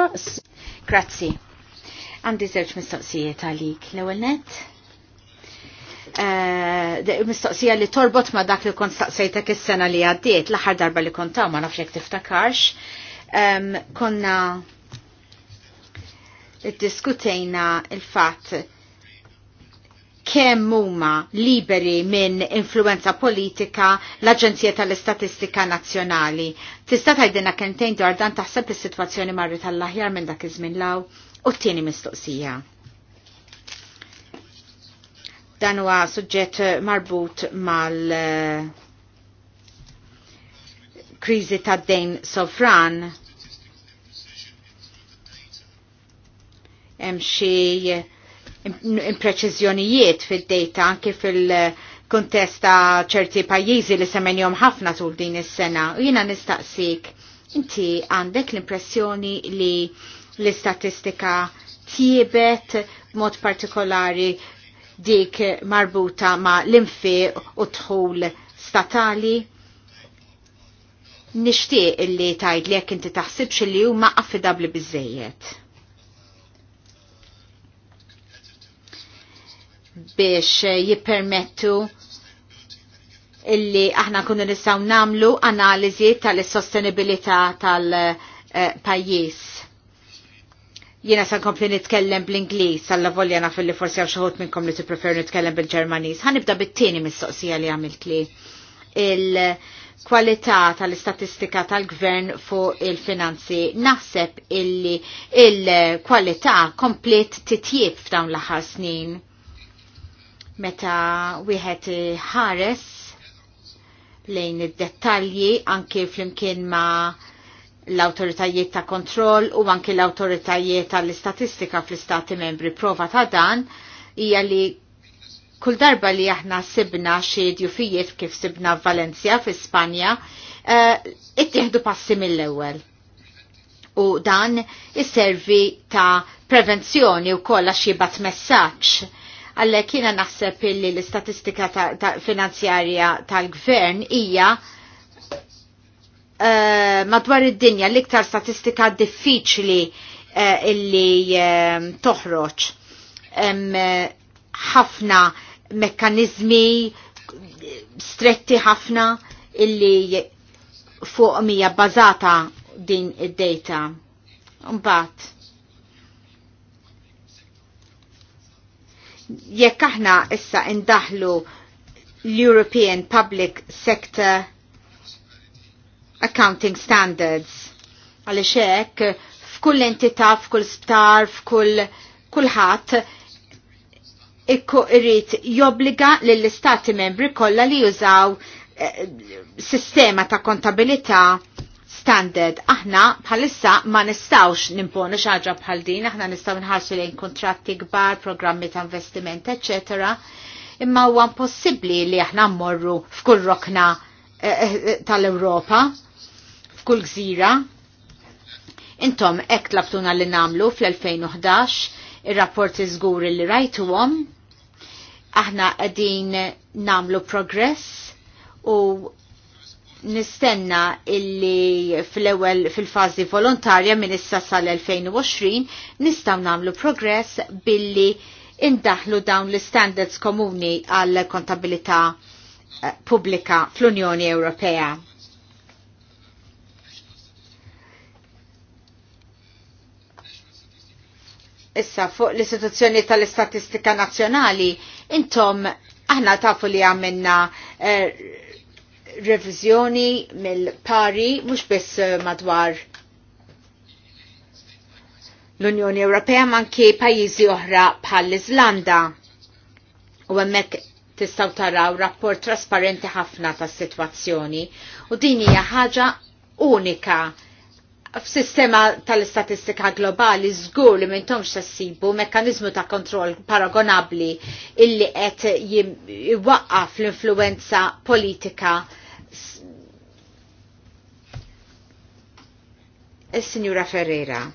Grazzi. Għandi żewġ mistoqsijiet għalik. L-ewwel net. Eh, mistoqsija li torbot ma dak li kont staqsejtek is-sena li għaddiet l-aħħar darba li kont ma nafx jekk tiftakarx. Um, konna diskutejna il-fatt kemm huma liberi minn influenza politika l-Aġenzija tal-Istatistika Nazzjonali. Tista' tgħidilna kentejn dwar dan taħseb is-sitwazzjoni marri tal-aħjar minn dak iż-żmien law u t-tieni mistoqsija. Dan huwa suġġett marbut mal eh, kriżi tad-dejn sovran hemm xi impreċizjonijiet fil-data anki fil-kontesta ċerti pajjiżi li semenjom ħafna tul din is-sena. U jiena nistaqsik, inti għandek l-impressjoni li l-istatistika tjibet mod partikolari dik marbuta ma l-infi u tħul statali? Nishtiq illi tajd li jekk inti taħsibx li huma affidabli bizzejiet. biex eh, jippermettu illi aħna kunu nistaw namlu analizi tal-sostenibilità tal-pajjiż. Eh, Jiena se nkompli nitkellem bl-Ingliż għalla volja naf li forsi għal xi minnkom li t-preferu nitkellem bil-Ġermaniż. Ħanibda bit-tieni mistoqsija li għamilt li kwalità tal-istatistika tal-gvern fuq il-finanzi. Naħseb illi il-kwalità komplet titjib f'dawn l-aħħar snin meta wieħed ħares lejn id-dettalji anke flimkien ma' l-autoritajiet ta' kontroll u anke l-autoritajiet tal-istatistika fl-istati membri prova ta' dan hija li kull darba li aħna sibna xi djufijiet kif sibna Valencia fi Spanja, uh, eh, ittieħdu passi mill-ewwel. U dan isservi ta' prevenzjoni u kollha xi bat messaġġ Għalle kiena naħseb illi l-istatistika ta, ta finanzjarja tal-gvern hija uh, madwar id-dinja l-iktar statistika diffiċli uh, illi uh, toħroġ. ħafna um, mekkanizmi stretti ħafna illi fuq mija bazata din id-data. Mbagħad jekk aħna issa indaħlu l-European Public Sector Accounting Standards għaliex hekk f'kull entità, f'kull sptar, f'kull kulħadd ikku irrit jobbliga lill-istati membri kollha li jużaw eh, sistema ta' kontabilità standard. Aħna bħalissa ma nistawx nimponu xaġa bħal din, aħna nistaw nħarsu lejn kontratti kbar, programmi ta' investiment, ecc. Imma huwa impossibbli li aħna mmorru f'kull rokna eh, eh, eh, tal-Ewropa, f'kull gżira. Intom ek tlabtuna li namlu fl-2011, ir-rapporti żgur li rajtuhom, aħna qegħdin namlu progress u nistenna illi fil-ewwel fil-fażi volontarja minn issa sal-2020 nistgħu nagħmlu progress billi indaħlu dawn l-standards komuni għall kontabilità eh, pubblika fl-Unjoni Ewropea. Issa fuq l-istituzzjoni tal-istatistika nazzjonali intom aħna tafu li għamilna eh, revizjoni mill-pari mhux biss eh, madwar l-Unjoni Ewropea manki pajjiżi oħra bħall-Iżlanda. U hemmhekk tistgħu taraw rapport trasparenti ħafna tas-sitwazzjoni u din hija ħaġa unika f'sistema tal-istatistika globali żgur li m'intomx tassibu mekkaniżmu ta' kontroll paragonabli illi qed jwaqqaf l-influenza politika il-Sinjura Ferreira.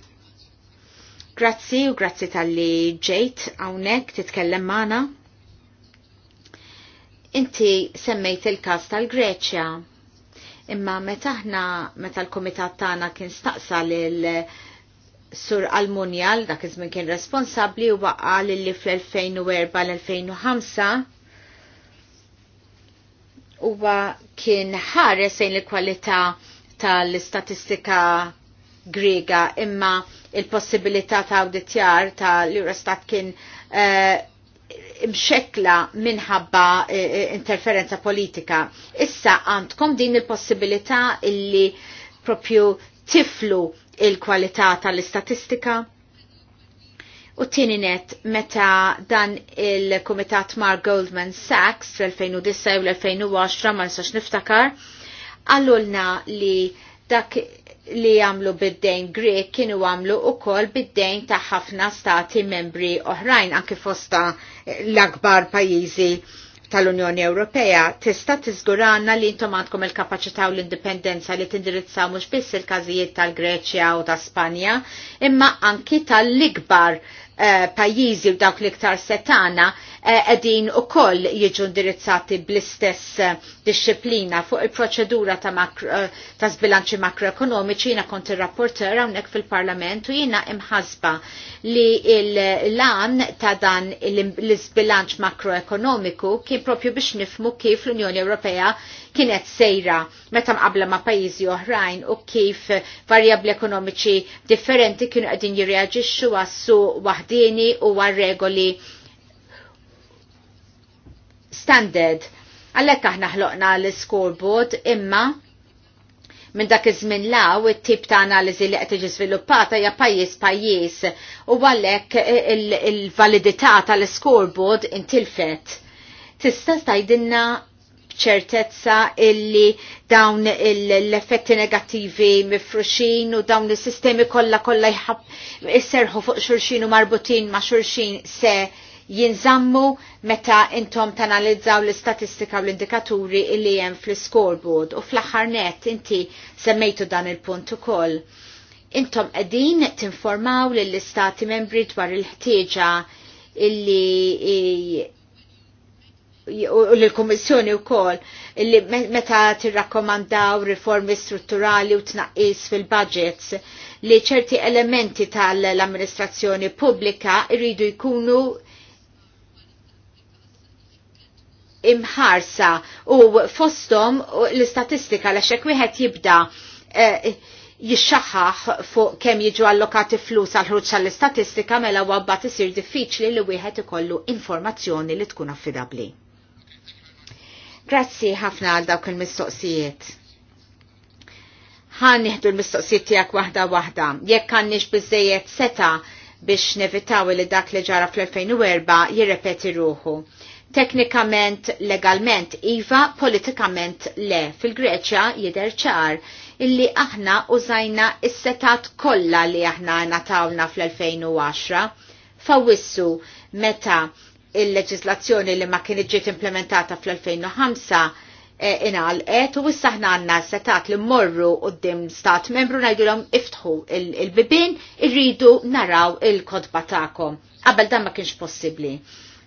Grazzi u grazzi tal-li ġejt għawnek titkellem mana. Inti semmejt il-kas tal-Greċja. Imma meta ħna meta l-komitat tagħna kien staqsa lil Sur Almunjal dak iż-żmien kien responsabbli u baqa' li fl-2004 l-2005 huwa kien ħares sejn il-kwalità tal-istatistika Grega imma il-possibilità ta' auditjar ta' l-Eurostat kien eh, imxekla minħabba eh, interferenza politika. Issa għandkom din il-possibilità illi propju tiflu il-kwalità tal-istatistika? U t net, meta dan il-Komitat Mar Goldman Sachs fl-2009 u l-2010 ma nistax niftakar, għallulna li dak li għamlu bid-dejn Grek kienu għamlu u kol bid-dejn ta' ħafna stati membri oħrajn anki fosta l-akbar pajizi tal-Unjoni Ewropea tista tizgurana li intom għandkom il-kapacità u l-indipendenza li tindirizzaw mhux biss il-każijiet tal-Greċja u ta' Spanja, imma anki tal-ikbar uh, pajjiżi u dawk l-iktar setana Eh, qegħdin ukoll jiġu indirizzati bl-istess eh, disċiplina fuq il-proċedura ta', makro, eh, ta sbilanċi makroekonomiċi jiena kont ir-rapporter hawnhekk fil-Parlament u jiena imħasba li l-lan ta' dan l sbilanċ makroekonomiku kien propju biex nifmu kif l-Unjoni Ewropea kienet sejra meta mqabla ma' pajjiżi oħrajn u kif varjabli ekonomiċi differenti kienu qegħdin jirreaġixxu għassu suq waħdini u għar-regoli standard. Għallek aħna ħloqna l-scoreboard imma minn dak iż-żmien law it-tip ta' analiżi li qed tiġi żviluppata hija pajjiż pajjiż u għalhekk il-validità tal-scoreboard intilfet. Tista' stajdinna ċertezza illi dawn l-effetti negattivi mifruxin u dawn il-sistemi kolla kolla jħab isserħu fuq xurxin u marbutin ma' xurxin se jinżammu meta intom tanalizzaw l-istatistika u l-indikaturi illi hemm fl-scoreboard u fl-aħħar net inti semmejtu dan il-punt ukoll. Intom qegħdin tinformaw lill-istati membri dwar il-ħtieġa illi u l komissjoni u kol li meta tirrakkomandaw riformi strutturali u tnaqqis fil-budgets li ċerti elementi tal-amministrazzjoni pubblika irridu jkunu imħarsa u fostom l-istatistika l xek wieħed jibda eh, jixxaħħaħ fuq kemm jiġu allokati flus għal ħruġ tal-istatistika mela wabbat isir diffiċli li wieħed ikollu informazzjoni li tkun affidabli. Grazzi ħafna għal dawk il-mistoqsijiet. Ħan nieħdu l-mistoqsijiet tiegħek waħda waħda. Jekk għandniex biżejjed seta' biex nevitaw li dak li ġara fl-2004 jirrepeti ruħu teknikament legalment iva, politikament le. Fil-Greċja jider ċar illi aħna użajna is-setat kollha li aħna natawna fl-2010 fawissu meta il-leġislazzjoni li ma kien ġiet implementata fl-2005 e, eh, inqalqet u issa aħna għandna setat li mmorru qudiem stat membru ngħidulhom iftħu il-bibin il irridu naraw il-kodba tagħkom. Qabel dan ma kienx possibbli.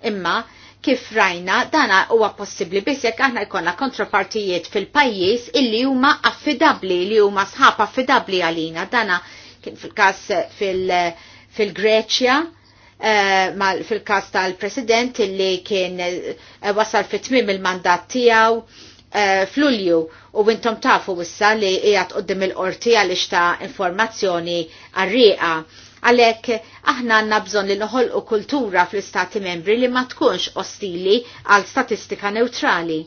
Imma Kif rajna, dana huwa possibbli biss jekk aħna jkollna kontrapartijiet fil-pajjiż illi huma affidabbli li huma sħab affidabbli għalina. Dana kien fil-każ fil-Greċja, fil eh, Uh, fil każ tal-president illi kien uh, wasal fit tmim il-mandat tiegħu uh, fl-ulju u intom tafu wissa li qiegħed qudiem il-qorti għaliex ta' informazzjoni għarrieqa. Għalek, aħna għanna bżon li noħol u kultura fl-istati membri li ma tkunx ostili għal statistika neutrali.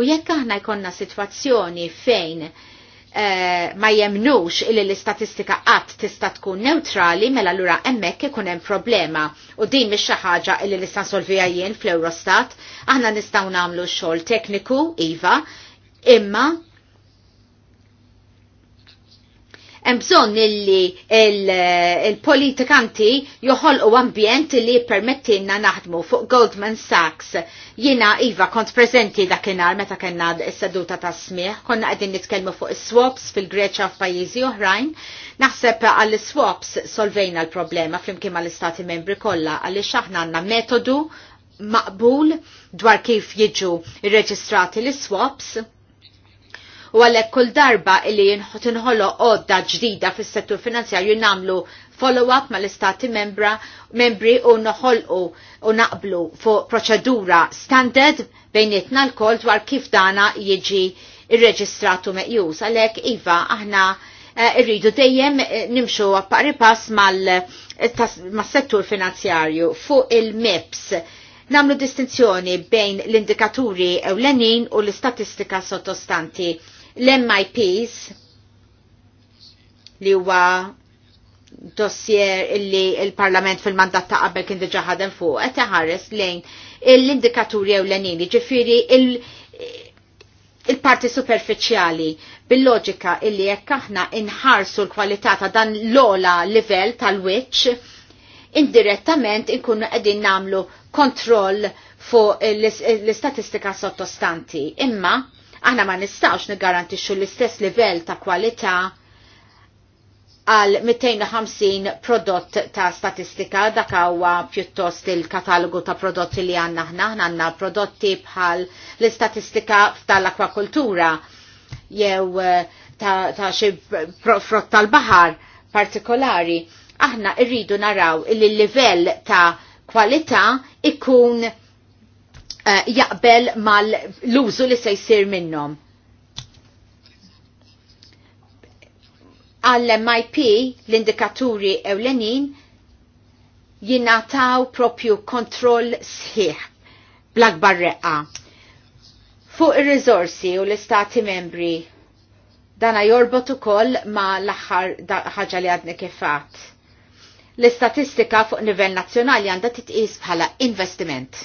U jekk aħna jkonna situazzjoni fejn eh, ma jemnux illi l-istatistika qatt tista tkun neutrali mela lura hemmhekk ikun hemm problema u din mi xaħġa ħaġa l nista' solvija jien fl-Eurostat aħna nistgħu nagħmlu xogħol tekniku iva imma hemm bżonn illi il-politikanti il joħolqu ambjent li jippermettilna naħdmu fuq Goldman Sachs. Jiena iva kont preżenti dakinhar meta kena s-seduta ta' smieħ, konna qegħdin nitkellmu fuq is-swaps fil-Greċja f'pajjiżi oħrajn. Naħseb għall-swaps solvejna l-problema flimkien mal-istati membri kollha għaliex aħna għandna metodu maqbul dwar kif jiġu reġistrati l-swaps u għalhekk kull darba li tinħolo għodda ġdida fis-settur finanzjarju nagħmlu follow-up mal-istati membri u noħolqu u naqblu fuq proċedura standard bejnietna l-kol dwar kif dana jiġi irreġistratu meqjus. Għalhekk iva aħna eh, irridu dejjem eh, nimxu għappari pass mal-settur eh, finanzjarju fuq il mips Namlu distinzjoni bejn l-indikaturi ewlenin u l-istatistika sottostanti l-MIPs li huwa dossier li il-Parlament fil-mandat ta' qabel kien diġa ħadem fuq, qed iħares lejn l-indikaturi ewlenin, ġifieri il-parti superfiċjali bil-loġika illi jekk aħna inħarsu l-kwalità ta' dan l-ola livell tal-wiċċ, indirettament inkunu qegħdin nagħmlu kontroll fuq l-istatistika sottostanti. Imma Aħna ma nistawx nigarantixxu l-istess livell ta' kwalità għal 250 prodott ta' statistika dak huwa pjuttost il-katalogu ta' prodotti li għanna ħna għanna prodotti bħal l-istatistika tal-akwakultura jew eh, ta', ta xi frott tal-baħar partikolari aħna irridu naraw il-livell ta' kwalità ikun Eh, jaqbel mal-lużu li se jsir minnhom. Għall-MIP l-indikaturi ewlenin jinnataw propju kontroll sħiħ bl-akbar reqqa. Fuq ir rizorsi u l-istati membri dana jorbot ukoll ma l-aħħar ħaġa li għadni kifat. L-istatistika fuq nivell nazzjonali għandha titqis bħala investiment.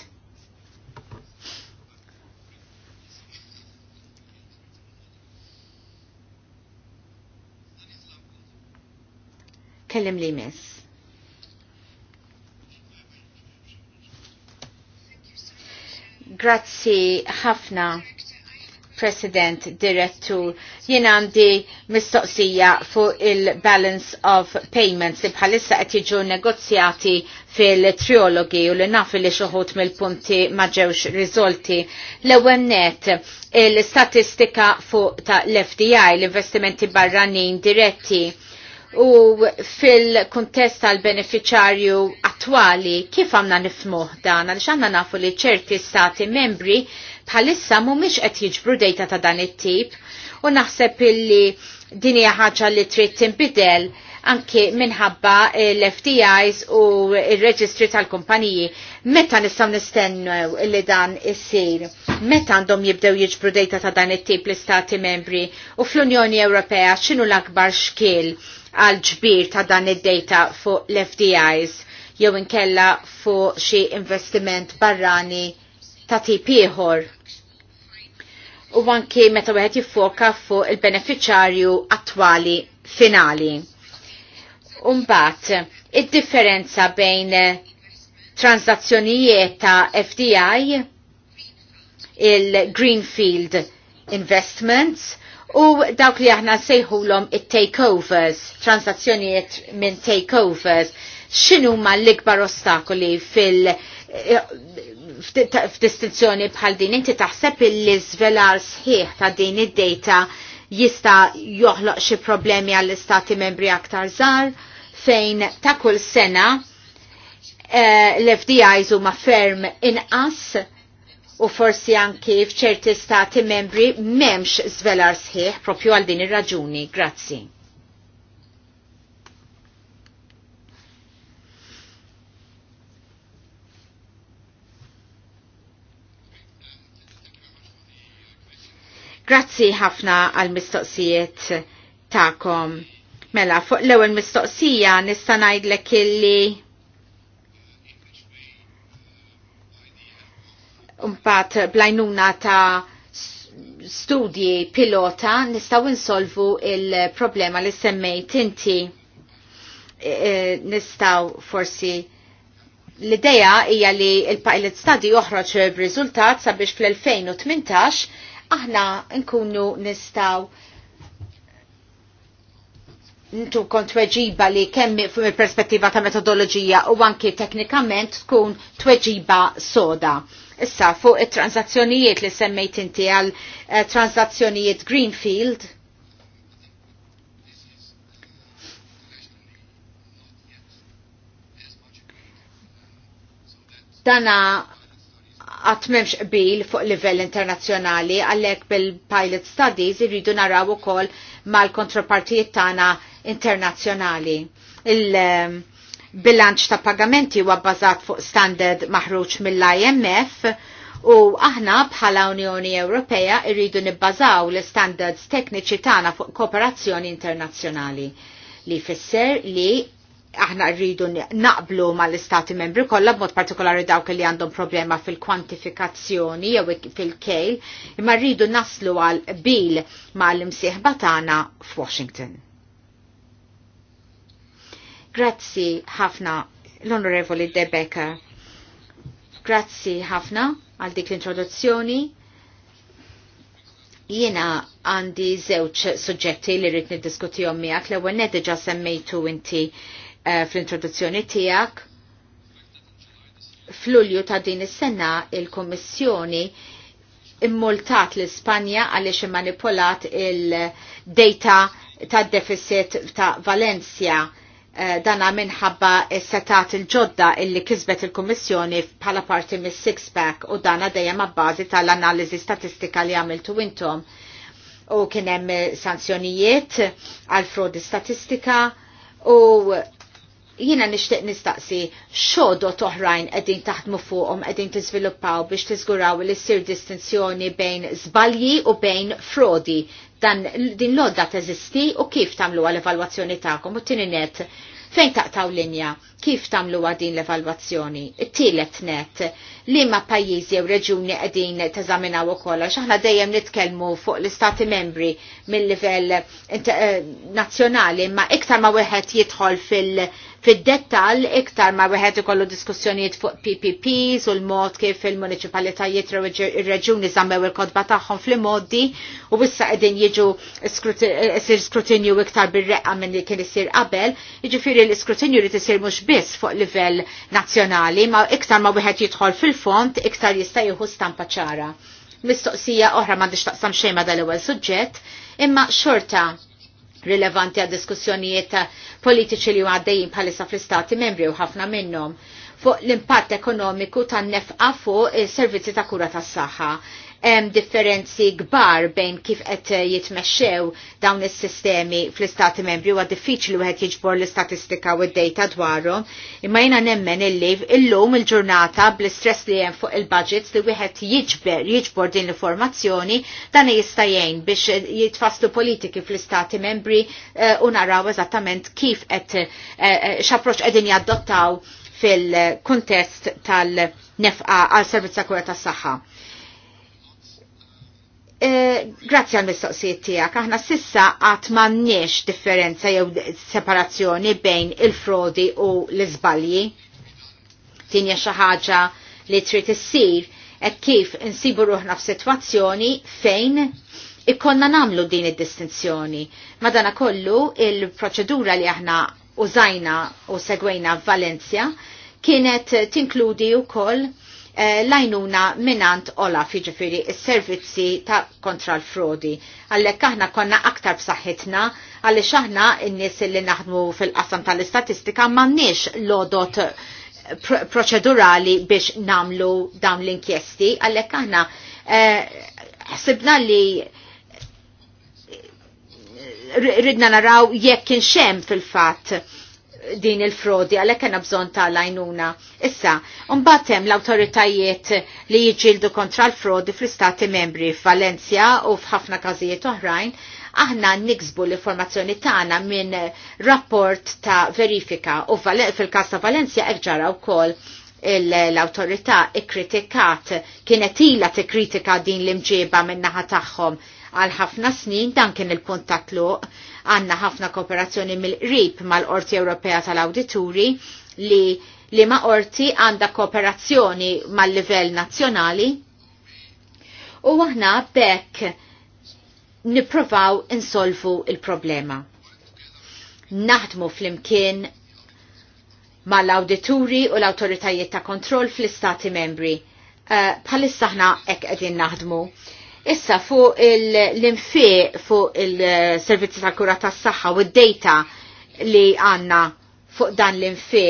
Kellim li miss. Grazzi ħafna. President, Direttur, jien għandi mistoqsija fuq il-balance of payments li bħalissa qed jiġu negozjati fil-triologi u li naf li xoħut mill-punti ma ġewx riżolti. L-ewwel net il-statistika fuq ta' l-FDI, l-investimenti barranin diretti u fil-kontest tal-beneficjarju attwali kif għamna nifmuħ dan għaliex għandna nafu li ċerti stati membri bħalissa mhumiex qed jiġbru dejta ta' dan it-tip u naħseb illi din hija ħaġa li trid tinbidel anke minħabba l-FDIs u il-reġistri tal-kumpaniji. Meta nistaw nistennu li dan issir? Meta għandhom jibdew jiġbru dejta ta' dan it-tip l-istati membri? U fl-Unjoni Ewropea x'inhu l-akbar xkiel? għal ġbir ta' dan id-data fuq l-FDIs jew inkella fuq xi investiment barrani ta' tip ieħor. U anki meta wieħed jiffoka fuq il-beneficjarju attwali finali. Umbat, id-differenza bejn transazzjonijiet ta' FDI, il-Greenfield Investments U dawk li aħna sejħulhom it-takeovers, transazzjonijiet minn takeovers, xinu ma l-ikbar ostakoli fil- f'distinzjoni bħal din inti taħseb li zvelar sħiħ ta' din id-data jista' joħloq xi problemi għall-istati membri aktar żgħar fejn ta' kull sena eh, l-FDIs huma ferm inqas u forsi anki fċerti stati membri memx zvelar sħiħ propju għal din ir-raġuni. Grazzi. Grazzi ħafna għal mistoqsijiet ta'kom. Mela, fuq l-ewwel mistoqsija nista' ngħidlek illi Umbat blajnuna ta' studji pilota nistaw insolvu il-problema li semmejt inti. E, e, nistaw forsi l-ideja hija li il-pilot study joħroġ b'riżultat sabiex fl-2018 aħna nkunu nistaw ntu kont tweġiba li kemmi fuq il-perspettiva ta' metodoloġija u anki teknikament tkun tweġiba soda Issa fuq it-transazzjonijiet li semmejt inti għal eh, transazzjonijiet Greenfield. Dana għatmemx qbil fuq livell internazzjonali għallek bil-pilot studies irridu naraw ukoll mal kontropartijiet tagħna internazzjonali. Il- ehm, bilanċ ta' pagamenti huwa bbażat fuq standard maħruġ mill-IMF u aħna bħala Unjoni Ewropea irridu nibbażaw l-standards tekniċi tagħna fuq kooperazzjoni internazzjonali li fisser li aħna rridu naqblu mal-istati membri kollha b'mod partikolari dawk li għandhom problema fil-kwantifikazzjoni jew fil-kejl, imma rridu naslu għal bil mal-imsieħba tagħna f'Washington. Grazzi ħafna l-Onorevoli De Becker. Grazzi ħafna għal dik l-introduzzjoni. Jiena għandi żewġ suġġetti li rrid niddiskutihom miegħek l-ewwel diġà semmejtu inti uh, fl-introduzzjoni tiegħek. F'Lulju ta' din is-sena il-Kummissjoni immultat l-Ispanja għaliex immanipolat il-data ta' deficit ta' Valencia Eh, dana minħabba setat il-ġodda illi kisbet il-Kommissjoni bħala parti mis six pack u dana dejjem bażi tal-analiżi statistika li għamiltu intom. U kienem sanzjonijiet għal frodi statistika u jina nishtiq nistaqsi xodo oħrajn edin taħdmu fuqhom edin tiżviluppaw biex tiżguraw li ssir distinzjoni bejn żbalji u bejn frodi dan din lodda teżisti u kif tamlu l evalwazzjoni ta'kom u tini net fejn taqtaw linja kif tamlu din l-evalwazzjoni it-tielet net li ma pajjiżi u reġuni qegħdin teżaminaw ukoll kolla xaħna dejjem nitkellmu fuq l-istati membri mill-livell eh, nazzjonali ma iktar ma wieħed jidħol fil- fid-dettal iktar ma wieħed ikollu diskussjonijiet fuq PPPs u l-mod kif il-municipalitajiet ir-reġuni żammew il-kodba tagħhom fl-modi u issa qegħdin jiġu isir skrutinju iktar bir-reqqa minn li kien isir qabel, jiġifieri l-iskrutinju li tisir mhux biss fuq livell nazzjonali, ma iktar ma wieħed jidħol fil-font iktar jista' jieħu stampa ċara. Mistoqsija oħra m'għandix taqsam xejn ma dal-ewwel suġġett, imma xorta rilevanti għad diskussjonijiet politiċi li għaddejjin bħalissa fl-istati membri u ħafna minnhom fuq l-impatt ekonomiku tan nefqa fuq is-servizzi ta' kura tas-saħħa hemm differenzi kbar bejn kif qed jitmexxew dawn is-sistemi fl-istati membri huwa diffiċli wieħed jiġbor l-istatistika u d-dejta dwarhom, imma jiena nemmen illi illum il-ġurnata bl-istress li hemm fuq il-budgets li wieħed jiġber jiġbor din l-informazzjoni dan jista' jgħin biex jitfasslu politiki fl-istati membri eh, u naraw eżattament kif qed eh, eh, x'approċċ qegħdin jaddottaw fil-kuntest tal-nefqa għal servizza kura tas-saħħa. Eh, grazzi għal mistoqsijiet tiegħek, aħna sissa qatt m'għandniex differenza jew separazzjoni bejn il-frodi u l-iżbalji. Tinja xi ħaġa li trid issir hekk kif insibu ruħna f'sitwazzjoni fejn ikkonna namlu din id-distinzjoni. Madana kollu il-proċedura li aħna użajna u segwejna f'Valencia kienet tinkludi wkoll Eh, lajnuna minant Olaf, jiġifieri s-servizzi ta' kontra l-frodi. Għallek aħna konna aktar b'saħħitna, għaliex aħna n-nies li naħdmu fil-qasam tal-istatistika m'għandniex lodot proċedurali biex namlu dawn l-inkjesti, għallek aħna eh, ħsibna li ridna naraw jekk kien xem fil-fatt din il-frodi għalhekk għandna bżonn ta' għajnuna Issa, mbagħad hemm l-awtoritajiet li jiġġieldu kontra l-frodi fl-istati membri f'Valencia u f'ħafna każijiet oħrajn aħna niksbu l-informazzjoni tagħna minn rapport ta' verifika u fil-każ ta' Valencia hekk ġara wkoll l-autorità ikkritikat kienet ilha tikkritika din l-imġiba min-naħa tagħhom għal ħafna snin dan kien il-punt ta' tluq għanna ħafna kooperazzjoni mill-qrib mal-Qorti Ewropea tal-Awdituri li li ma' orti għanda kooperazzjoni mal-livell nazzjonali u aħna bekk niprovaw insolvu il-problema. Naħdmu fl-imkien mal-awdituri u l-autoritajiet ta' kontroll fl-istati membri. Uh, eh, Palissa ħna ek għedin naħdmu Issa fuq l infi fuq il-servizzi tal kura tas saħħa u d-data li għanna fuq dan l infi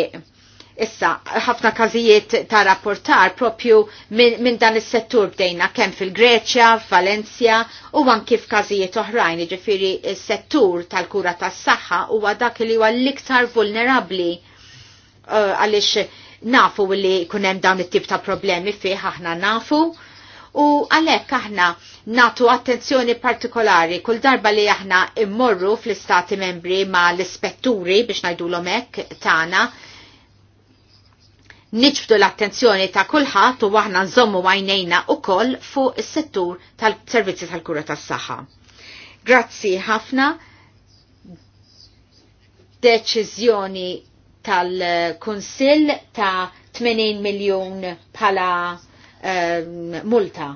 Issa, ħafna kazijiet ta' rapportar propju minn min dan is-settur bdejna kemm fil-Greċja, Valencia u kif f'każijiet oħrajn, ġifiri il settur tal-kura tas-saħħa huwa dak li huwa l-iktar vulnerabbli uh, għaliex nafu li kunem dawn it-tip ta' problemi fih aħna nafu u għalhekk aħna natu attenzjoni partikolari kull darba li aħna immorru fl-istati membri ma l-ispetturi biex ngħidulhom hekk tagħna niġbdu l-attenzjoni ta' kulħadd u aħna nżommu għajnejna koll fuq is-settur tal-servizzi tal-kura tas-saħħa. Grazzi ħafna deċiżjoni tal-Kunsill ta' 80 miljun pala multa.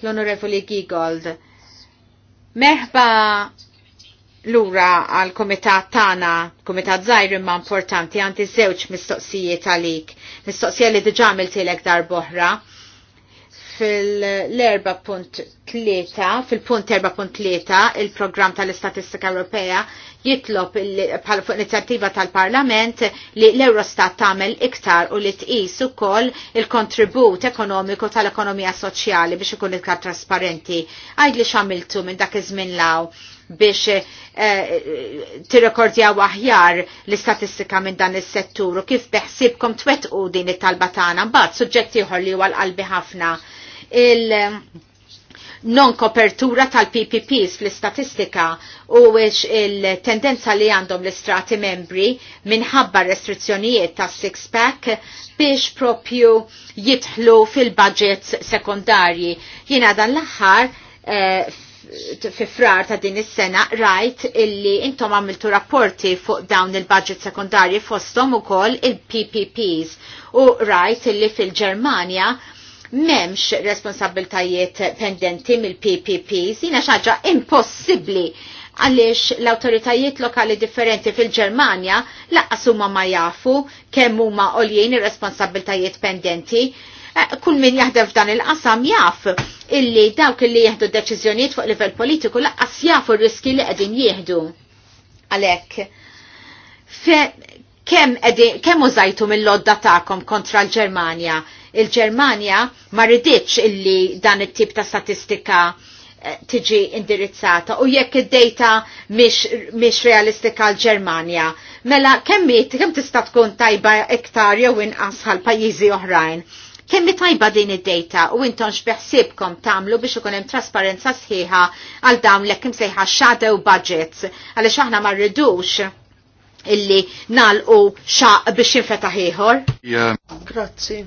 L-Onorevoli Gigold, meħba lura għal komitat tana, komitat zaħir imma importanti, għanti zewċ mistoqsijiet għalik, mistoqsija li t tilek dar boħra fil-4.3, fil-punt 4.3, il-program tal-Istatistika Ewropea jitlob bħal fuq inizjattiva tal-Parlament li l-Eurostat tagħmel iktar u li tqis ukoll il-kontribut ekonomiku tal-ekonomija soċjali biex ikun iktar trasparenti. Għajd li xamiltu minn dak iż-żmien law biex eh, tirrekordjaw aħjar l-istatistika minn dan is-settur u kif beħsibkom twettqu din it-talba tagħna mbagħad suġġetti ieħor li huwa l-qalbi ħafna non kopertura tal-PPPs fl-istatistika u wiex il-tendenza li għandhom l-istrati membri minħabba restrizzjonijiet ta' six-pack biex propju jitħlu fil-budgets sekundarji. Jina dan l axar eh, fi frar ta' din is-sena rajt illi intom għamiltu rapporti fuq dawn il-budget sekundarji fostom ukoll il-PPPs u rajt illi fil-Ġermanja memx responsabiltajiet pendenti mill-PPP, sina xaġa impossibli għaliex l-autoritajiet lokali differenti fil-Germania laqqasuma ma jafu kemm huma oljien ir-responsabiltajiet pendenti. Eh, kull min jaħdem f'dan il-qasam jaf illi dawk illi jieħdu deċiżjonijiet fuq livell politiku laqqas jafu r-riski li qegħdin jieħdu. Għalhekk kemm kem użajtu mill-lodda tagħkom kontra l-Ġermanja il ġermania ma rridx illi dan it-tip ta' statistika eh, tiġi indirizzata u jekk id-data mhix realistika l-Ġermanja. Mela kemm kemm tista' tkun tajba iktar jew inqas għal pajjiżi oħrajn. Kemm tajba din id-data u intom x'beħsiebkom tagħmlu biex ikun hemm trasparenza sħiħa għal dawn l kemm sejħa shadow budgets għaliex aħna ma rridux illi nalqu xaq biex jinfetaħ ieħor. Yeah. Grazzi.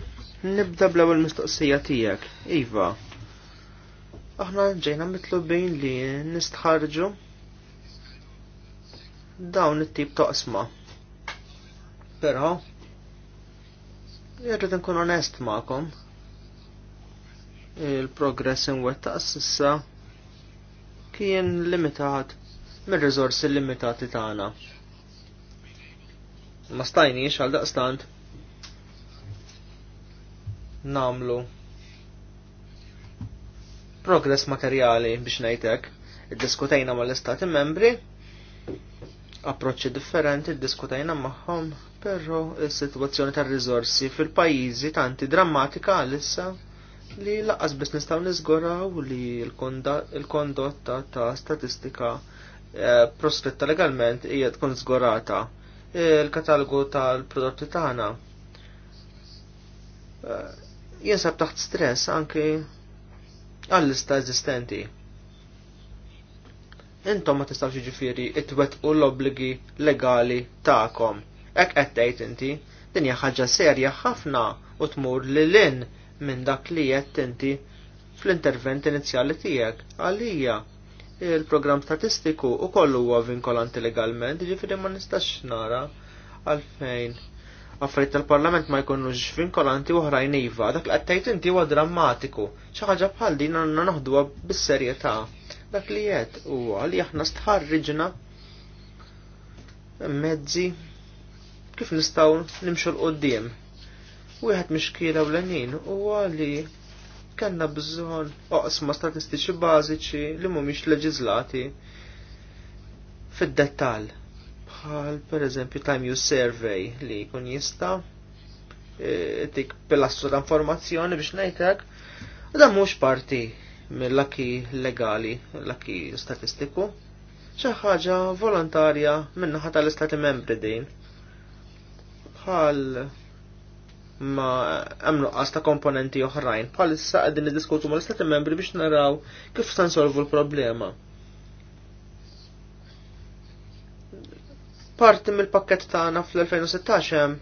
Nibda bla ewwel mistoqsija tiegħek, Iva. Aħna ġejna mitlubin li nistħarġu dawn it-tip toqsma. Pero, Però irrid nkun onest ma'kom. Il-progress inwettaq s'issa kien limitat mir-riżorsi limitati tagħna. Ma stajniex għal daqstant namlu progress materjali biex id-diskutajna ma mal-istati membri approċċi differenti diskutajna magħhom, però il sitwazzjoni tar rizorsi fil-pajjiżi tanti drammatika għalissa li laqas biss nistgħu niżguraw li l-kondotta ta' statistika eh, prospetta legalment hija tkun żgurata il-katalogu tal-prodotti tagħna eh, jinsab taħt stress anki għall-lista eżistenti. Intom ma tistawx ġifiri it-wet u l-obligi legali ta'kom. Ek għettejt inti, din ħaġa serja ħafna u tmur li l-in minn dak li jett inti fl-intervent inizjali tijek għalija. Il-program statistiku u kollu huwa vinkolanti legalment, ġifiri ma nistax nara għalfejn affarijiet tal-Parlament ma jkunux vinkolanti u oħrajn iva, dak li qed inti huwa drammatiku. Xi ħaġa bħal din għandna naħduha bis-serjetà. Dak li qed huwa li aħna stħarriġna mezzi kif nistgħu nimxu l qoddim Wieħed mixkiela u l-għanin huwa li kellna bżonn oqsma statistiċi bażiċi li mhumiex leġizlati fid-dettall bħal per eżempju time use survey li jkun jista e, tik pilastru ta' informazzjoni biex ngħidlek u dan mhux parti mill-laki legali, laki statistiku. Xi ħaġa volontarja min tal-istati membri din. Bħal ma hemm nuqqas ta' komponenti oħrajn bħalissa qegħdin diskutu mal-istati membri biex naraw kif se nsolvu l-problema. Parti mill-pakket tagħna fl-2016 hemm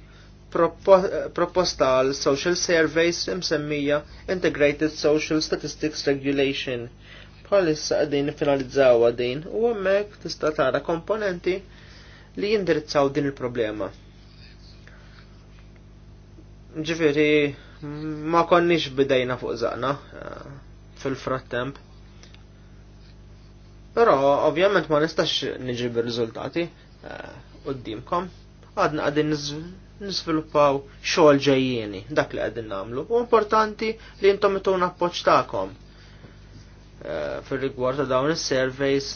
proposta għal social surveys msemmija Integrated Social Statistics Regulation. Bħalissa għadin finalizzaw din u hemmhekk tista' tara komponenti li jindirizzaw din il-problema. Ġifiri, ma konniex bidejna fuq zaqna eh, fil-frattemp. Però ovvjament ma nistax niġi bir-riżultati. Eh, qoddimkom. Għadna għadin nisviluppaw xogħol ġejjieni, dak li għadin nagħmlu. U importanti li intom ituna appoġġ tagħkom eh, fir-rigward ta' dawn is-surveys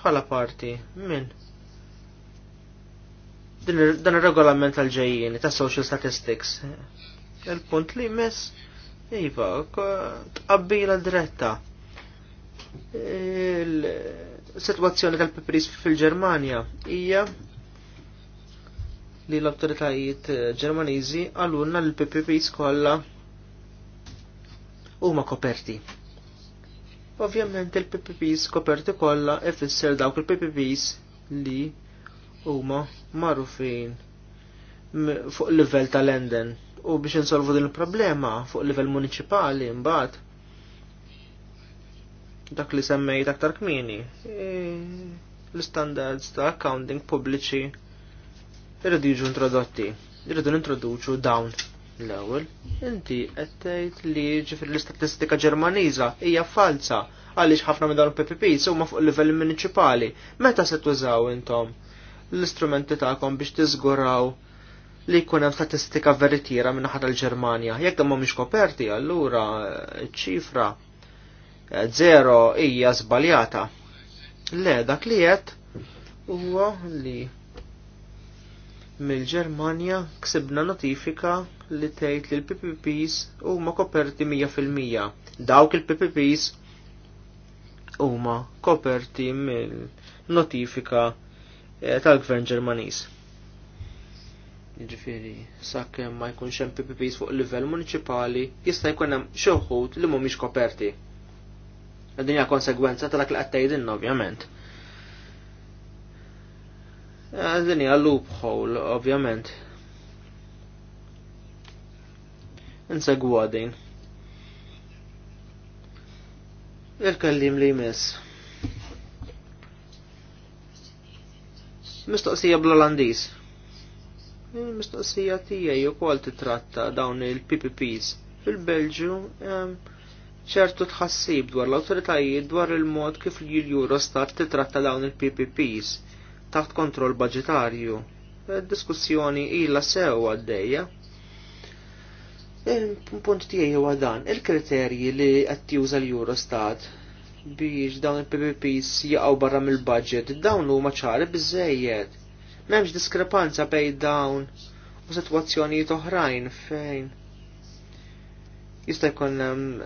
bħala parti minn dan ir-regolament tal-ġejjieni ta' social statistics. Il-punt li mess iva tqabbila diretta. Il-sitwazzjoni tal-pipris fil-Ġermanja hija Eh, li l-autoritajiet ġermaniżi għallunna l-PPPs kollha huma koperti. Ovvjament il-PPPs koperti kollha ifisser dawk il-PPPs li huma magħrufin fuq livell tal-Enden u biex insolvu din il-problema fuq livell municipali mbagħad dak li semmejt aktar kmini. Eh, l istandards ta' accounting pubbliċi irridu jiġu introdotti. Irridu nintroduċu dawn l-ewwel. Inti qed tgħid li ġifier l-istatistika Ġermaniża hija falsa għaliex ħafna minn dawn PPPs huma fuq livell municipali. Meta se tużaw intom l-istrumenti tagħkom biex tiżguraw li jkun hemm statistika veritiera minn naħa tal-Ġermanja. Jekk hemm mhumiex koperti, allura ċifra zero hija żbaljata. Le, dak li qed huwa li mill-Ġermanja ksibna notifika li tgħid li l-PPPs huma koperti 100%. Dawk il-PPPs huma koperti mill-notifika eh, tal-Gvern Ġermaniż. Jiġifieri sakemm ma jkunx hemm PPPs fuq livell municipali, jista' jkun hemm xi wħud li mhumiex koperti. Din hija konsegwenza tal-dak li qed tgħidilna ovvjament. Eh, din hija loophole, ovvjament. Insegwa għadin. Il-kellim li jmiss. Mistoqsija bl-Olandiż. Mistoqsija mistoqsija tiegħi kol titratta dawn il-PPPs. Fil-Belġu ehm, ċertu tħassib dwar l-awtoritajiet dwar il-mod kif l-Eurostat titratta dawn il-PPPs taħt kontroll budgetarju. Eh, diskussjoni ilha sew għaddejja. Il-punt tiegħi huwa dan, il-kriterji li qed juża l-Eurostat biex dawn il-PPPs jaqgħu barra mill-budget, dawn huma ċari biżejjed. M'hemmx diskrepanza bejn dawn u sitwazzjonijiet oħrajn fejn. Jista' jkun hemm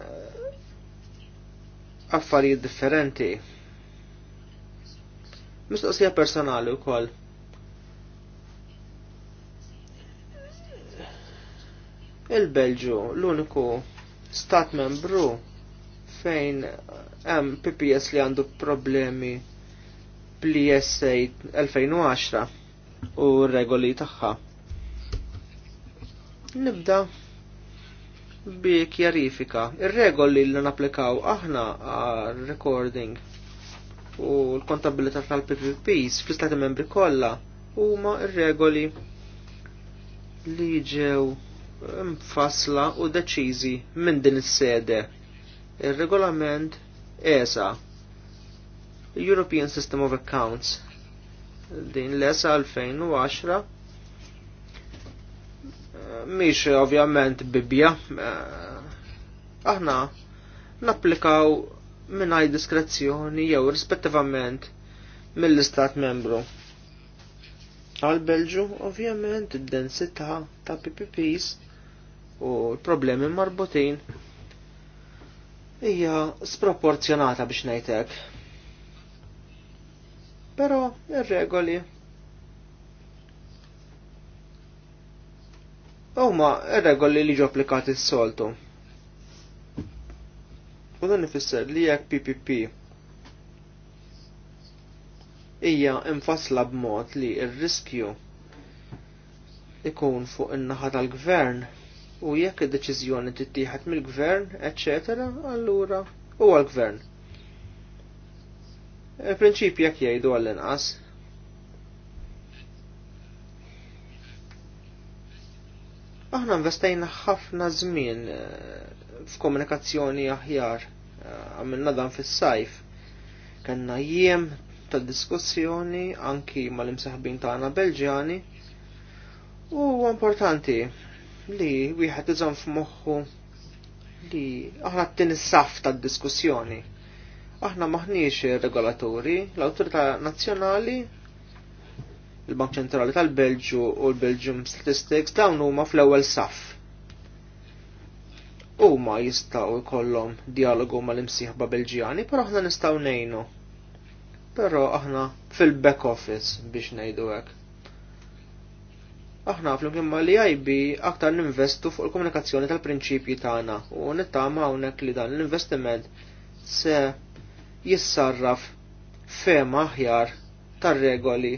affarijiet differenti. Mistoqsija personali wkoll. Il-Belġu l-uniku stat membru fejn hemm PPS li għandu problemi bl-ISA 2010 u regoli tagħha. Nibda bi kjarifika. Ir-regoli li napplikaw aħna recording u l-kontabilità tal-PPPs fl-istati membri kollha huma regoli li ġew mfassla u deċiżi minn din is-sede. Ir-regolament ESA, European System of Accounts, din l-ESA 2010 mhix ovvjament bibja eh, aħna napplikaw mingħajr diskrezzjoni jew rispettivament mill-istat membru. Għal Belġu ovvjament id-densità ta' PPPs u l-problemi marbutin hija sproporzjonata biex najtek. Però ir-regoli huma ir-regoli li ġo applikati s-soltu. U dan ifisser li jekk PPP hija infasla b'mod li r-riskju ikun fuq in-naħa tal-gvern u jekk id-deċiżjoni tittieħed mill-gvern, eċetera, allura huwa l-gvern. il prinċip jekk jgħidu għall-inqas aħna investejna ħafna żmien eh, f'komunikazzjoni aħjar. Eh, għamilna dan fis-sajf. Kanna jiem ta' diskussjoni anki mal-imsaħbin tagħna Belġjani. U importanti li wieħed iżomm f'moħħu li aħna t-tini saf ta' diskussjoni. Aħna maħniex regolaturi, l-autorità nazzjonali, il-Bank Ċentrali tal-Belġu u l-Belgium Statistics dawn huma fl-ewwel saf u ma jistaw kollom dialogu ma l imsiħ belġijani, pero aħna nistaw nejnu. Pero aħna fil-back office biex nejdu għek. Aħna fl ma li għajbi aktar ninvestu fuq il-komunikazzjoni tal-prinċipji tagħna u nittama hawnhekk li dan l-investiment se jissarraf fema aħjar tar-regoli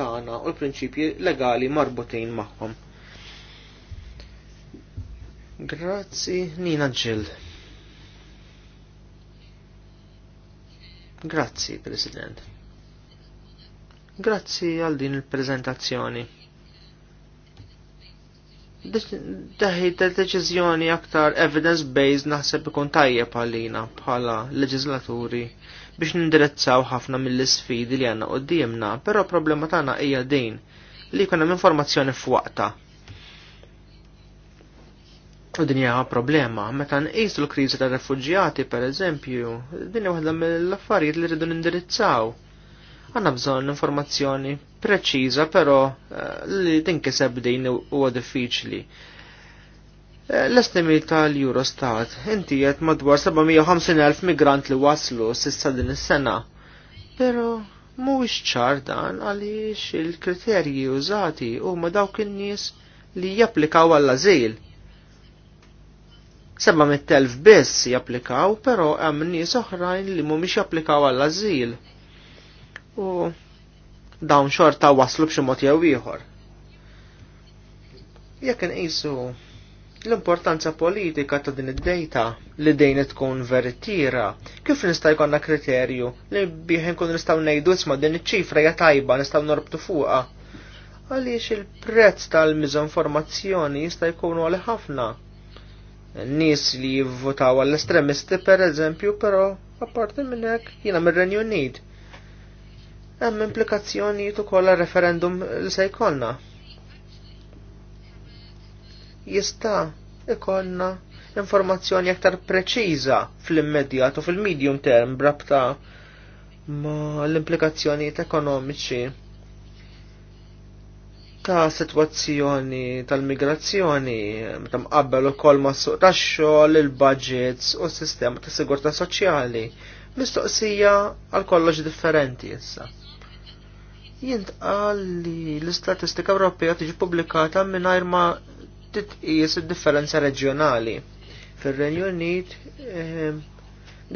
tagħna u l-prinċipji legali marbutin magħhom. Grazzi, Nina Ġil. Grazzi, President. Grazzi għal din il-prezentazzjoni. Daħi deċiżjoni aktar evidence-based naħseb ikun tajjeb għalina bħala leġislaturi biex nindirezzaw ħafna mill-sfidi li għanna qoddimna, pero problema tagħna hija din li jkun hemm informazzjoni f'waqta U din hija problema, meta nqisu l-kriżi tar-refuġjati pereżempju, din hija waħda mill-affarijiet li rridu nindirizzaw. Għanna bżonn informazzjoni preċiża però eh, li tinkiseb din huwa diffiċli. Eh, L-estimi tal-Eurostat inti intijiet madwar 750.000 migrant li waslu s'issa din is-sena. Però mhuwiex ċar dan għaliex il-kriterji użati huma dawk in-nies li japplikaw għall-ażil Seba mit-telf biss japplikaw, pero hemm nies oħrajn li mhumiex japplikaw għall-ażil. U dawn xorta waslu b'xi mod jew ieħor. Jekk inqisu l-importanza politika ta' din id-dejta li dejn tkun veritiera, kif nista' jkollna kriterju li bih nkun nistgħu ngħidu isma' din iċ-ċifra hija tajba nistgħu norbtu fuqha. Għaliex il-prezz tal-miżinformazzjoni jista' jkun għal ħafna nis li jivvotaw għall-estremisti per eżempju, però apparti minn hekk jiena mir-Renju Unit. Hemm implikazzjonijiet ukoll referendum li se jkollna. Jista' ikollna informazzjoni aktar preċiża fl-immedjat u fil-medium term brabta ma l-implikazzjonijiet ekonomiċi ta' situazzjoni tal-migrazzjoni, meta mqabbel ukoll ma' suq ta' xogħol il-budgets u s-sistema ta' sigurtà soċjali. Mistoqsija għal kollox differenti issa. Jint li l-istatistika Ewropea tiġi pubblikata mingħajr ma titqies id-differenza reġjonali. Fir-Renju Unit eh,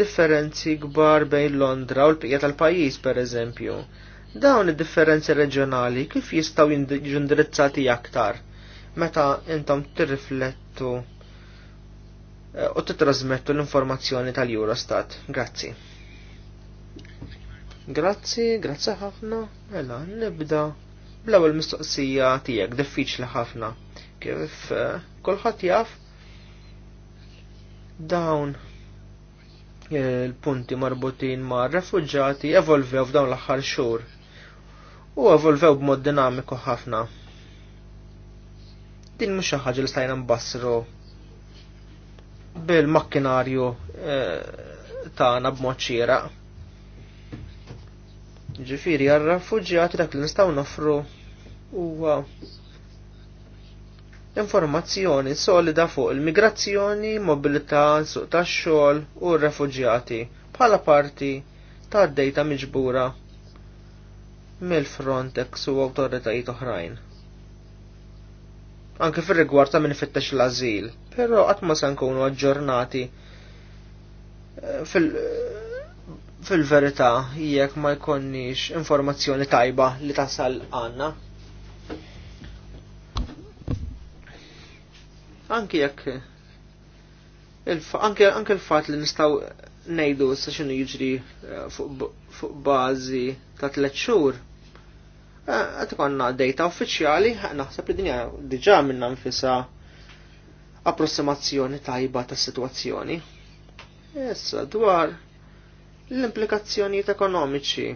differenzi kbar bejn Londra u l-bqija tal-pajjiż pereżempju. eżempju Dawn id-differenzi reġjonali kif jistgħu jindirizzati indirizzati aktar meta intom tirriflettu eh, u titrasmettu l-informazzjoni tal-Eurostat. Grazzi. Grazzi, grazzi ħafna. Mela, nibda bl-ewwel mistoqsija tiegħek diffiċli ħafna. Kif eh, kulħadd jaf dawn il-punti marbutin ma' refugġati evolvew f'dawn l-aħħar xhur u evolvew b'mod dinamiku ħafna. Din mhux xi ħaġa li stajna nbassru bil-makkinarju eh, tagħna b'mod xieraq. Ġifieri għar-refuġjati dak li nistgħu nofru huwa informazzjoni solida fuq il-migrazzjoni, mobilità, suq tax-xogħol u r-refuġjati bħala parti tad-dejta miġbura mill-Frontex u awtoritajiet oħrajn. Anke fir-rigward ta' min fittex l-azil, però qatt ma se nkunu aġġornati eh, fil-verità jekk ma jkonniex informazzjoni tajba li tasal għandna. Anki jekk anke anke l-fatt li nistgħu nejdu sa xinu jiġri eh, fuq bazi ta' tlet xhur. Eh, Għat konna data uffiċjali, eh, naħseb li dinja diġa minna nfisa approssimazzjoni tajba ta' situazzjoni. Issa dwar l-implikazzjonijiet ekonomiċi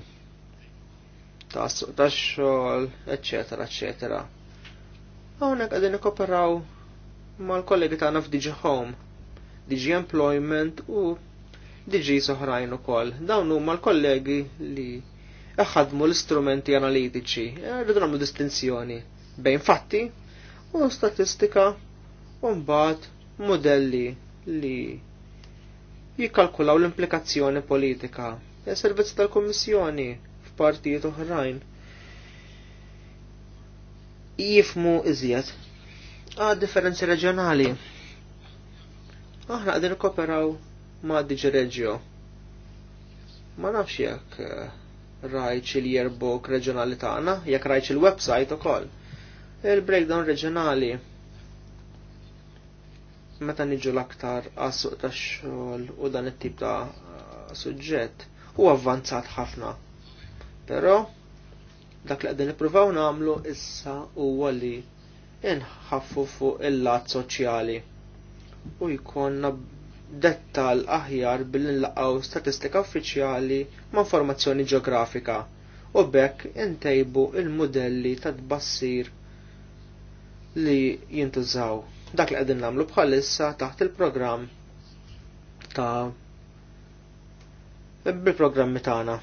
ta' suq ta' xogħol, eċetera, eċetera. Hawnhekk qegħdin ikkoperaw mal-kollegi tagħna f'Digi Home, Digi Employment u diġi soħrajn ukoll. Dawn huma l-kollegi li ħadmu l-istrumenti analitiċi, rridu nagħmlu distinzjoni bejn fatti u statistika u mbagħad modelli li jikkalkulaw l-implikazzjoni politika. Servizz tal-Kummissjoni f'partijiet oħrajn jifmu iżjed għad differenzi reġjonali. Aħna qegħdin koperaw ma' diġi reġjo. Ma nafx jekk eh, rajċ il-yearbook reġjonali tagħna, jekk rajċ il-website ukoll. Il-breakdown reġjonali meta niġu l-aktar għas ta' tax-xogħol u dan it-tip ta' suġġett u avvanzat ħafna. Però dak li qegħdin nippruvaw nagħmlu issa huwa li inħaffu fuq il-lat soċjali u jkollna dettal aħjar bil laqaw statistika uffiċjali ma' informazzjoni ġeografika u bekk intejbu il-modelli ta' tbassir li jintużaw. Dak li qegħdin nagħmlu bħalissa taħt il-programm ta' bil-programmi tagħna.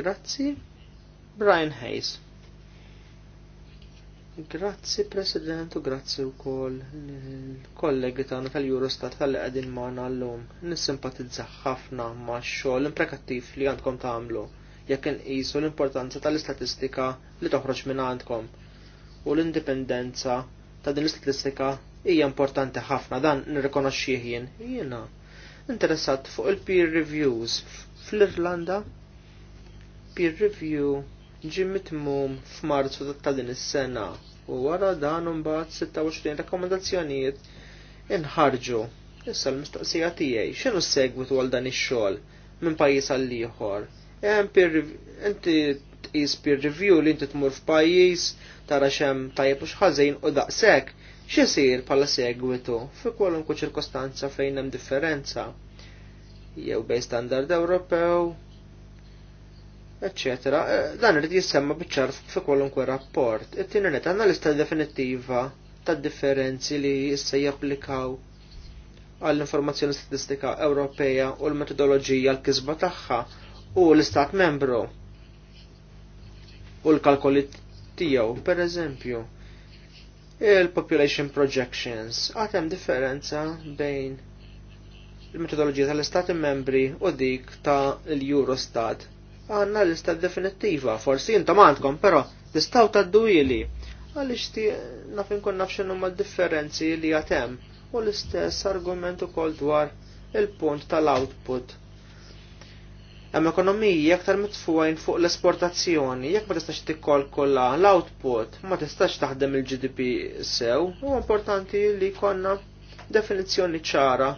Grazzi, Brian Hayes. Grazzi President u grazzi u koll l-kollegi ta' tal-Eurostat tal-li qegħdin magħna llum. Nissimpatizza ħafna max-xogħol imprekattiv li għandkom tagħmlu jekk inqisu l-importanza tal-istatistika li toħroġ minn għandkom. U l-indipendenza ta' din l-istatistika hija importanti ħafna dan nirrikonoxxih jien jiena. Interessat fuq il-peer reviews fl-Irlanda peer review ġi mitmum f'Marzu ta' din is-sena u wara dan mbagħad 26 rakkomandazzjonijiet inħarġu. Issa l-mistoqsija tiegħi x'inhu s-segwitu għal dan ix-xogħol minn pajjiż għal ieħor? Inti tqis peer review li inti tmur f'pajjiż tara x'hemm tajjeb u x'ħażin u daqshekk x'isir bħala segwitu fi kwalunkwe ċirkostanza fejn hemm differenza jew bej standard Ewropew eccetera. Eh, dan irid jissemma biċċar fi kwalunkwe rapport. It-tieni net għandna lista definittiva tad-differenzi li issa japplikaw għall-informazzjoni statistika Ewropea u l-metodoloġija l-kisba tagħha u l-istat membru u l-kalkoli tiegħu, per eżempju, il-population projections għatem differenza bejn il-metodologija tal-istati membri u dik ta' l-Eurostat għanna lista definittiva, forsi intom għandkom, pero tistaw taddu ili. Għalix ti nafin kon nafxinu ma differenzi li għatem u l-istess argumentu kol dwar il-punt tal-output. Hemm ekonomija aktar mitfuqin fuq l-esportazzjoni, jekk ma tistax kollha l-output, ma tistax taħdem il-GDP sew, u importanti li konna definizzjoni ċara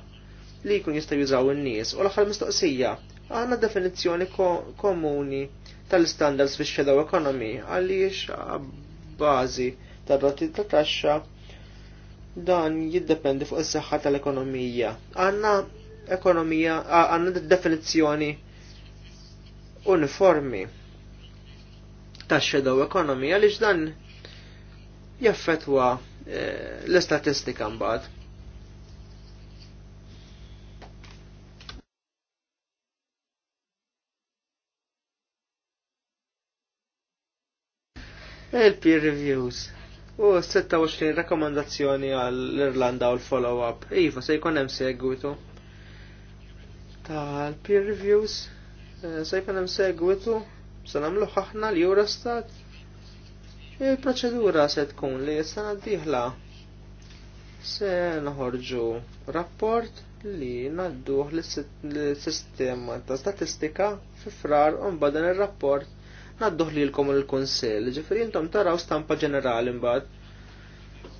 li jkun jista' jużaw in-nies. U l-aħħar mistoqsija, għandna definizzjoni komuni tal-standards fix xedaw ekonomi għaliex bażi tar-rati ta' taxxa dan jiddependi fuq is-saħħa tal-ekonomija. Għandna ekonomija għandna definizzjoni uniformi tax xedaw ekonomi għaliex dan jaffetwa eh, l-istatistika mbagħad il-peer reviews. U 26 rakkomandazzjoni għall-Irlanda u l-follow-up. Iva, se jkun hemm segwitu. Tal-peer reviews, eh, se jkun hemm segwitu, se nagħmlu ħaħna l-Eurostat. Il-proċedura se tkun li s-sena diħla se naħorġu rapport li ngħadduh l-sistema ta' statistika fi frar un badan il-rapport għadduħ li l-kom il konsell ġifri jintom taraw stampa ġenerali mbagħad.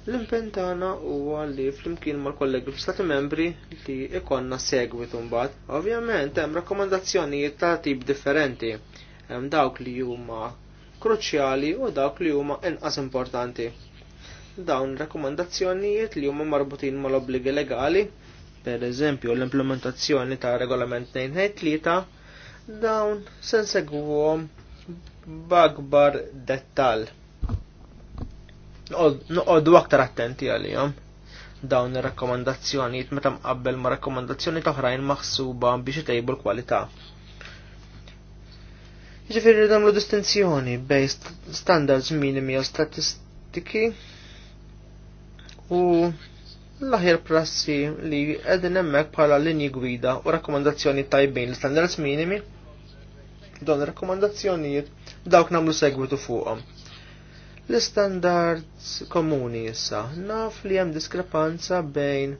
l u għalli huwa li flimkien mal-kollegi fl-Stati membri li ikonna segwitu mbagħad. Ovvjament hemm rakkomandazzjonijiet ta' tip differenti. Hemm dawk li huma kruċjali u dawk li huma inqas importanti. Dawn rakkomandazzjonijiet li huma marbutin mal-obbligi legali, per eżempju l-implementazzjoni ta' regolament 2 dawn se nsegwuhom b'akbar dettal. Noqogħdu aktar attenti għalihom dawn ir-rakkomandazzjonijiet meta mqabbel ma' rakkomandazzjoni oħrajn maħsuba biex itejbu l-kwalità. Ġifieri nagħmlu distinzjoni bejn standards minimi u statistiki u l-aħjar prassi li għedin emmek bħala linji gwida u rakkomandazzjoni tajbin l standards minimi. Dawn rakkomandazzjonijiet dawk namlu segwitu fuqhom. L-standards komuni issa, naf li hemm diskrepanza bejn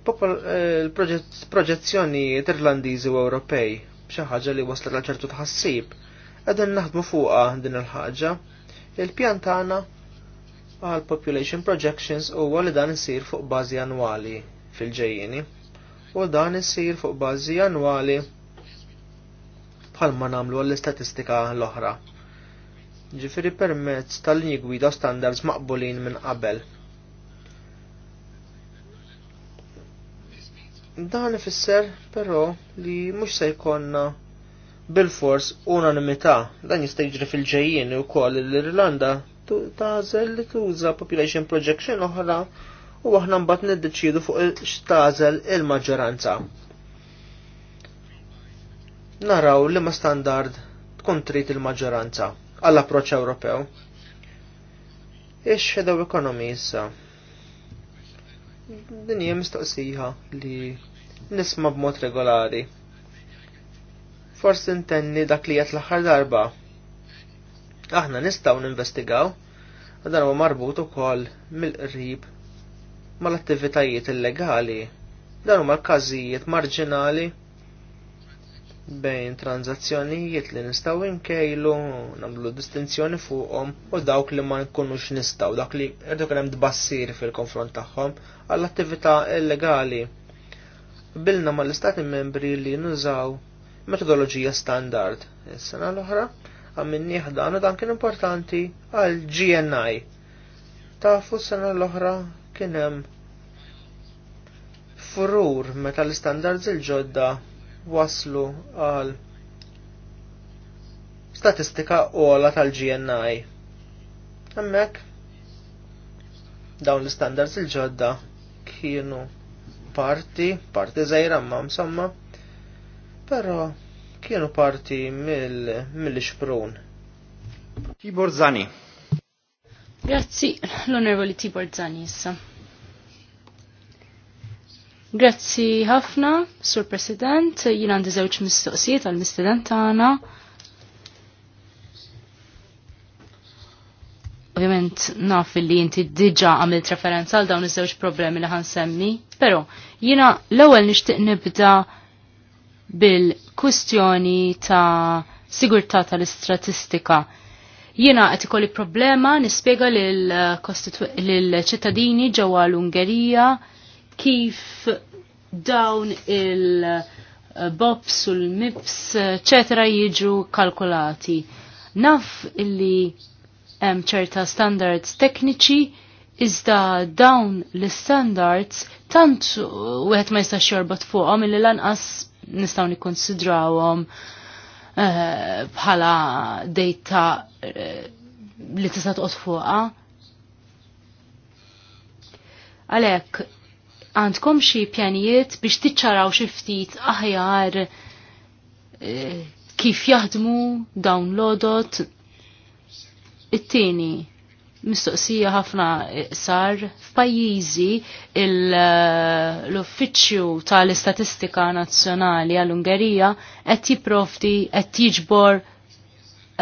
il eh, proġezzjoni Irlandiżi u Ewropej, B'xa ħaġa li wasla għal ċertu tħassib. Qegħdin naħdmu fuqha din il-ħaġa. Il-pjan tagħna għal population projections huwa li dan isir fuq bażi annwali fil-ġejjieni u dan isir fuq bażi annwali bħalma nagħmlu għall-istatistika l-oħra. Ġifiri permezz tal-linji gwida standards maqbulin minn qabel. Dan ifisser però li mhux se jkollna bil-fors unanimità dan jista' jiġri fil ġejjin ukoll l-Irlanda tażel li tuża population projection oħra u aħna mbagħad niddeċiedu fuq x'tażel il-maġġoranza naraw li ma standard tkun trid il-maġġoranza għall-approċċ Ewropew. Ix xedew ekonomi issa. Din hija mistoqsija li nisma b'mod regolari. Forsi ntenni dak li qed l-aħħar darba. Aħna nistgħu ninvestigaw dan huwa marbut ukoll mill-qrib mal-attivitajiet illegali. Dan huma l-każijiet marġinali bejn tranzazzjonijiet li nistaw inkejlu, namlu distinzjoni fuqhom u dawk li ma nkunux nistaw, dak li irdu kien dbassir fil-konfront tagħhom għall-attività illegali. Bilna mal-istati membri li nużaw metodoloġija standard. Is-sena l-oħra għammin dan u dan kien importanti għal GNI. Tafu s-sena l-oħra kien hemm furur meta l-standards il-ġodda waslu għal statistika ola tal-GNI. Hemmhekk dawn l-standards il-ġodda kienu parti, parti żgħira ma msamma, però kienu parti mill-xprun. Tibor Zani. Grazzi, l-onorevoli Tibor Zani issa. Grazzi ħafna, Sur President, jina għandi żewġ mistoqsijiet għal mistident tagħna. Ovvijament, naf li inti diġà għamilt referenza għal dawn iż-żewġ problemi li ħansemmi, però jiena l-ewwel nixtieq nibda bil kustjoni ta' sigurtà tal-istatistika. Jiena qed ikolli problema nispjega lill-ċittadini ġewwa l-Ungerija kif dawn il-bobs eh, u l-mips, ċetra eh, jiġu kalkulati. Naf illi hemm ċerta standards tekniċi iżda dawn l-standards tant wieħed ma jistax jorbot fuqhom illi lanqas nistgħu nikkonsidrawhom eh, bħala data li tista' toqgħod fuqha. Għalhekk għandkom xi pjanijiet biex tiċċaraw xi ftit aħjar eh, kif jaħdmu dawn lodot it-tieni mistoqsija ħafna eh, sar f'pajjiżi eh, l-uffiċċju tal-istatistika nazzjonali għall-Ungerija qed jipprovdi qed jiġbor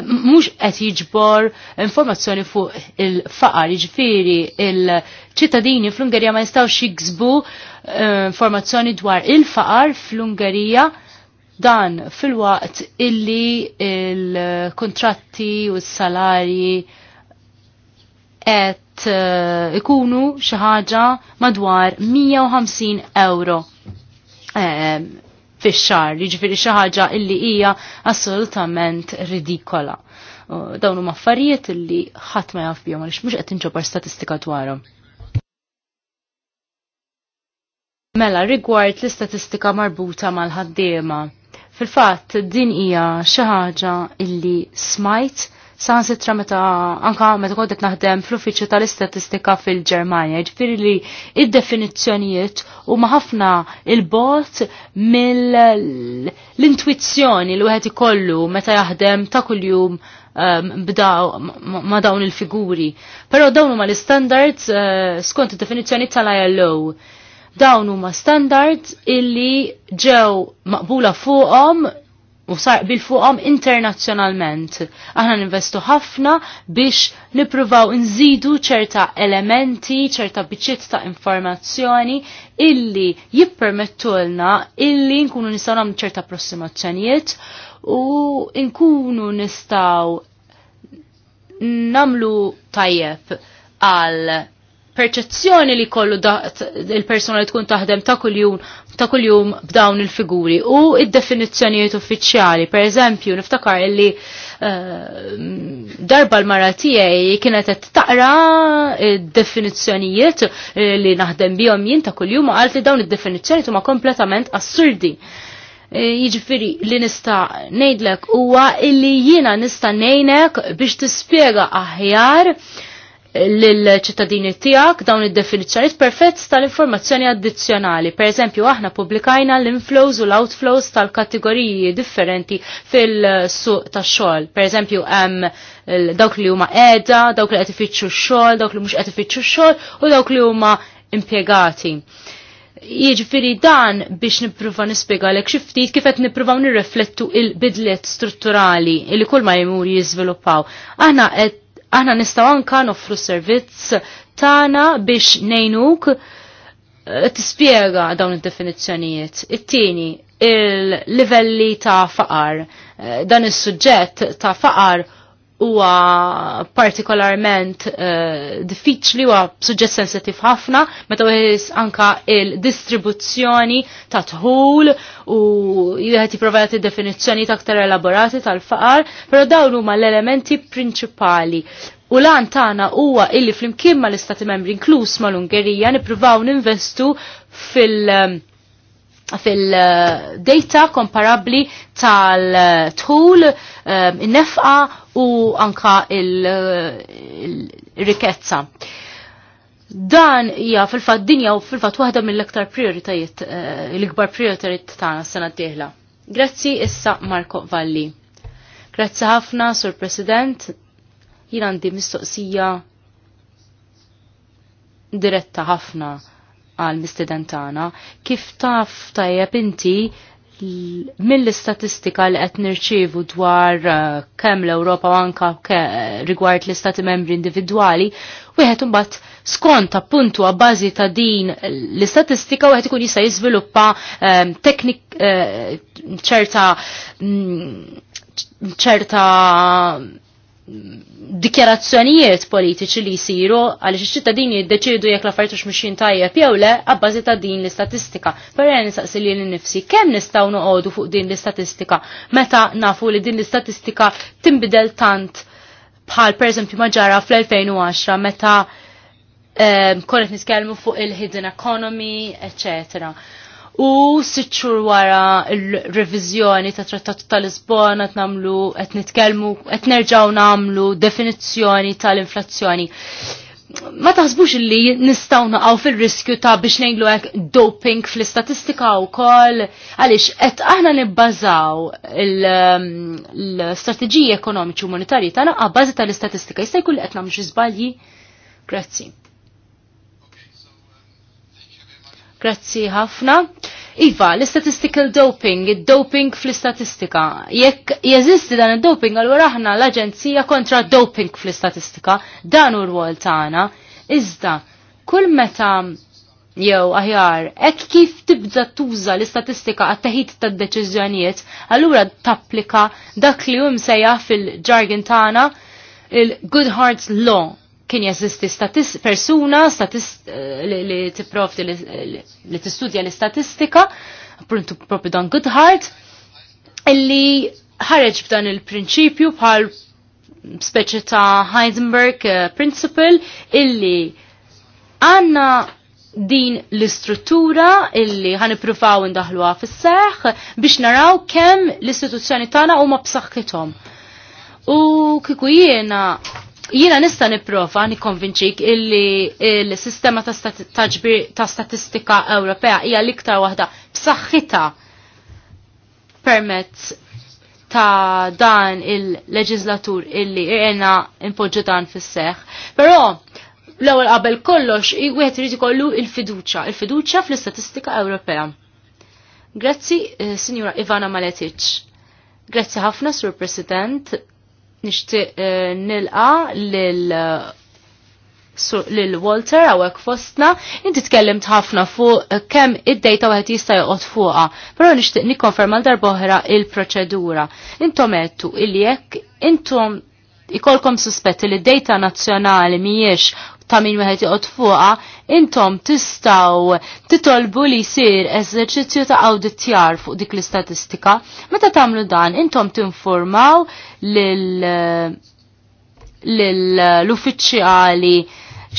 mhux qed jiġbor informazzjoni fuq il-faqar, jiġifieri il-ċittadini fl-Ungerija ma jistgħux jiksbu eh, informazzjoni dwar il-faqar fl-Ungerija dan fil-waqt illi il-kontratti u s-salarji qed eh, ikunu xi ħaġa madwar 150 euro. Eh, fix-xar, jiġifieri xi ħaġa illi hija assolutament ridikola. Dawn huma affarijiet illi ħadd ma jaf bihom għaliex mhux qed inġobar statistika dwarhom. Mela rigward l-istatistika marbuta mal-ħaddiema. Fil-fatt din hija xi ħaġa illi smajt san sitra meta anka meta kodet naħdem fl-uffiċċju tal-istatistika fil-Ġermanja, ġifieri li id-definizzjonijiet huma ħafna il-bot mill-intwizzjoni li wieħed ikollu meta jaħdem ta' kuljum um, b'daw ma' dawn il-figuri. Però dawn huma l-standards uh, skont id-definizzjoni tal-ILO. Dawn huma standards illi ġew maqbula fuqhom u sar bil-fuqom internazzjonalment. Aħna ninvestu ħafna biex nipruvaw nżidu ċerta elementi, ċerta biċiet ta' informazzjoni illi jippermettulna illi nkunu nistaw nagħmlu ċerta approssimazzjonijiet u nkunu nistaw namlu tajjeb għal perċezzjoni li kollu il-persona li tkun taħdem ta' kuljum ta' kuljum b'dawn il-figuri u id-definizzjonijiet uffiċjali. Per eżempju, niftakar li eh, darba l-mara tiegħi kienet qed taqra id-definizzjonijiet eh, li naħdem bihom jien ta' kuljum għalt li dawn id-definizzjoni huma kompletament assurdi. Eh, jiġifieri li nista' ngħidlek huwa illi jiena nista' ngħinek biex tispjega aħjar l ċittadini tiegħek dawn id-definizzjonijiet perfetz tal-informazzjoni addizzjonali. Per eżempju, aħna pubblikajna l-inflows u l-outflows tal-kategoriji differenti fil-suq tax-xogħol. Per eżempju, hemm dawk li huma edha, dawk li qed ifittxu xogħol dawk li mhux qed ifittxu x-xogħol u dawk li huma impjegati. Jiġifieri dan biex nippruva nispjega lek xi ftit kif qed nippruvaw nirreflettu il-bidliet strutturali li kull ma jmur jiżviluppaw. Aħna qed Aħna nistaw anka noffru servizz tagħna biex nejnuk eh, tispjega dawn id-definizzjonijiet. It-tieni il-livelli ta' faqar. Eh, dan is-suġġett ta' faqar huwa partikolarment uh, diffiċli huwa suġġett sensitiv ħafna meta wieħed anka il-distribuzzjoni ta' tħul u jieħed jipprova jagħti definizzjoni aktar elaborati tal-faqar, però dawn huma l-elementi prinċipali. U lan tagħna huwa illi flimkien mal-Istati Membri inkluż mal-Ungerija nippruvaw ninvestu fil- um, fil-data komparabli tal-tħul, eh, il nefqa u anka il-rikezza. Dan hija fil-fat dinja u fil-fat waħda mill-aktar prioritajiet, eh, l-ikbar prioritajiet tagħna s-sena d-dieħla. Grazzi issa Marco Valli. Grazzi ħafna, Sur President. Jien għandi mistoqsija diretta ħafna għal mistidentana, kif taf tajjeb inti mill-istatistika li qed nirċievu dwar uh, kemm l-Ewropa anka rigward l-istati membri individwali, wieħed imbagħad skont appuntu a bażi ta' din l-istatistika wieħed ikun jista' jiżviluppa um, teknik uh, ċerta mm, ċerta dikjarazzjonijiet politiċi li jisiru għaliex iċ-ċittadini jiddeċidu jekk l-affarijiet mhux tajjeb jew le għabbażi ta' din l-istatistika. Perja nistaqsi li nnifsi kemm nistgħu noqogħdu fuq din l-istatistika meta nafu li din l-istatistika timbidel tant bħal pereżempju ma ġara fl-2010 meta eh, konet niskelmu fuq il-hidden economy, eccetera u sitxur wara il revizjoni ta' trattatu tal-Lisbona qed nagħmlu qed nitkellmu qed nerġgħu nagħmlu definizzjoni tal-inflazzjoni. Ma taħsbux li nistgħu naqgħu fil-riskju ta' biex ngħidlu hekk doping fl-istatistika wkoll għaliex qed aħna nibbażaw um, l-strateġiji ekonomiċi u monetarji tagħna bażi tal-istatistika jista' jkun li qed nagħmlu xi żbalji. Grazzi. Grazzi ħafna. Iva, l-statistical doping, il-doping fl-istatistika. Jekk jeżisti dan il-doping, allura aħna l-Aġenzija kontra doping fl-istatistika, dan u r-wol tagħna. Iżda, kull meta jew aħjar, hekk kif tibda tuża l-istatistika għat taħid tad deċiżjonijiet allura tapplika dak li hu fil-ġargin tagħna il-Good Hearts Law kien jeżisti persuna statis eh, li tipprovdi li tistudja l-istatistika, pruntu propri dan Goodhart, illi ħareġ b'dan il-prinċipju bħal speċi ta' Heisenberg eh, Principle illi għanna din l-istruttura illi ħan ipruvaw indaħluha fis-seħħ biex naraw kemm l-istituzzjoni tagħna huma b'saħħithom. U kieku jiena Jiena nista nipprova nikkonvinċik illi il-sistema ta', statistika Ewropea hija l-iktar waħda b'saħħitha permezz ta' dan il-leġislatur illi irna impoġġu dan fis-seħ. Però l-ewwel qabel kollox wieħed irid ikollu il-fiduċja, il-fiduċja fl-istatistika Ewropea. Grazzi, eh, Sinjura Ivana Maletic. Grazzi ħafna, Sur President nishtiq uh, eh, nilqa lil so, lil Walter għawek fostna, inti tkellimt ħafna fuq kemm id-dejta wieħed jista' joqgħod fuqha, però nixtieq nikkonferma l darboħra il-proċedura. Intom għettu il-jek, intom ikolkom suspetti li d-data nazzjonali mhijiex ta' min wieħed joqgħod fuqha, intom tistgħu titolbu li jsir eżerċizzju ta' awditjar fuq dik l-istatistika. Meta tagħmlu dan, intom tinformaw lil l-uffiċjali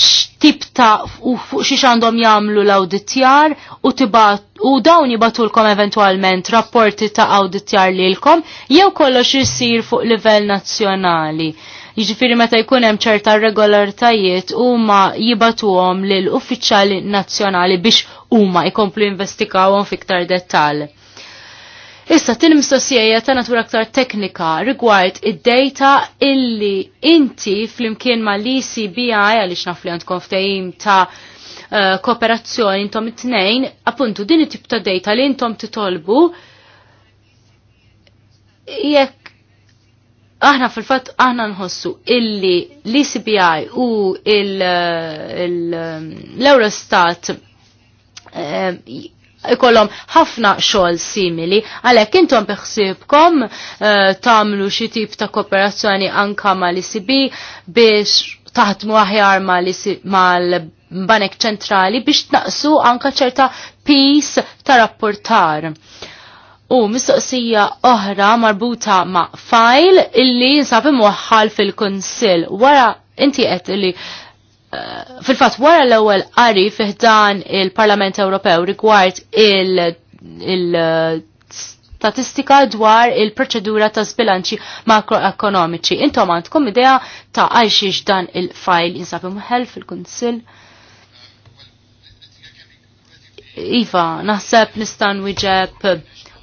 x'tip ta' u fuq xiex għandhom jagħmlu l auditjar u tibat u dawn jibatulkom eventwalment rapporti ta' l lilkom jew kollox isir fuq livell nazzjonali. Jiġifieri meta jkun hemm ċerta regolaritajiet huma jibatuhom lill uffiċjali nazzjonali biex huma jkomplu investigawhom fiktar dettall. Issa tin mistoqsija ta' natura aktar teknika rigward id-data illi inti flimkien ma' l-ECBI għaliex naf li għandkom ftehim ta' eh, kooperazzjoni intom it-tnejn, appuntu din it-tip ta' data li intom titolbu jekk aħna fil-fatt aħna nħossu illi l-ECBI u eh, eh, l-Eurostat ikollom ħafna xogħol simili, għalhekk intom biħsibkom uh, eh, tagħmlu xi tip ta' kooperazzjoni anka mal-ICB biex taħdmu aħjar mal-Banek Ċentrali biex tnaqsu anka ċerta piece ta' rapportar. U mistoqsija oħra marbuta ma' fajl illi nsabim imwaħħal fil-Kunsill wara inti qed li Eh, fil-fat wara l-ewwel qari fiħdan il-Parlament Ewropew rigward il-statistika dwar il-proċedura ta' sbilanċi makroekonomiċi. Intom għandkom idea ta' għalxiex dan il-fajl jinsab imħel fil-Kunsill? Iva, naħseb nistan wieġeb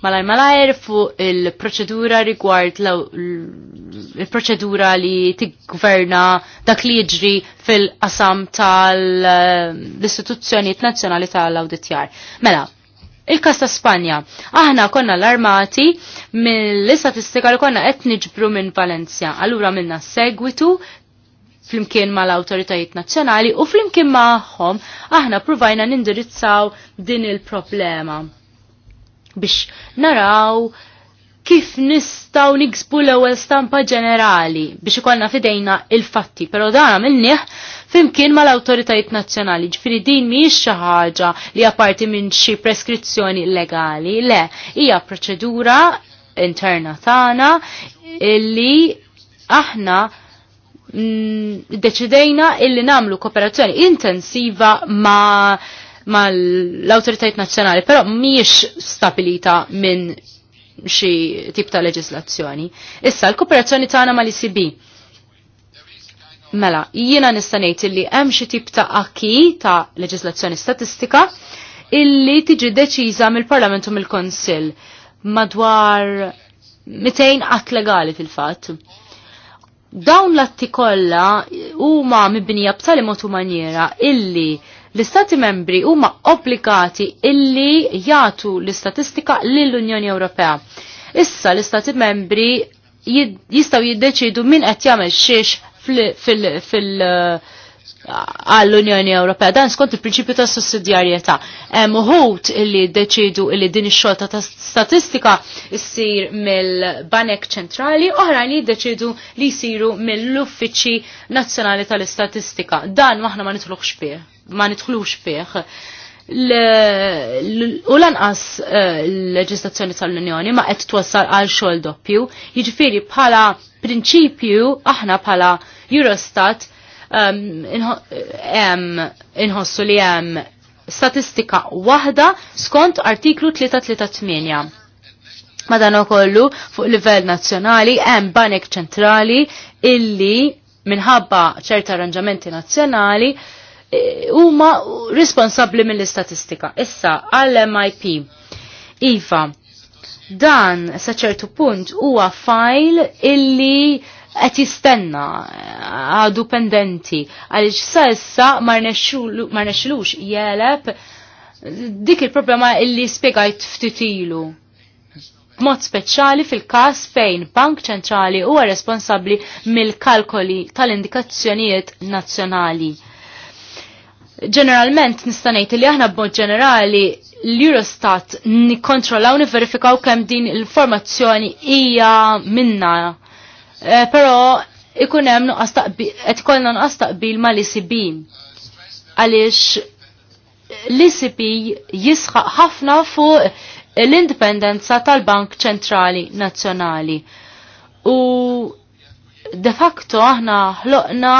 malajr malajr fuq il-proċedura rigward il-proċedura li t-gverna dak li jiġri fil-qasam tal-istituzzjonijiet nazzjonali tal-awditjar. Mela, il-kas ta' Spanja. Aħna konna l-armati mill-istatistika li konna qed niġbru minn Valencia. Allura minna segwitu flimkien ma l-autoritajiet nazzjonali u flimkien maħħom aħna provajna nindirizzaw din il-problema biex naraw kif nistaw niksbu l-ewwel stampa ġenerali biex ikollna fidejna il-fatti, però dan għamilnieh ma mal-awtoritajiet nazzjonali. ġifiri din mhijiex xi ħaġa li apparti minn xi preskrizzjoni legali, le, hija proċedura interna tagħna illi aħna mm, deċidejna illi namlu kooperazzjoni intensiva ma' mal-autoritajt nazzjonali, però mhijiex stabilita minn xi tip ta' leġislazzjoni. Issa l-kooperazzjoni tagħna mal-ICB. Mela, jiena nista' ngħid illi hemm xi tip ta' akki ta' leġislazzjoni statistika illi tiġi deċiża mill-Parlament u mill-Konsill madwar 200 att legali fil-fatt. Dawn l-atti kollha huma mibnija b'tali mod u maniera illi L-Istati membri huma obbligati illi jagħtu l-istatistika lill-Unjoni Ewropea. Issa l-Istati membri jistaw jiddeċidu min qed jagħmel xiex fil- uh, għall-Unjoni Ewropea. Dan skont il-prinċipju ta' sussidjarjetà. Hemm uħut illi deċidu illi din ix-xogħol ta' statistika ssir mill-Banek Ċentrali, oħrajn jiddeċidu li jsiru mill-Uffiċċji Nazzjonali tal-Istatistika. Dan aħna ma nidħlux bih ma nidħlux fih. U lanqas eh, l-leġislazzjoni tal-Unjoni ma qed twassal għal xogħol doppju, jiġifieri bħala prinċipju aħna bħala Eurostat inħossu li hemm statistika waħda skont artiklu 338. dan ukollu fuq livell nazzjonali hemm banek ċentrali illi minħabba ċerti arranġamenti nazzjonali huma responsabbli mill-istatistika. Issa għall-MIP. Iva, dan sa ċertu punt huwa fajl illi qed jistenna għadu pendenti għaliex sa issa ma rnexxilux jeleb dik il-problema illi spiegajt ilu. Mod speċjali fil-każ fejn Bank Ċentrali huwa responsabbli mill-kalkoli tal-indikazzjonijiet nazzjonali ġeneralment nista' ngħid li aħna b'mod ġenerali l-Eurostat nikkontrollaw niverifikaw kemm din l-informazzjoni hija minna. E, però ikun hemm nuqqas taqbil qed ikollna nuqqas taqbil mal-ICB. Għaliex l-ICB jisħaq ħafna fuq l-indipendenza tal-Bank Ċentrali Nazzjonali. U de facto aħna ħloqna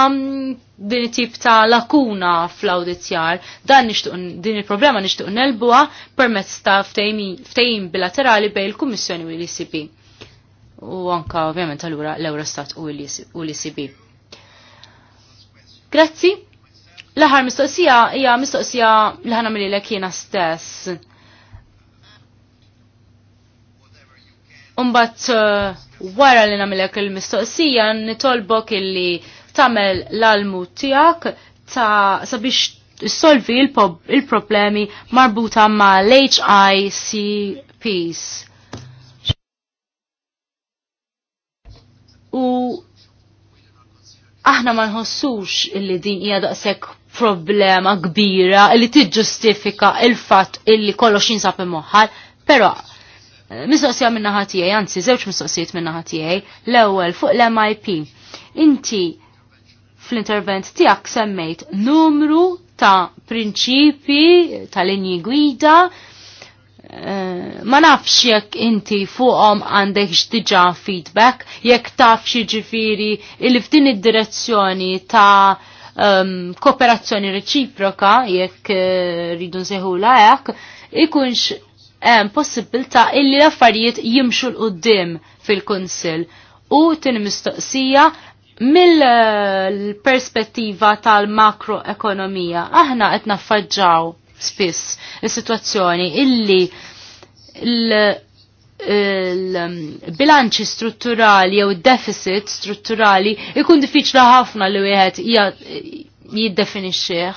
din tip ta' lakuna fl audizjar Dan nixtuq din il-problema nixtuq nelbuha permezz ta' ftehim bilaterali bejn il-Kummissjoni u l-ICB. U anka ovvjament allura l-Eurostat u l-ICB. Grazzi. L-aħħar mistoqsija hija mistoqsija li ħana mililek jiena stess Umbat uh, wara li namilek il-mistoqsija nitolbok illi tamel l-almu tijak ta' sabiex solvi il-problemi marbuta ma' l-HICPs. U aħna ma nħossux illi din hija daqshekk problema kbira illi tiġġustifika il-fatt illi kollox jinsab immoħħal, però Mistoqsija minna ħatijaj, anzi, zewċ mistoqsijiet minna ħatijaj, l-ewel fuq l-MIP. Inti fl-intervent tijak semmejt numru ta' prinċipi, ta' linji gwida, eh, ma nafx jekk inti fuqhom għandek x'diġà feedback, jekk taf ġifiri il f'din id-direzzjoni ta' um, kooperazzjoni reċiproka, jekk uh, eh, seħu nsejħula hekk, ikunx hemm possibilità illi l-affarijiet jimxu l-qoddim fil-Kunsill u tin mistoqsija mill-perspettiva tal-makroekonomija. Aħna qed naffaġġaw spiss is-sitwazzjoni illi il-bilanċi strutturali jew deficit strutturali ikun diffiċli ħafna li wieħed jiddefinixxih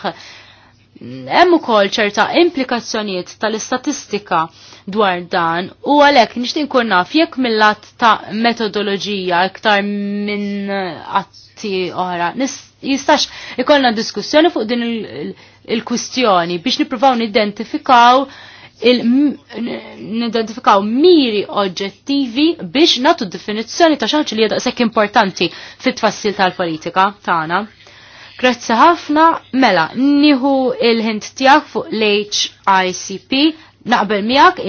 hemm ukoll ċerta implikazzjonijiet tal-istatistika dwar dan u għalhekk nixtieq nkun naf jekk mill-att ta' metodoloġija iktar minn atti oħra jistax ikollna diskussjoni fuq din il-kwistjoni biex nippruvaw nidentifikaw nidentifikaw miri oġġettivi biex natu definizzjoni ta' xaħġ li jadaqsek importanti fit tfassil tal-politika tagħna. Grazzi ħafna, mela, nieħu il-ħint tiegħek fuq l-HICP, naqbel miegħek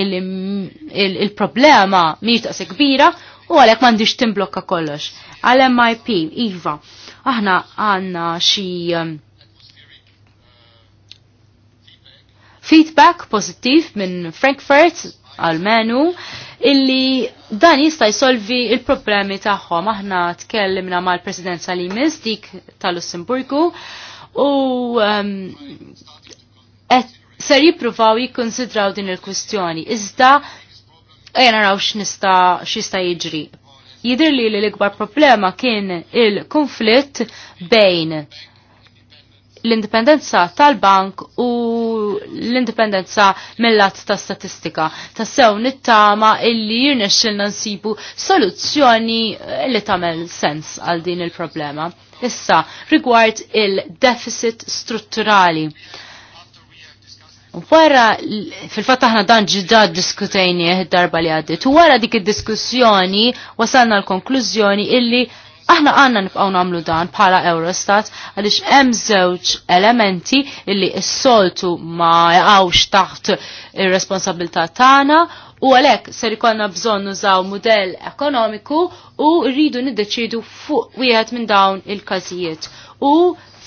il-problema mhijiex taqse kbira u għalhekk m'għandix timblokka kollox. Għal MIP, Iva, aħna għandna xi um, feedback pozittiv minn Frankfurt għal menu illi dan jista' jsolvi il-problemi tagħhom. Aħna tkellimna mal-Presidenza li dik tal-Lussemburgu u um, ser jippruvaw jikkonsidraw din il-kwistjoni. Iżda jena naraw x'nista' x'jista' jiġri. Jidir li l-ikbar problema kien il-konflitt bejn l-indipendenza tal-bank u l-indipendenza mill-lat ta' statistika. Ta' sew nittama illi jirnexxilna nsibu soluzzjoni eh, li tagħmel sens għal din il-problema. Issa, rigward il-deficit strutturali. Wara, fil-fatt aħna dan ġidda id darba li għaddit, wara dik id-diskussjoni wasalna l-konklużjoni illi Aħna għanna nifqaw namlu dan bħala Eurostat għaliex hemm żewġ elementi illi s-soltu ma jgħawx taħt ir-responsabilità tagħna u għalhekk ser ikollna bżonn nużaw mudell ekonomiku u rridu niddeċidu fuq wieħed minn dawn il-każijiet. U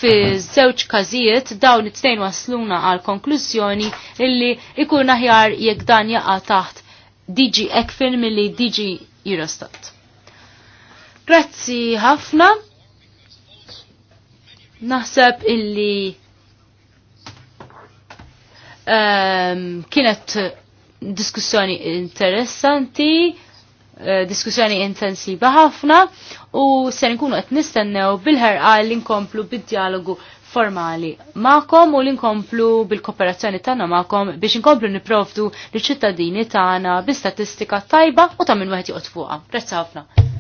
fi żewġ każijiet dawn it-tnejn wasluna għal konklużjoni illi ikun aħjar jekk dan jaqa' taħt DG Ekfin milli DG Eurostat. Grazzi ħafna. Naħseb illi um, kienet diskussjoni interessanti, eh, diskussjoni intensiva ħafna u se nkunu qed nistennew bil-ħerqa li nkomplu bid-dialogu formali ma'kom u li nkomplu bil-kooperazzjoni tagħna ma'kom biex inkomplu niprovdu liċ ċittadini tagħna bi statistika tajba u ta' minn wieħed joqgħod fuqha. Grazzi ħafna.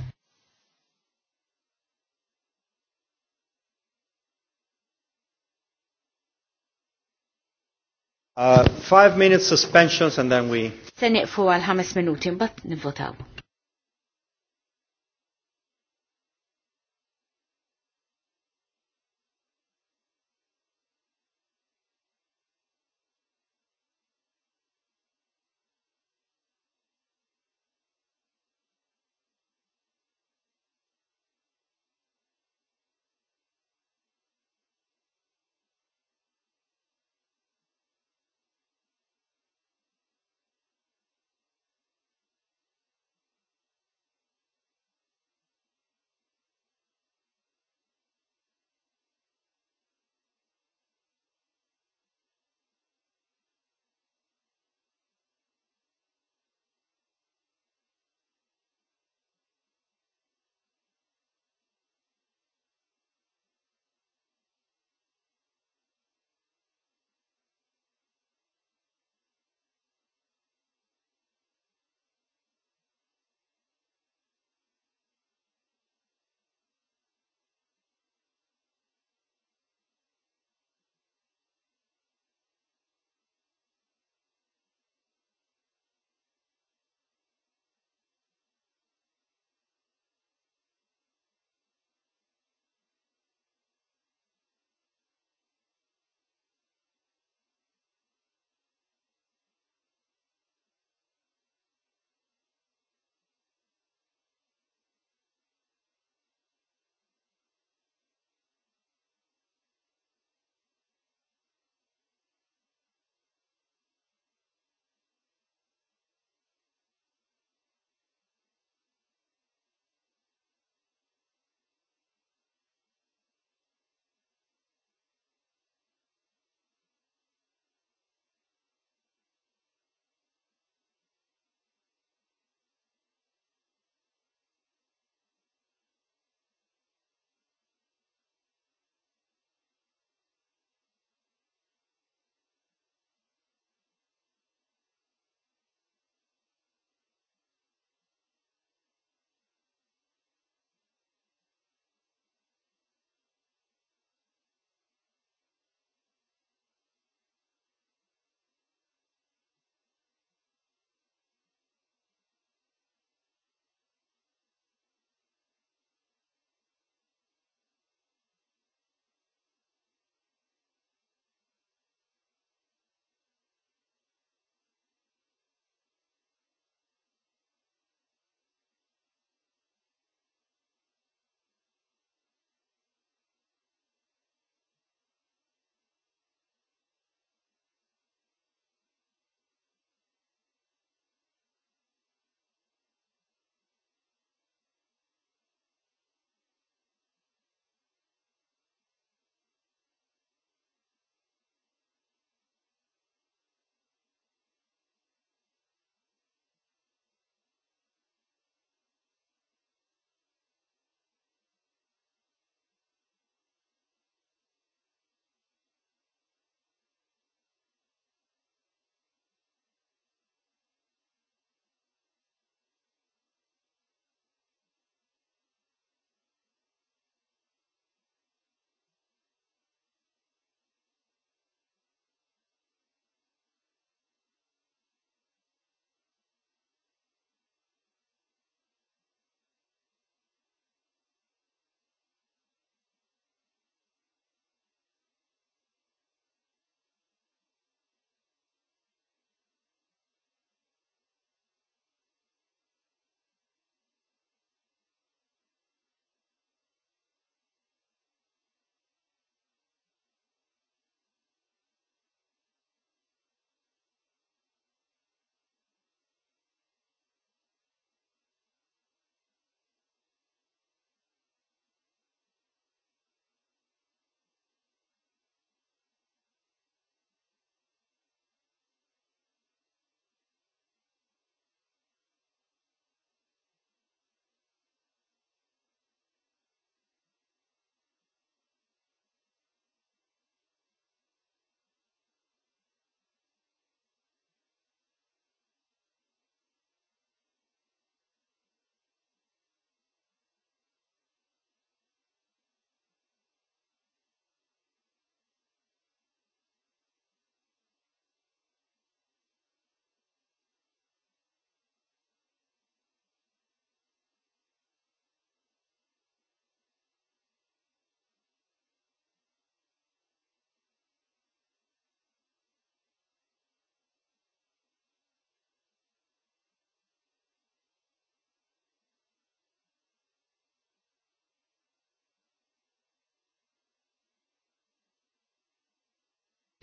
Uh, five minutes suspensions and then we... Se nieqfu għal ħames minuti, mbagħad nivvotaw.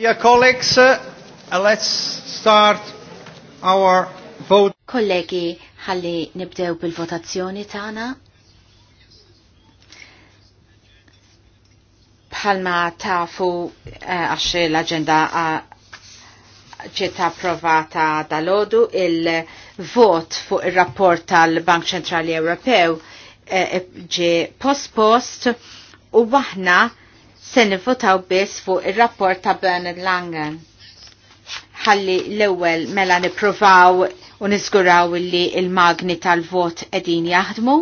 Dear colleagues, uh, let's start our vote. Kollegi, ħalli nibdew bil-votazzjoni tagħna. Bħalma tafu eh, għax uh, l-agenda eh, ġiet uh, approvata dal-ħodu il-vot odu il vot fuq ir rapport tal bank Ċentrali Ewropew eh, ġie post-post u waħna se nivvotaw biss fuq ir-rapport ta' Bernard Langen. Ħalli l-ewwel mela nippruvaw u niżguraw li il-magni tal-vot qegħdin jaħdmu.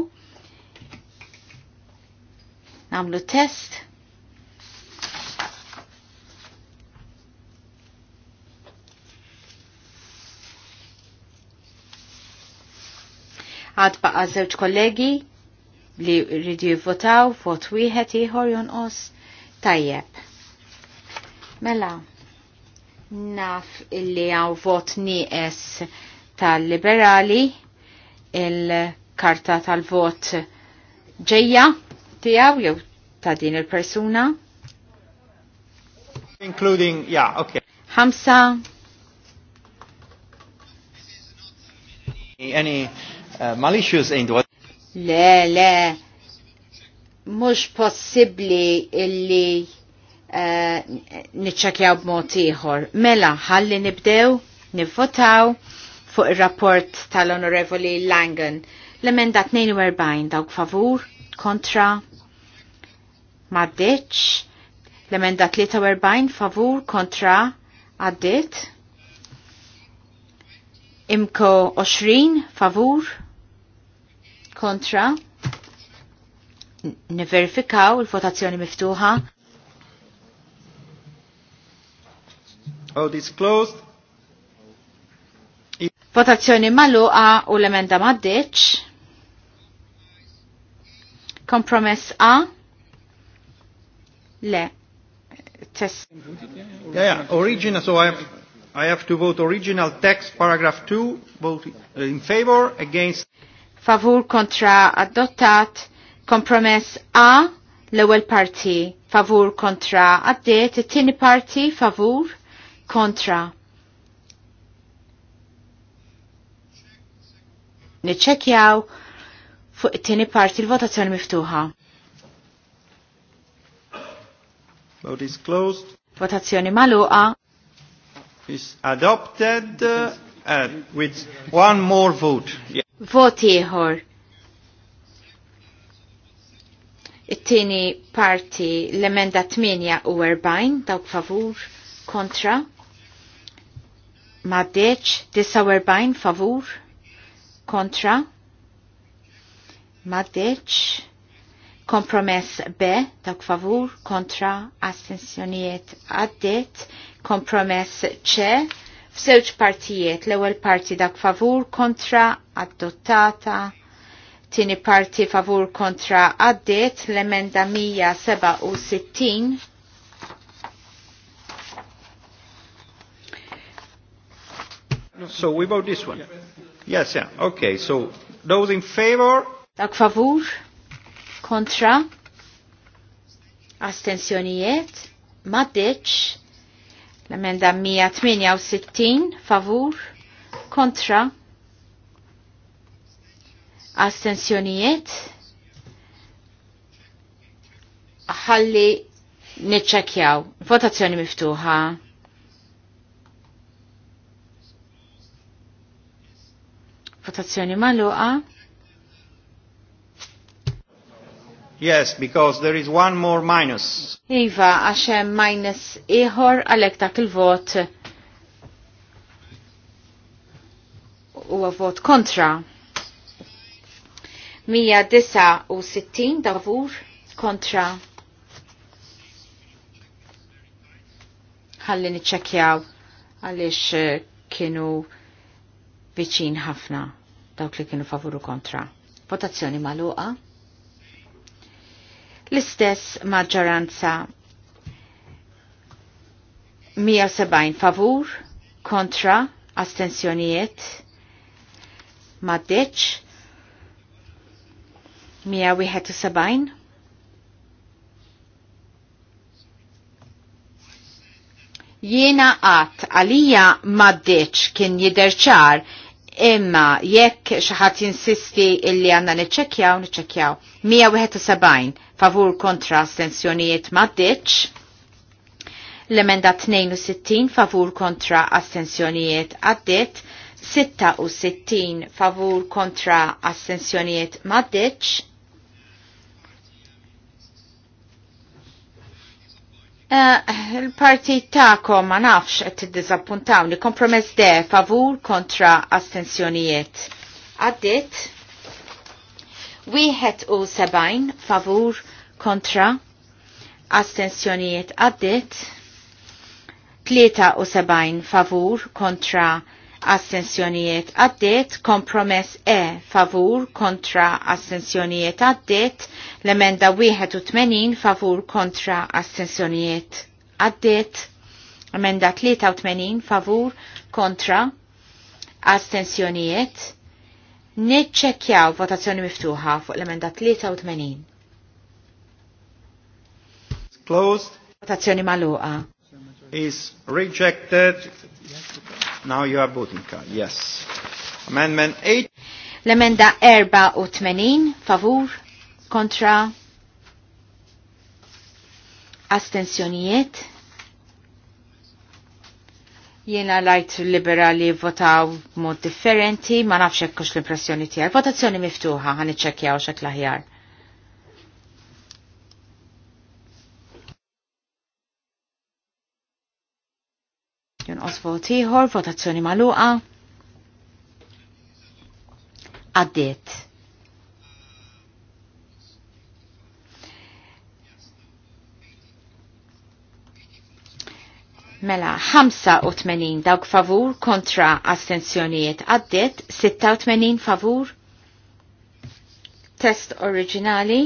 Namlu test. għad baqa zewċ kollegi li rridu jivvotaw, vot wieħed ieħor jonqos. Tajjeb. Mela, naf illi għaw vot nieqes tal-liberali il-karta tal-vot ġeja tijaw jew ta' din il-persuna. Including, yeah, okay. Hamsa. Any uh, malicious in what? Le, le, mhux possibbli illi eh, niċċakjaw b'mod ieħor. Mela, ħalli nibdew, nivvotaw fuq ir-rapport tal-Onorevoli Langen. L-emenda 42 dawk favur, kontra, maddeċ. L-emenda 43 favur, kontra, għaddit. Imko 20 favur, kontra, niverifikaw il-votazzjoni miftuħa. Vote is closed. Votazzjoni maluqa u l-emenda maddiċ. Kompromess A. Le. Test. Yeah, yeah, original, so I have, I have to vote original text, paragraph 2, vote in favor, against. Favur kontra adottat, Kompromess A, l-ewwel parti favur kontra għaddiet, it-tieni parti favur kontra. Niċċekjaw fuq it-tieni parti l-votazzjoni miftuħa. Vote is closed. Votazzjoni maluqa. Is adopted uh, with one more vote. Yeah. Vot ieħor it-tieni parti l-emenda 48 dawk favur kontra deċ 49 favur kontra deċ kompromess B dawk favur kontra astensjonijiet għaddet kompromess C f'żewġ partijiet l-ewwel parti dak favur kontra adottata Tini parti favur kontra għaddiet l-emenda 167. So we vote this one. Yes, yeah. Okay, so those in favor? Dak favur? Kontra? Astensjonijiet? Maddeċ? L-emenda 168 favur? Kontra? astensjonijiet ħalli nitċekjaw. Votazzjoni miftuħa. Votazzjoni maluqa. Yes, because there is one more minus. Iva, għaxem minus iħor għalek dak il-vot u vot kontra. 169 darbur kontra ħalli niċċekjaw għaliex eh, kienu viċin ħafna dawk li kienu favuru kontra. Votazzjoni maluqa. L-istess maġġoranza 170 favur kontra astensjonijiet maddeċ 171 jiena għat għalija maddeċ kien jiderċar imma jekk xaħat insisti illi għanna niċċekjaw, niċċekjaw. 171 favur kontra astensjonijiet maddeċ. L-emenda 62 favur kontra astensjonijiet għaddit. 66 favur kontra astensjonijiet maddeċ. Eh, Il-partit ta'ko ma nafx qed li kompromess de favur kontra astensjonijiet. Għaddit wieħed u sebajn favur kontra astensjonijiet għaddit sebajn favur kontra assenzjonijiet għaddit, kompromess E favur kontra assenzjonijiet għaddit, l-emenda 81 favur kontra assenzjonijiet għaddit, emenda 83 favur kontra assenzjonijiet. Niċċekjaw votazzjoni miftuħa fuq l-emenda 83. Closed. Votazzjoni maluqa. Is rejected. Now you are voting card, yes. Amendment 8. L-emenda 84, favur, kontra, astensjonijiet. Jena lajt liberali votaw mod differenti, ma nafx hekkux l-impressjoni tijar. Votazzjoni miftuħa, għan iċċekkjaw xekk l-aħjar. jonqos vot ieħor, votazzjoni magħluqa. Għaddiet. Mela 85 dawk favur kontra astenzjonijiet għaddiet, 86 favur. Test oriġinali.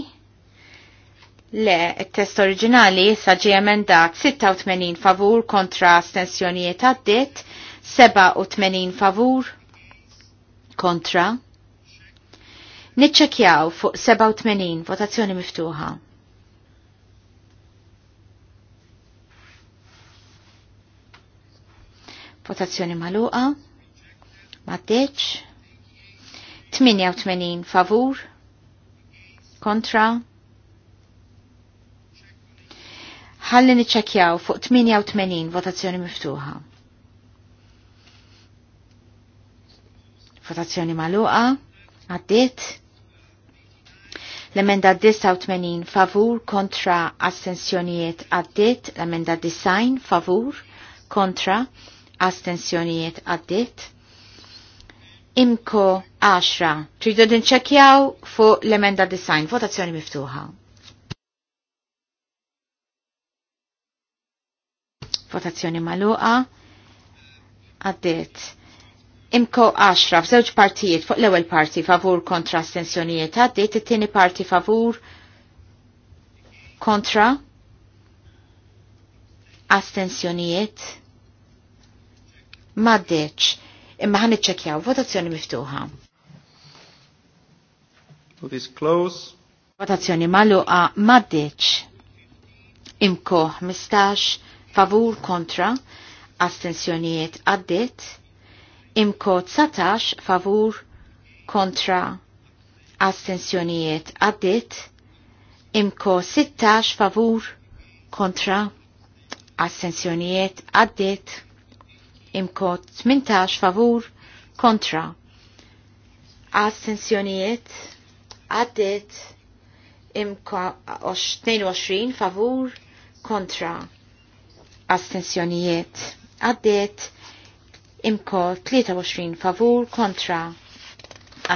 Le, il-test oriġinali issa ġie emendat 86 favur kontra astensjonijiet għaddit, 87 favur kontra. Nitċekjaw fuq 87 votazzjoni miftuħa. Votazzjoni maluqa. Maddeċ. 88 favur kontra ħalli niċċekjaw fuq 88 votazzjoni miftuħa. Votazzjoni maluqa, għaddit. L-emenda 89 favur kontra astensjonijiet għaddit, l-emenda design favur kontra astensjonijiet għaddit. Imko 10. Tridu din fuq l-emenda design. Votazzjoni miftuħa. Votazzjoni maluqa. Għaddit. Imko 10 f'żewġ partijiet fuq l-ewwel parti favur kontra astensjonijiet għaddit, it-tieni parti favur kontra astensjonijiet m'għaddeċ. Imma ħan iċċekjaw votazzjoni miftuħa. Votazzjoni magħluqa m'għaddeċ. Imko 15 favur kontra, astensjonijiet għaddit, imko 19 favur kontra, astensjonijiet għaddit, imko 16 favur kontra, astensjonijiet għaddit, imko 18 favur kontra, astensjonijiet għaddit, imko 22 favur kontra astensjonijiet għaddiet imko 23 favur kontra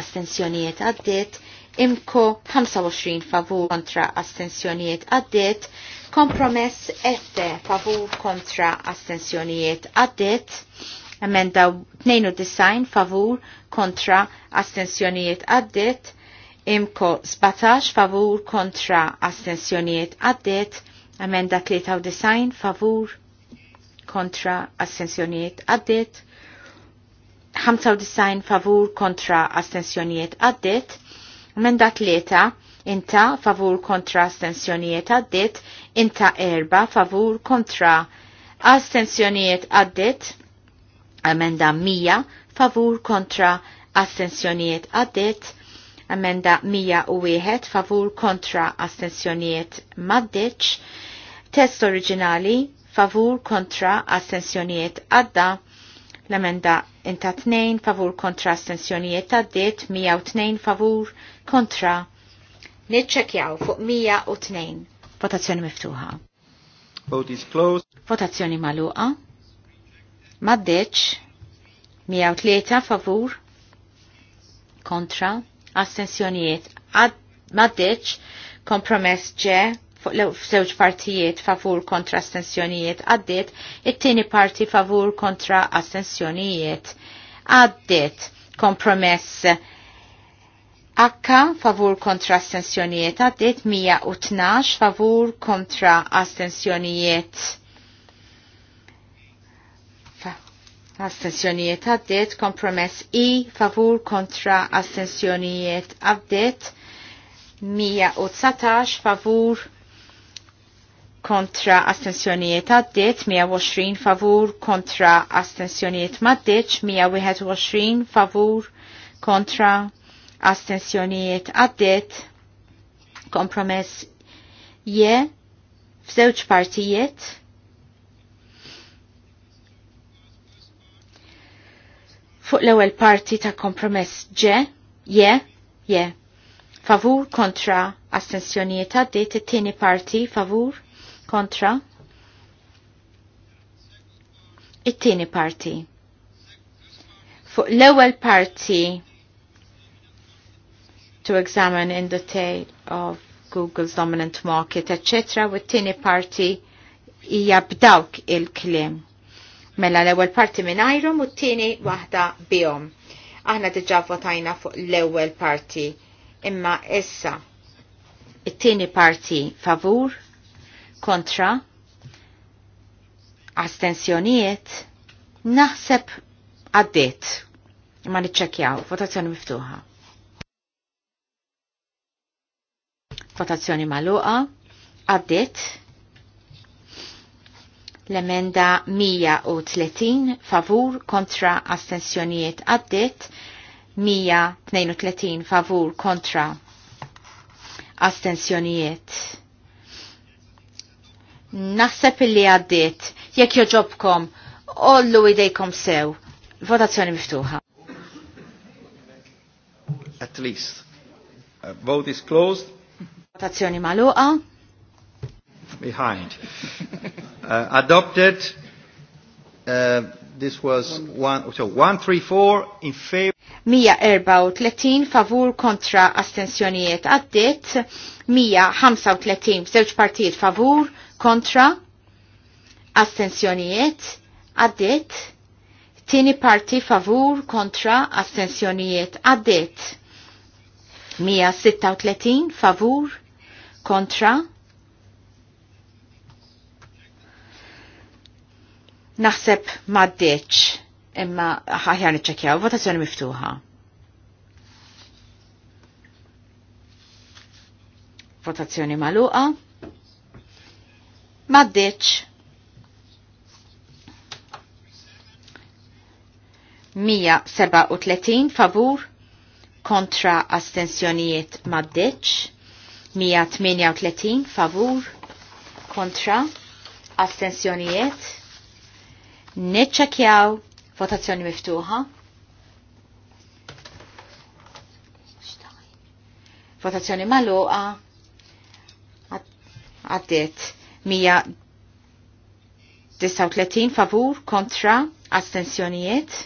astensjonijiet għaddiet imko 25 favur kontra astensjonijiet għaddiet kompromess ette favur kontra astensjonijiet għaddiet emenda 92 favur kontra astensjonijiet għaddiet imko 17 favur kontra astensjonijiet għaddiet Amenda 93 favur kontra astensjonijiet għaddit. 95 favur kontra astensjonijiet għaddit. Amenda 3 inta favur kontra astensjonijiet għaddit. Inta erba favur kontra astensjonijiet għaddit. Amenda 100 favur kontra astensjonijiet għaddit emenda 101 favur kontra astensjonijiet maddiċ. Test oriġinali favur kontra astensjonijiet għadda. l emenda inta 2 favur kontra astensjonijiet għaddit 102 favur kontra. Niċċekjaw fuq 102. Votazzjoni miftuħa. Vote is closed. Votazzjoni maluqa. Maddeċ. 103 favur kontra astensjonijiet maddeċ kompromess ġe f'żewġ partijiet favur kontra astensjonijiet għaddit, it-tieni parti favur kontra astensjonijiet għaddit kompromess Akka favur kontra astensjonijiet għaddit 112 favur kontra astensjonijiet Astensjonijiet għaddit, kompromess I, favur kontra astensjonijiet għaddit, 119 favur kontra astensjonijiet għaddit, 120 favur kontra astensjonijiet maddiċ, 121 favur kontra astensjonijiet għaddit, kompromess je, f'żewġ partijiet, Fuq l-ewwel parti ta' kompromess ġe, je, je. Favur kontra astensjonijiet għaddit it-tieni parti favur kontra it-tieni parti. Fuq l-ewwel parti to examine in detail of Google's dominant market, etc. U tini tieni parti hija b'dawk il-kliem. Mela l-ewwel parti mingħajrhom u t-tieni waħda bihom. Aħna diġà votajna fuq l-ewwel parti. Imma issa it-tieni parti favur, kontra, astensjonijiet, naħseb għaddiet. Ma niċċekjaw, votazzjoni miftuħa. Votazzjoni maluqa, għaddiet. L-emenda 130 favur kontra astensjonijiet għaddit, 132 favur kontra astensjonijiet. Naħseb illi għaddit, jekk joġobkom, ollu idejkom sew, votazzjoni miftuħa. At least. A uh, vote is closed. Votazzjoni maluqa. Behind. Uh, adopted. Uh, this was one, so 134 in favor. 134 favur kontra astensjonijiet għaddit, 135 żewġ partijiet favur kontra astensjonijiet għaddit, tieni parti favur kontra astensjonijiet għaddit, 136 favur kontra Naħseb maddeċ imma ħajja niċċekjaw votazzjoni miftuħa. Votazzjoni maluqa. Maddeċ. tletin favur kontra astensjonijiet maddeċ. tletin favur kontra astensjonijiet Neċċakjaw votazzjoni miftuħa. Votazzjoni maluqa. Għaddiet 139 favur kontra astensjonijiet.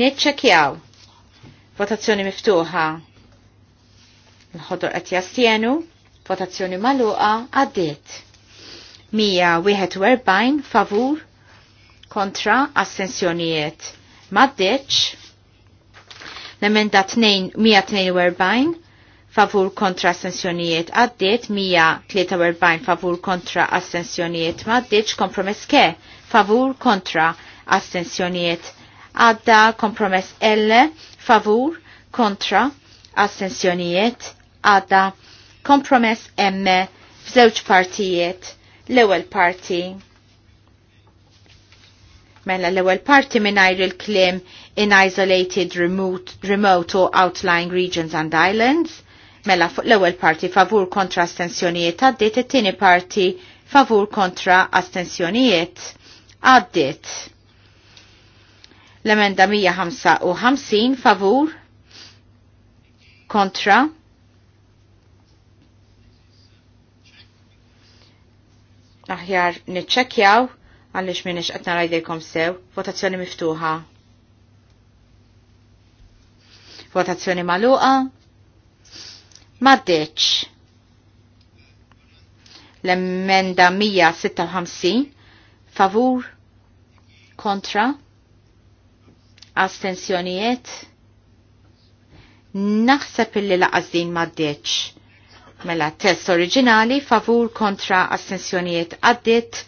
Neċċakjaw. Votazzjoni miftuħa. Il-ħodor qed jastienu. Votazzjoni maluqa għaddiet. 141 favur kontra assenzjonijiet maddeċ. L-emenda 142 favur kontra assenzjonijiet għaddiet, 143 favur kontra assenzjonijiet maddeċ, kompromess ke favur kontra assenzjonijiet għadda kompromess L favur kontra assenzjonijiet għadda kompromess M f'żewġ partijiet L-ewwel parti mela l-ewwel parti mingħajr il-klim in isolated remote, remote or outlying regions and islands, mela fuq l-ewwel parti favur kontra astensjonijiet għaddit, it-tieni parti favur kontra astensjonijiet għaddit. L-emenda 155 favur kontra Aħjar niċċekjaw għaliex minix qed nara sew, votazzjoni miftuħa. Votazzjoni maluqa. Maddeċ. L-emenda 156 favur kontra astensjonijiet naħseb illi laqazdin din maddeċ. Mela test oriġinali favur kontra astensjonijiet għaddit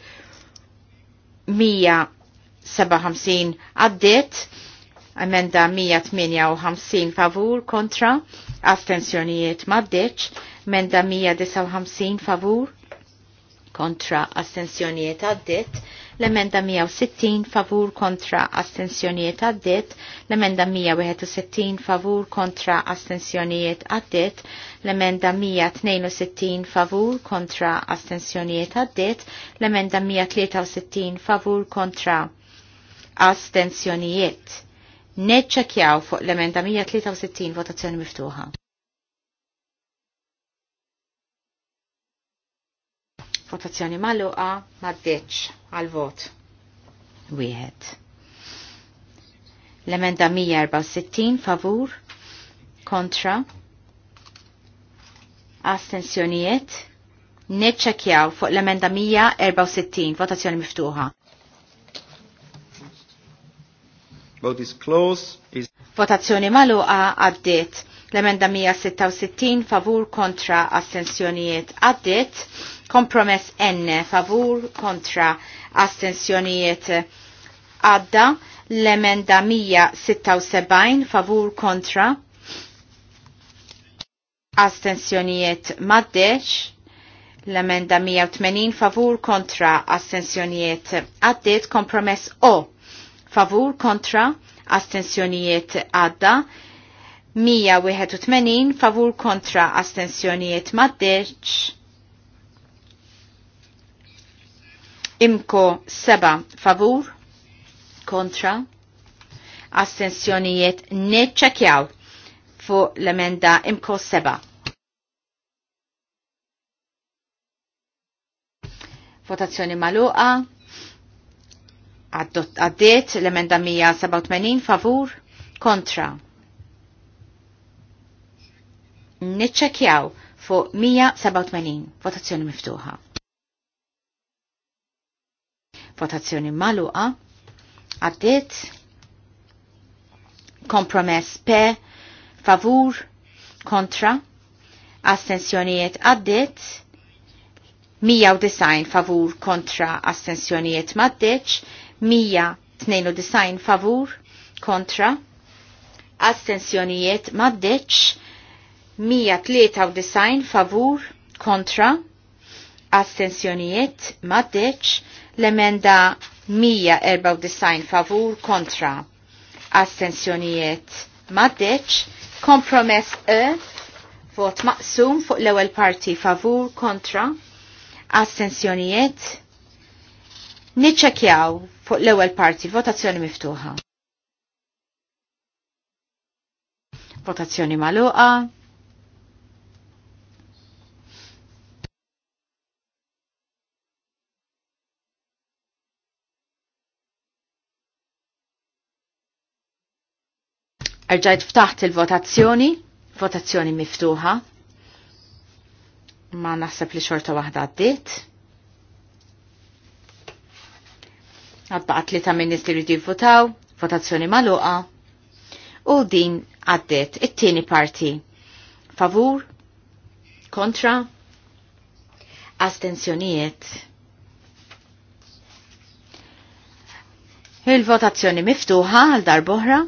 157 għaddit emenda 158 favur kontra astensjonijiet maddeċ emenda 159 favur kontra astensjonijiet għaddit l-emenda 160 favur kontra astensjonijiet għaddit, l-emenda 161 favur kontra astensjonijiet għaddit, l-emenda 162 favur kontra astensjonijiet għaddit, l-emenda 163 favur kontra astensjonijiet. Neċċakjaw fuq l-emenda 163 votazzjoni miftuħa. Votazzjoni ma' maddeċ għal-vot. Wieħed. L-emenda 164 favur kontra astensjonijiet neċċekjaw fuq l-emenda 164 votazzjoni miftuħa. Vote is close. Is... Votazzjoni maluqa għaddiet. L-emenda 166 favur kontra astensjonijiet għaddit. Kompromess N favur kontra astensjonijiet għadda l-emenda 176 favur kontra astensjonijiet maddeċ l-emenda 180 favur kontra astensjonijiet għaddit kompromess O. Favur kontra astensjonijiet għadda 181 favur kontra astensjonijiet maddeċ Imko seba favur kontra astensjonijiet neċċekjaw fuq l-emenda imko seba. Votazzjoni maluqa. Għaddiet l-emenda 187 favur kontra. Niċċekjaw fuq 187. Votazzjoni miftuħa. Votazzjoni maluqa. Għaddit. Kompromess pe, Favur. Kontra. Astensjonijiet għaddit. 190 favur kontra astensjonijiet maddeċ, 192 favur kontra astensjonijiet maddeċ, 193 favur kontra astensjonijiet maddeċ, L-emenda 194 favur kontra astensjonijiet maddeċ. Kompromess E, vot maqsum fuq l-ewel parti favur kontra astensjonijiet. Niċċekjaw fuq l-ewel parti votazzjoni miftuħa. Votazzjoni maluqa. Erġajt ftaħt il-votazzjoni, votazzjoni miftuħa. Ma naħseb li xorta waħda għaddit. Għadbaqat li ta' minnis li rridu votaw, votazzjoni maluqa. U din għaddit it-tieni parti. Favur, kontra, astensjonijiet. Il-votazzjoni miftuħa għal darboħra.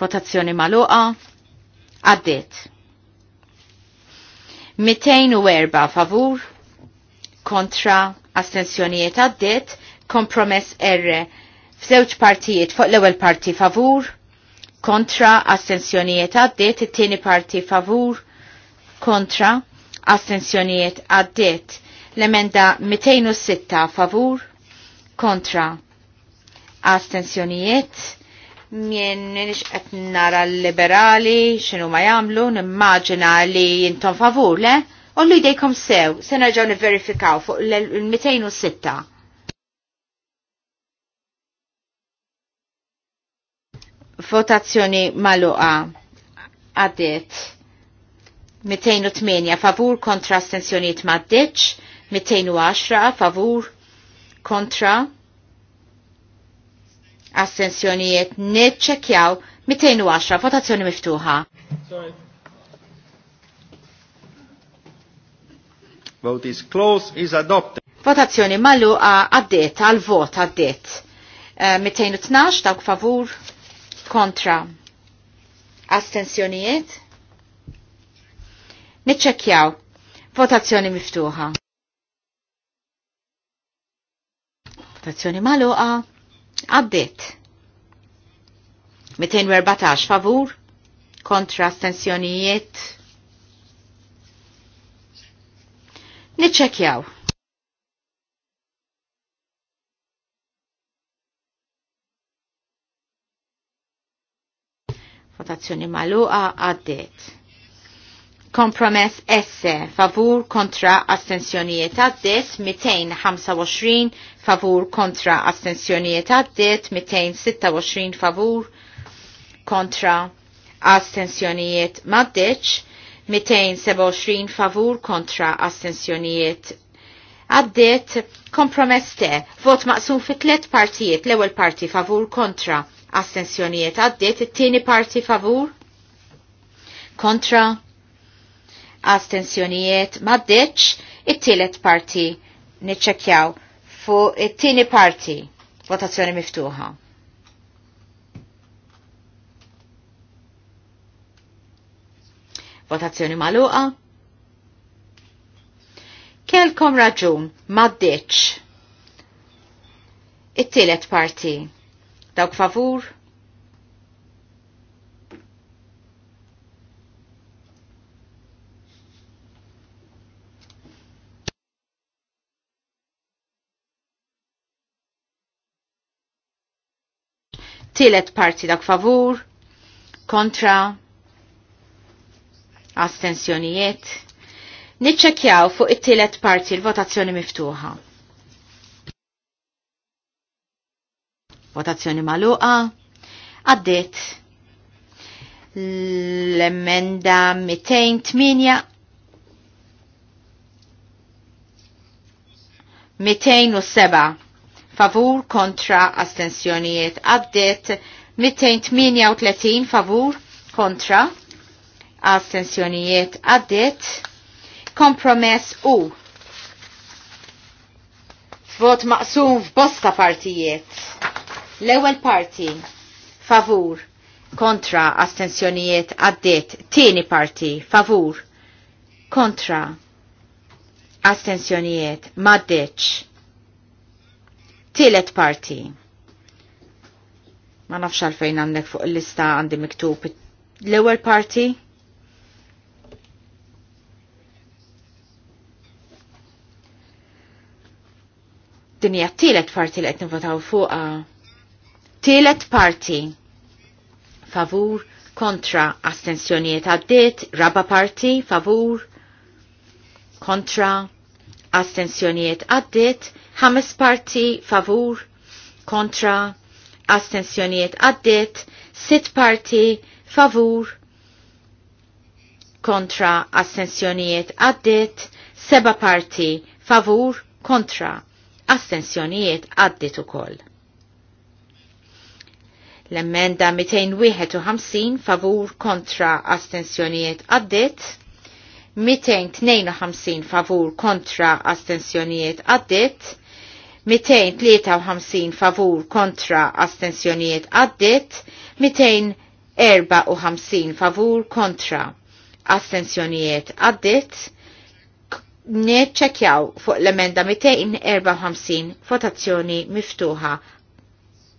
Votazzjoni maluqa. Għaddit. 204 favur kontra astensjonijiet għaddit kompromess R f'żewġ partijiet fuq l-ewwel parti favur kontra astensjonijiet għaddit it-tieni parti favur kontra astensjonijiet għaddit l-emenda 206 favur kontra astensjonijiet Mien nix qed nara l-liberali x'inhu ma jagħmlu, nimmaġina li jintom favur, le? Ollu jdejkom sew, se nerġgħu nivverifikaw fuq l-206. Votazzjoni maluqa għaddiet 208 favur kontra astensjoniet maddiċ, 210 favur kontra Assenzjonijiet neċċekjaw 210 votazzjoni miftuħa. Vote is close, is adopted. Votazzjoni maluqa għaddiet għal vot għaddiet. Uh, eh, 212 dawk favur kontra. Astensjonijiet? Niċċekjaw. Votazzjoni miftuħa. Votazzjoni maluqa. Għaddit. 214 favur kontra astensjonijiet. Niċċekjaw. Votazzjoni maluqa għaddiet. Kompromess S, favur kontra astensjonijiet għaddit, 225 favur kontra astensjonijiet għaddit, 226 favur kontra astensjonijiet maddeċ, 227 favur kontra astensjonijiet għaddit, kompromess te, vot maqsum fi tlet partijiet, l ewwel parti favur kontra astensjonijiet għaddit, it-tieni parti favur kontra astensjonijiet maddeċ, it-tielet parti niċċekjaw fuq it-tieni parti votazzjoni miftuħa. Votazzjoni maluqa. Kelkom raġun, maddeċ. It-tielet parti. Dawk favur? Tielet parti dak favur, kontra, astensjonijiet. Niċċekjaw fuq it-tielet parti l-votazzjoni miftuħa. Votazzjoni maluqa, għaddit l-emenda 208 207 favur kontra astensjonijiet għaddit 238 favur kontra astensjonijiet għaddit kompromess u vot maqsum f'bosta partijiet l-ewwel parti favur kontra astensjonijiet għaddit tieni parti favur kontra astensjonijiet maddeċ Tielet parti. Ma nafx għalfejn għandek fuq il-lista għandi miktub l-ewwel parti. Din hija t-tielet parti li qed votaw fuqha. Tielet parti. Favur kontra astensjonijiet għaddiet, raba parti favur kontra astensjonijiet għaddit ħames parti favur kontra astensjonijiet għaddit, sitt parti favur kontra astensjonijiet għaddit, seba parti favur kontra astensjonijiet għaddit ukoll. L-emmenda 251 favur kontra astensjonijiet għaddit, 252 favur kontra astensjonijiet għaddit, 253 favur kontra astensjonijiet għaddit, 254 favur kontra astensjonijiet għaddit, neċċekjaw fuq l-emenda 254 votazzjoni miftuħa.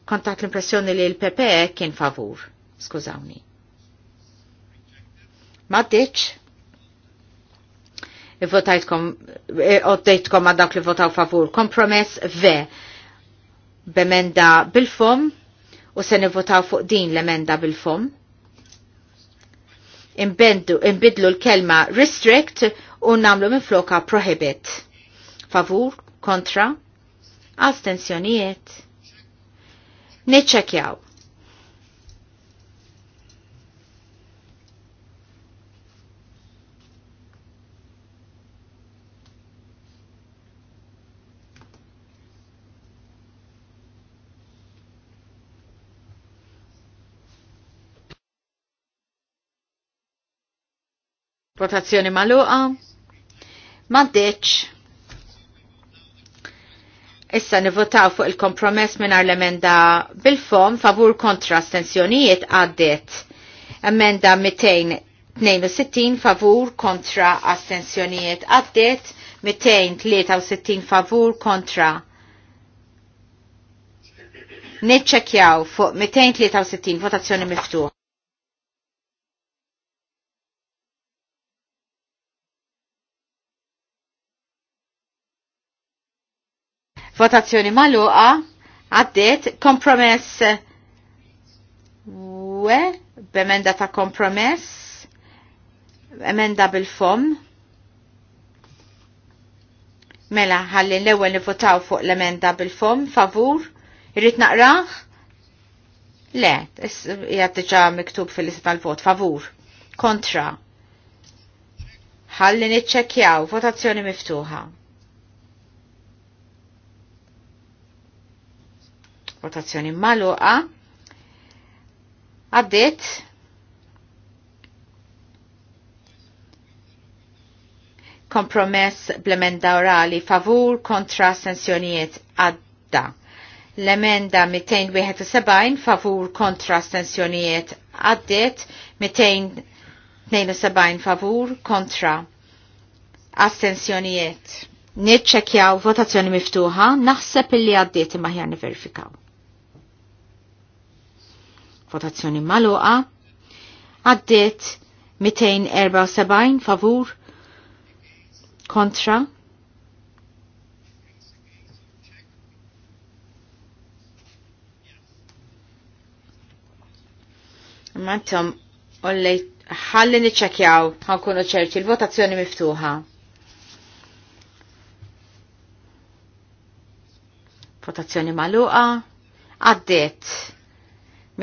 Kontat l-impressjoni li l-PPE kien favur. Skużawni. Maddiċ? votajtkom, eh, oddejtkom għad dawk li votaw favur. Kompromess V. Bemenda bil-fom u se nivvotaw fuq din l-emenda bil-fom. Imbidlu l-kelma restrict u namlu minn floka prohibit. Favur, kontra, astensjonijiet. Niċċekjaw. Votazzjoni maluqa. Maddeċ. Issa nivotaw fuq il-kompromess minn l-emenda bil-fom favur kontra astensjonijiet għaddiet. Emenda 262 favur kontra astensjonijiet għaddiet. 263 favur kontra Nitċekjaw fuq 263 votazzjoni miftuħ. Votazzjoni maluqa għaddiet kompromess we b'emenda ta' kompromess emenda bil-fom mela ħalli l-ewwel nivvotaw fuq l-emenda bil-fom favur irrid naqrah le hija diġà miktub fil lista tal vot favur kontra ħalli niċċekkjaw votazzjoni miftuħa votazzjoni maluqa, għaddit kompromess bl-emenda orali favur kontra sensjonijiet għadda. L-emenda 271 favur kontra sensjonijiet għaddit, 272 favur kontra astensjonijiet. Nitċekjaw votazzjoni miftuħa, naħseb illi għaddiet imma ħjar verifikaw votazzjoni maluqa, għaddit 274 favur kontra Mattom, ollej, ħalli niċċekjaw, ħankunu ċerti, il-votazzjoni miftuħa. Votazzjoni maluqa, għaddit.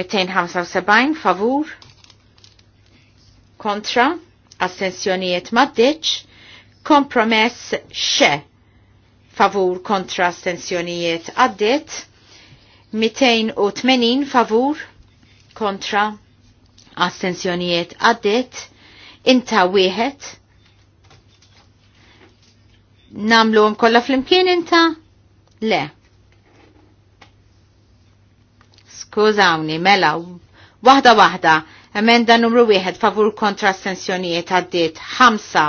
275 favur kontra astensjonijiet maddeċ kompromess xe favur kontra astensjonijiet għaddit 280 favur kontra astensjonijiet għaddit inta wieħed namlu kollha flimkien inta le skużawni, mela, wahda wahda, emenda numru wieħed favur kontra as-sensjonijiet għaddit, ħamsa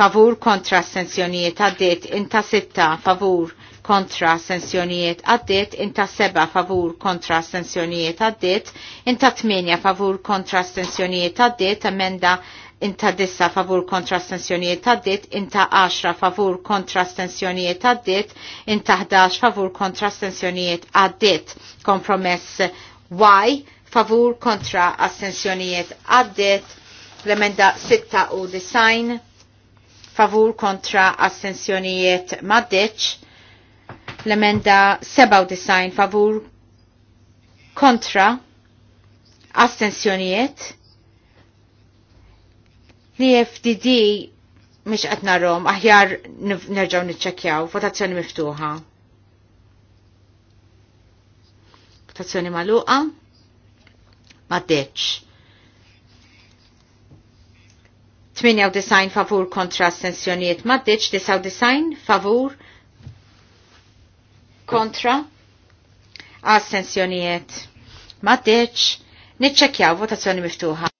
favur kontra sensjonijiet għaddit, inta sitta favur kontra sensjonijiet għaddit, inta seba favur kontra astensjonijiet għaddit, inta tminja favur kontra astensjonijiet għaddit, emenda inta dissa favur kontra stensjonijiet għaddit, inta 10 favur kontra stensjonijiet għaddit, inta 11 favur kontra stensjonijiet għaddit. Kompromess Y favur kontra astensjonijiet għaddit, l-emenda 6 u design favur kontra astensjonijiet maddeċ, l-emenda 7 u design favur kontra astensjonijiet Li FDD mish qed rom, aħjar nerġgħu niċċekkjaw votazzjoni miftuħa. Votazzjoni magħluqa ma deċ. 98 favur kontra astensjonijiet ma deċ, 99 favur kontra astensjonijiet ma deċ. Niċċekkjaw votazzjoni miftuħa.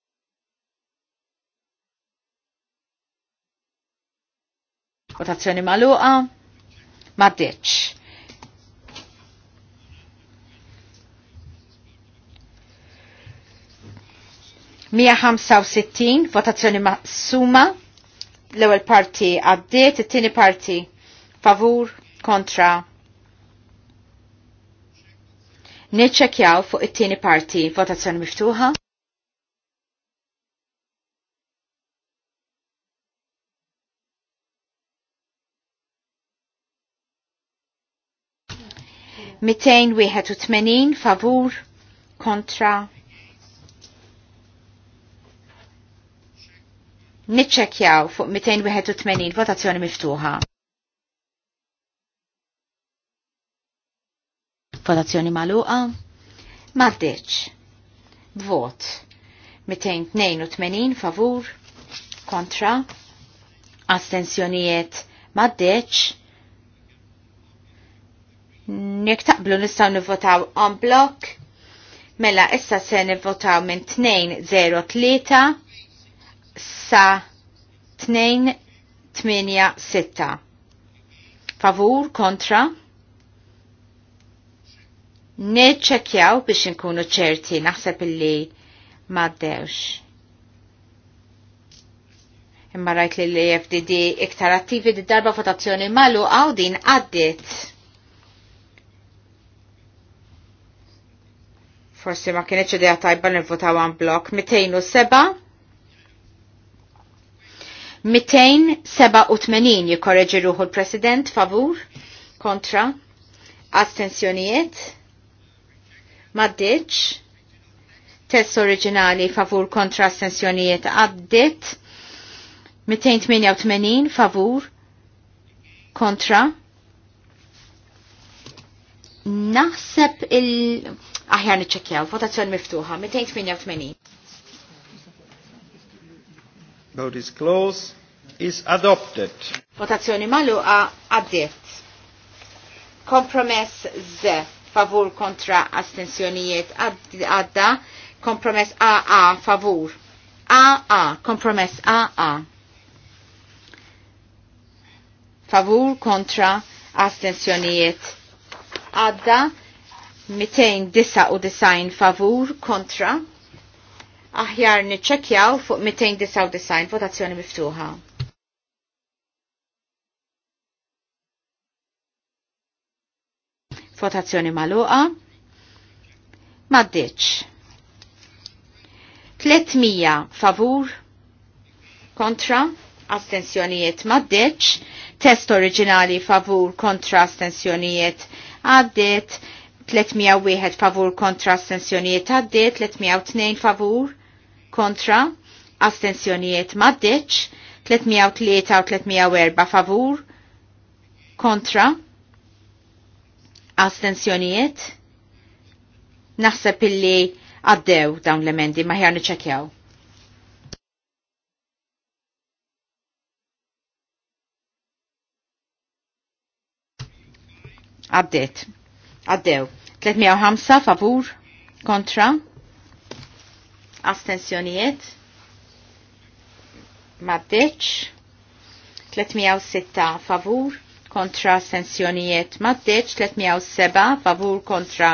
Votazzjoni maluqa. Maddeċ. Mija ħamsa u sittin, votazzjoni maqsuma, l-ewwel parti għaddiet, it-tieni parti favur kontra Neċċekjaw fuq it-tieni parti votazzjoni miftuħa. 281 favur kontra Niċċekjaw fuq 281 votazzjoni miftuħa. Votazzjoni maluqa. Maddeċ. Vot. 282 favur kontra. Astensjonijiet maddeċ. Nek taqblu nistaw nivvotaw on blok. Mela issa se nivvotaw minn 203 sa 286. Favur kontra. Neċċekjaw biex inkunu ċerti naħseb illi maddewx. Imma rajt li l-FDD iktar attivi di darba votazzjoni malu għawdin din għaddit. forsi ma kienieċ idea tajba nivvotaw għan blok 207 287 jikorreġi ruħu l-President favur kontra astensjonijiet maddiċ test oriġinali favur kontra astensjonijiet għaddit 288 favur kontra naħseb il Aħjar niċċekjaw, votazzjoni miftuħa, 288. Vote is closed. Is adopted. Votazzjoni maluqa addiet. Kompromess Z favur kontra astensjonijiet għadda. Kompromess AA favur. AA, kompromess AA. Favur kontra astensjonijiet għadda 299 favur kontra. Aħjar niċċekjaw fuq 299 votazzjoni miftuħa. Votazzjoni maluqa. Maddiċ. 300 favur kontra astensjonijiet maddiċ. test oriġinali favur kontra astensjonijiet għaddiet. 301 favur kontra astensjonijiet għaddit, 302 favur kontra astensjonijiet maddeċ, 303 u 304 favur kontra astensjonijiet. Naħseb illi għaddew dawn l-emendi maħjar niċekjaw. Għaddit. Għaddew. 305 favur kontra astensjonijiet maddeċ 306 favur kontra astensjonijiet maddeċ 307 favur kontra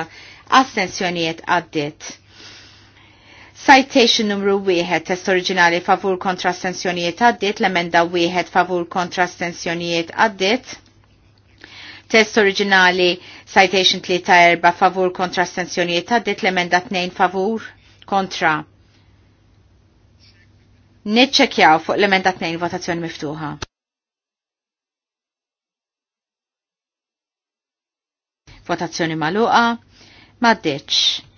astensjonijiet għaddit. Citation numru 1, test oriġinali favur kontra astensjonijiet għaddit, l-emenda 1 favur kontra astensjonijiet għaddit, Test oriġinali citation ta' erba' favur kontra astensjonijiet dit l-emenda t-nejn favur kontra. Nitċekjaw fuq l-emenda t-nejn votazzjoni miftuħa. Votazzjoni maluqa. Maddiċ.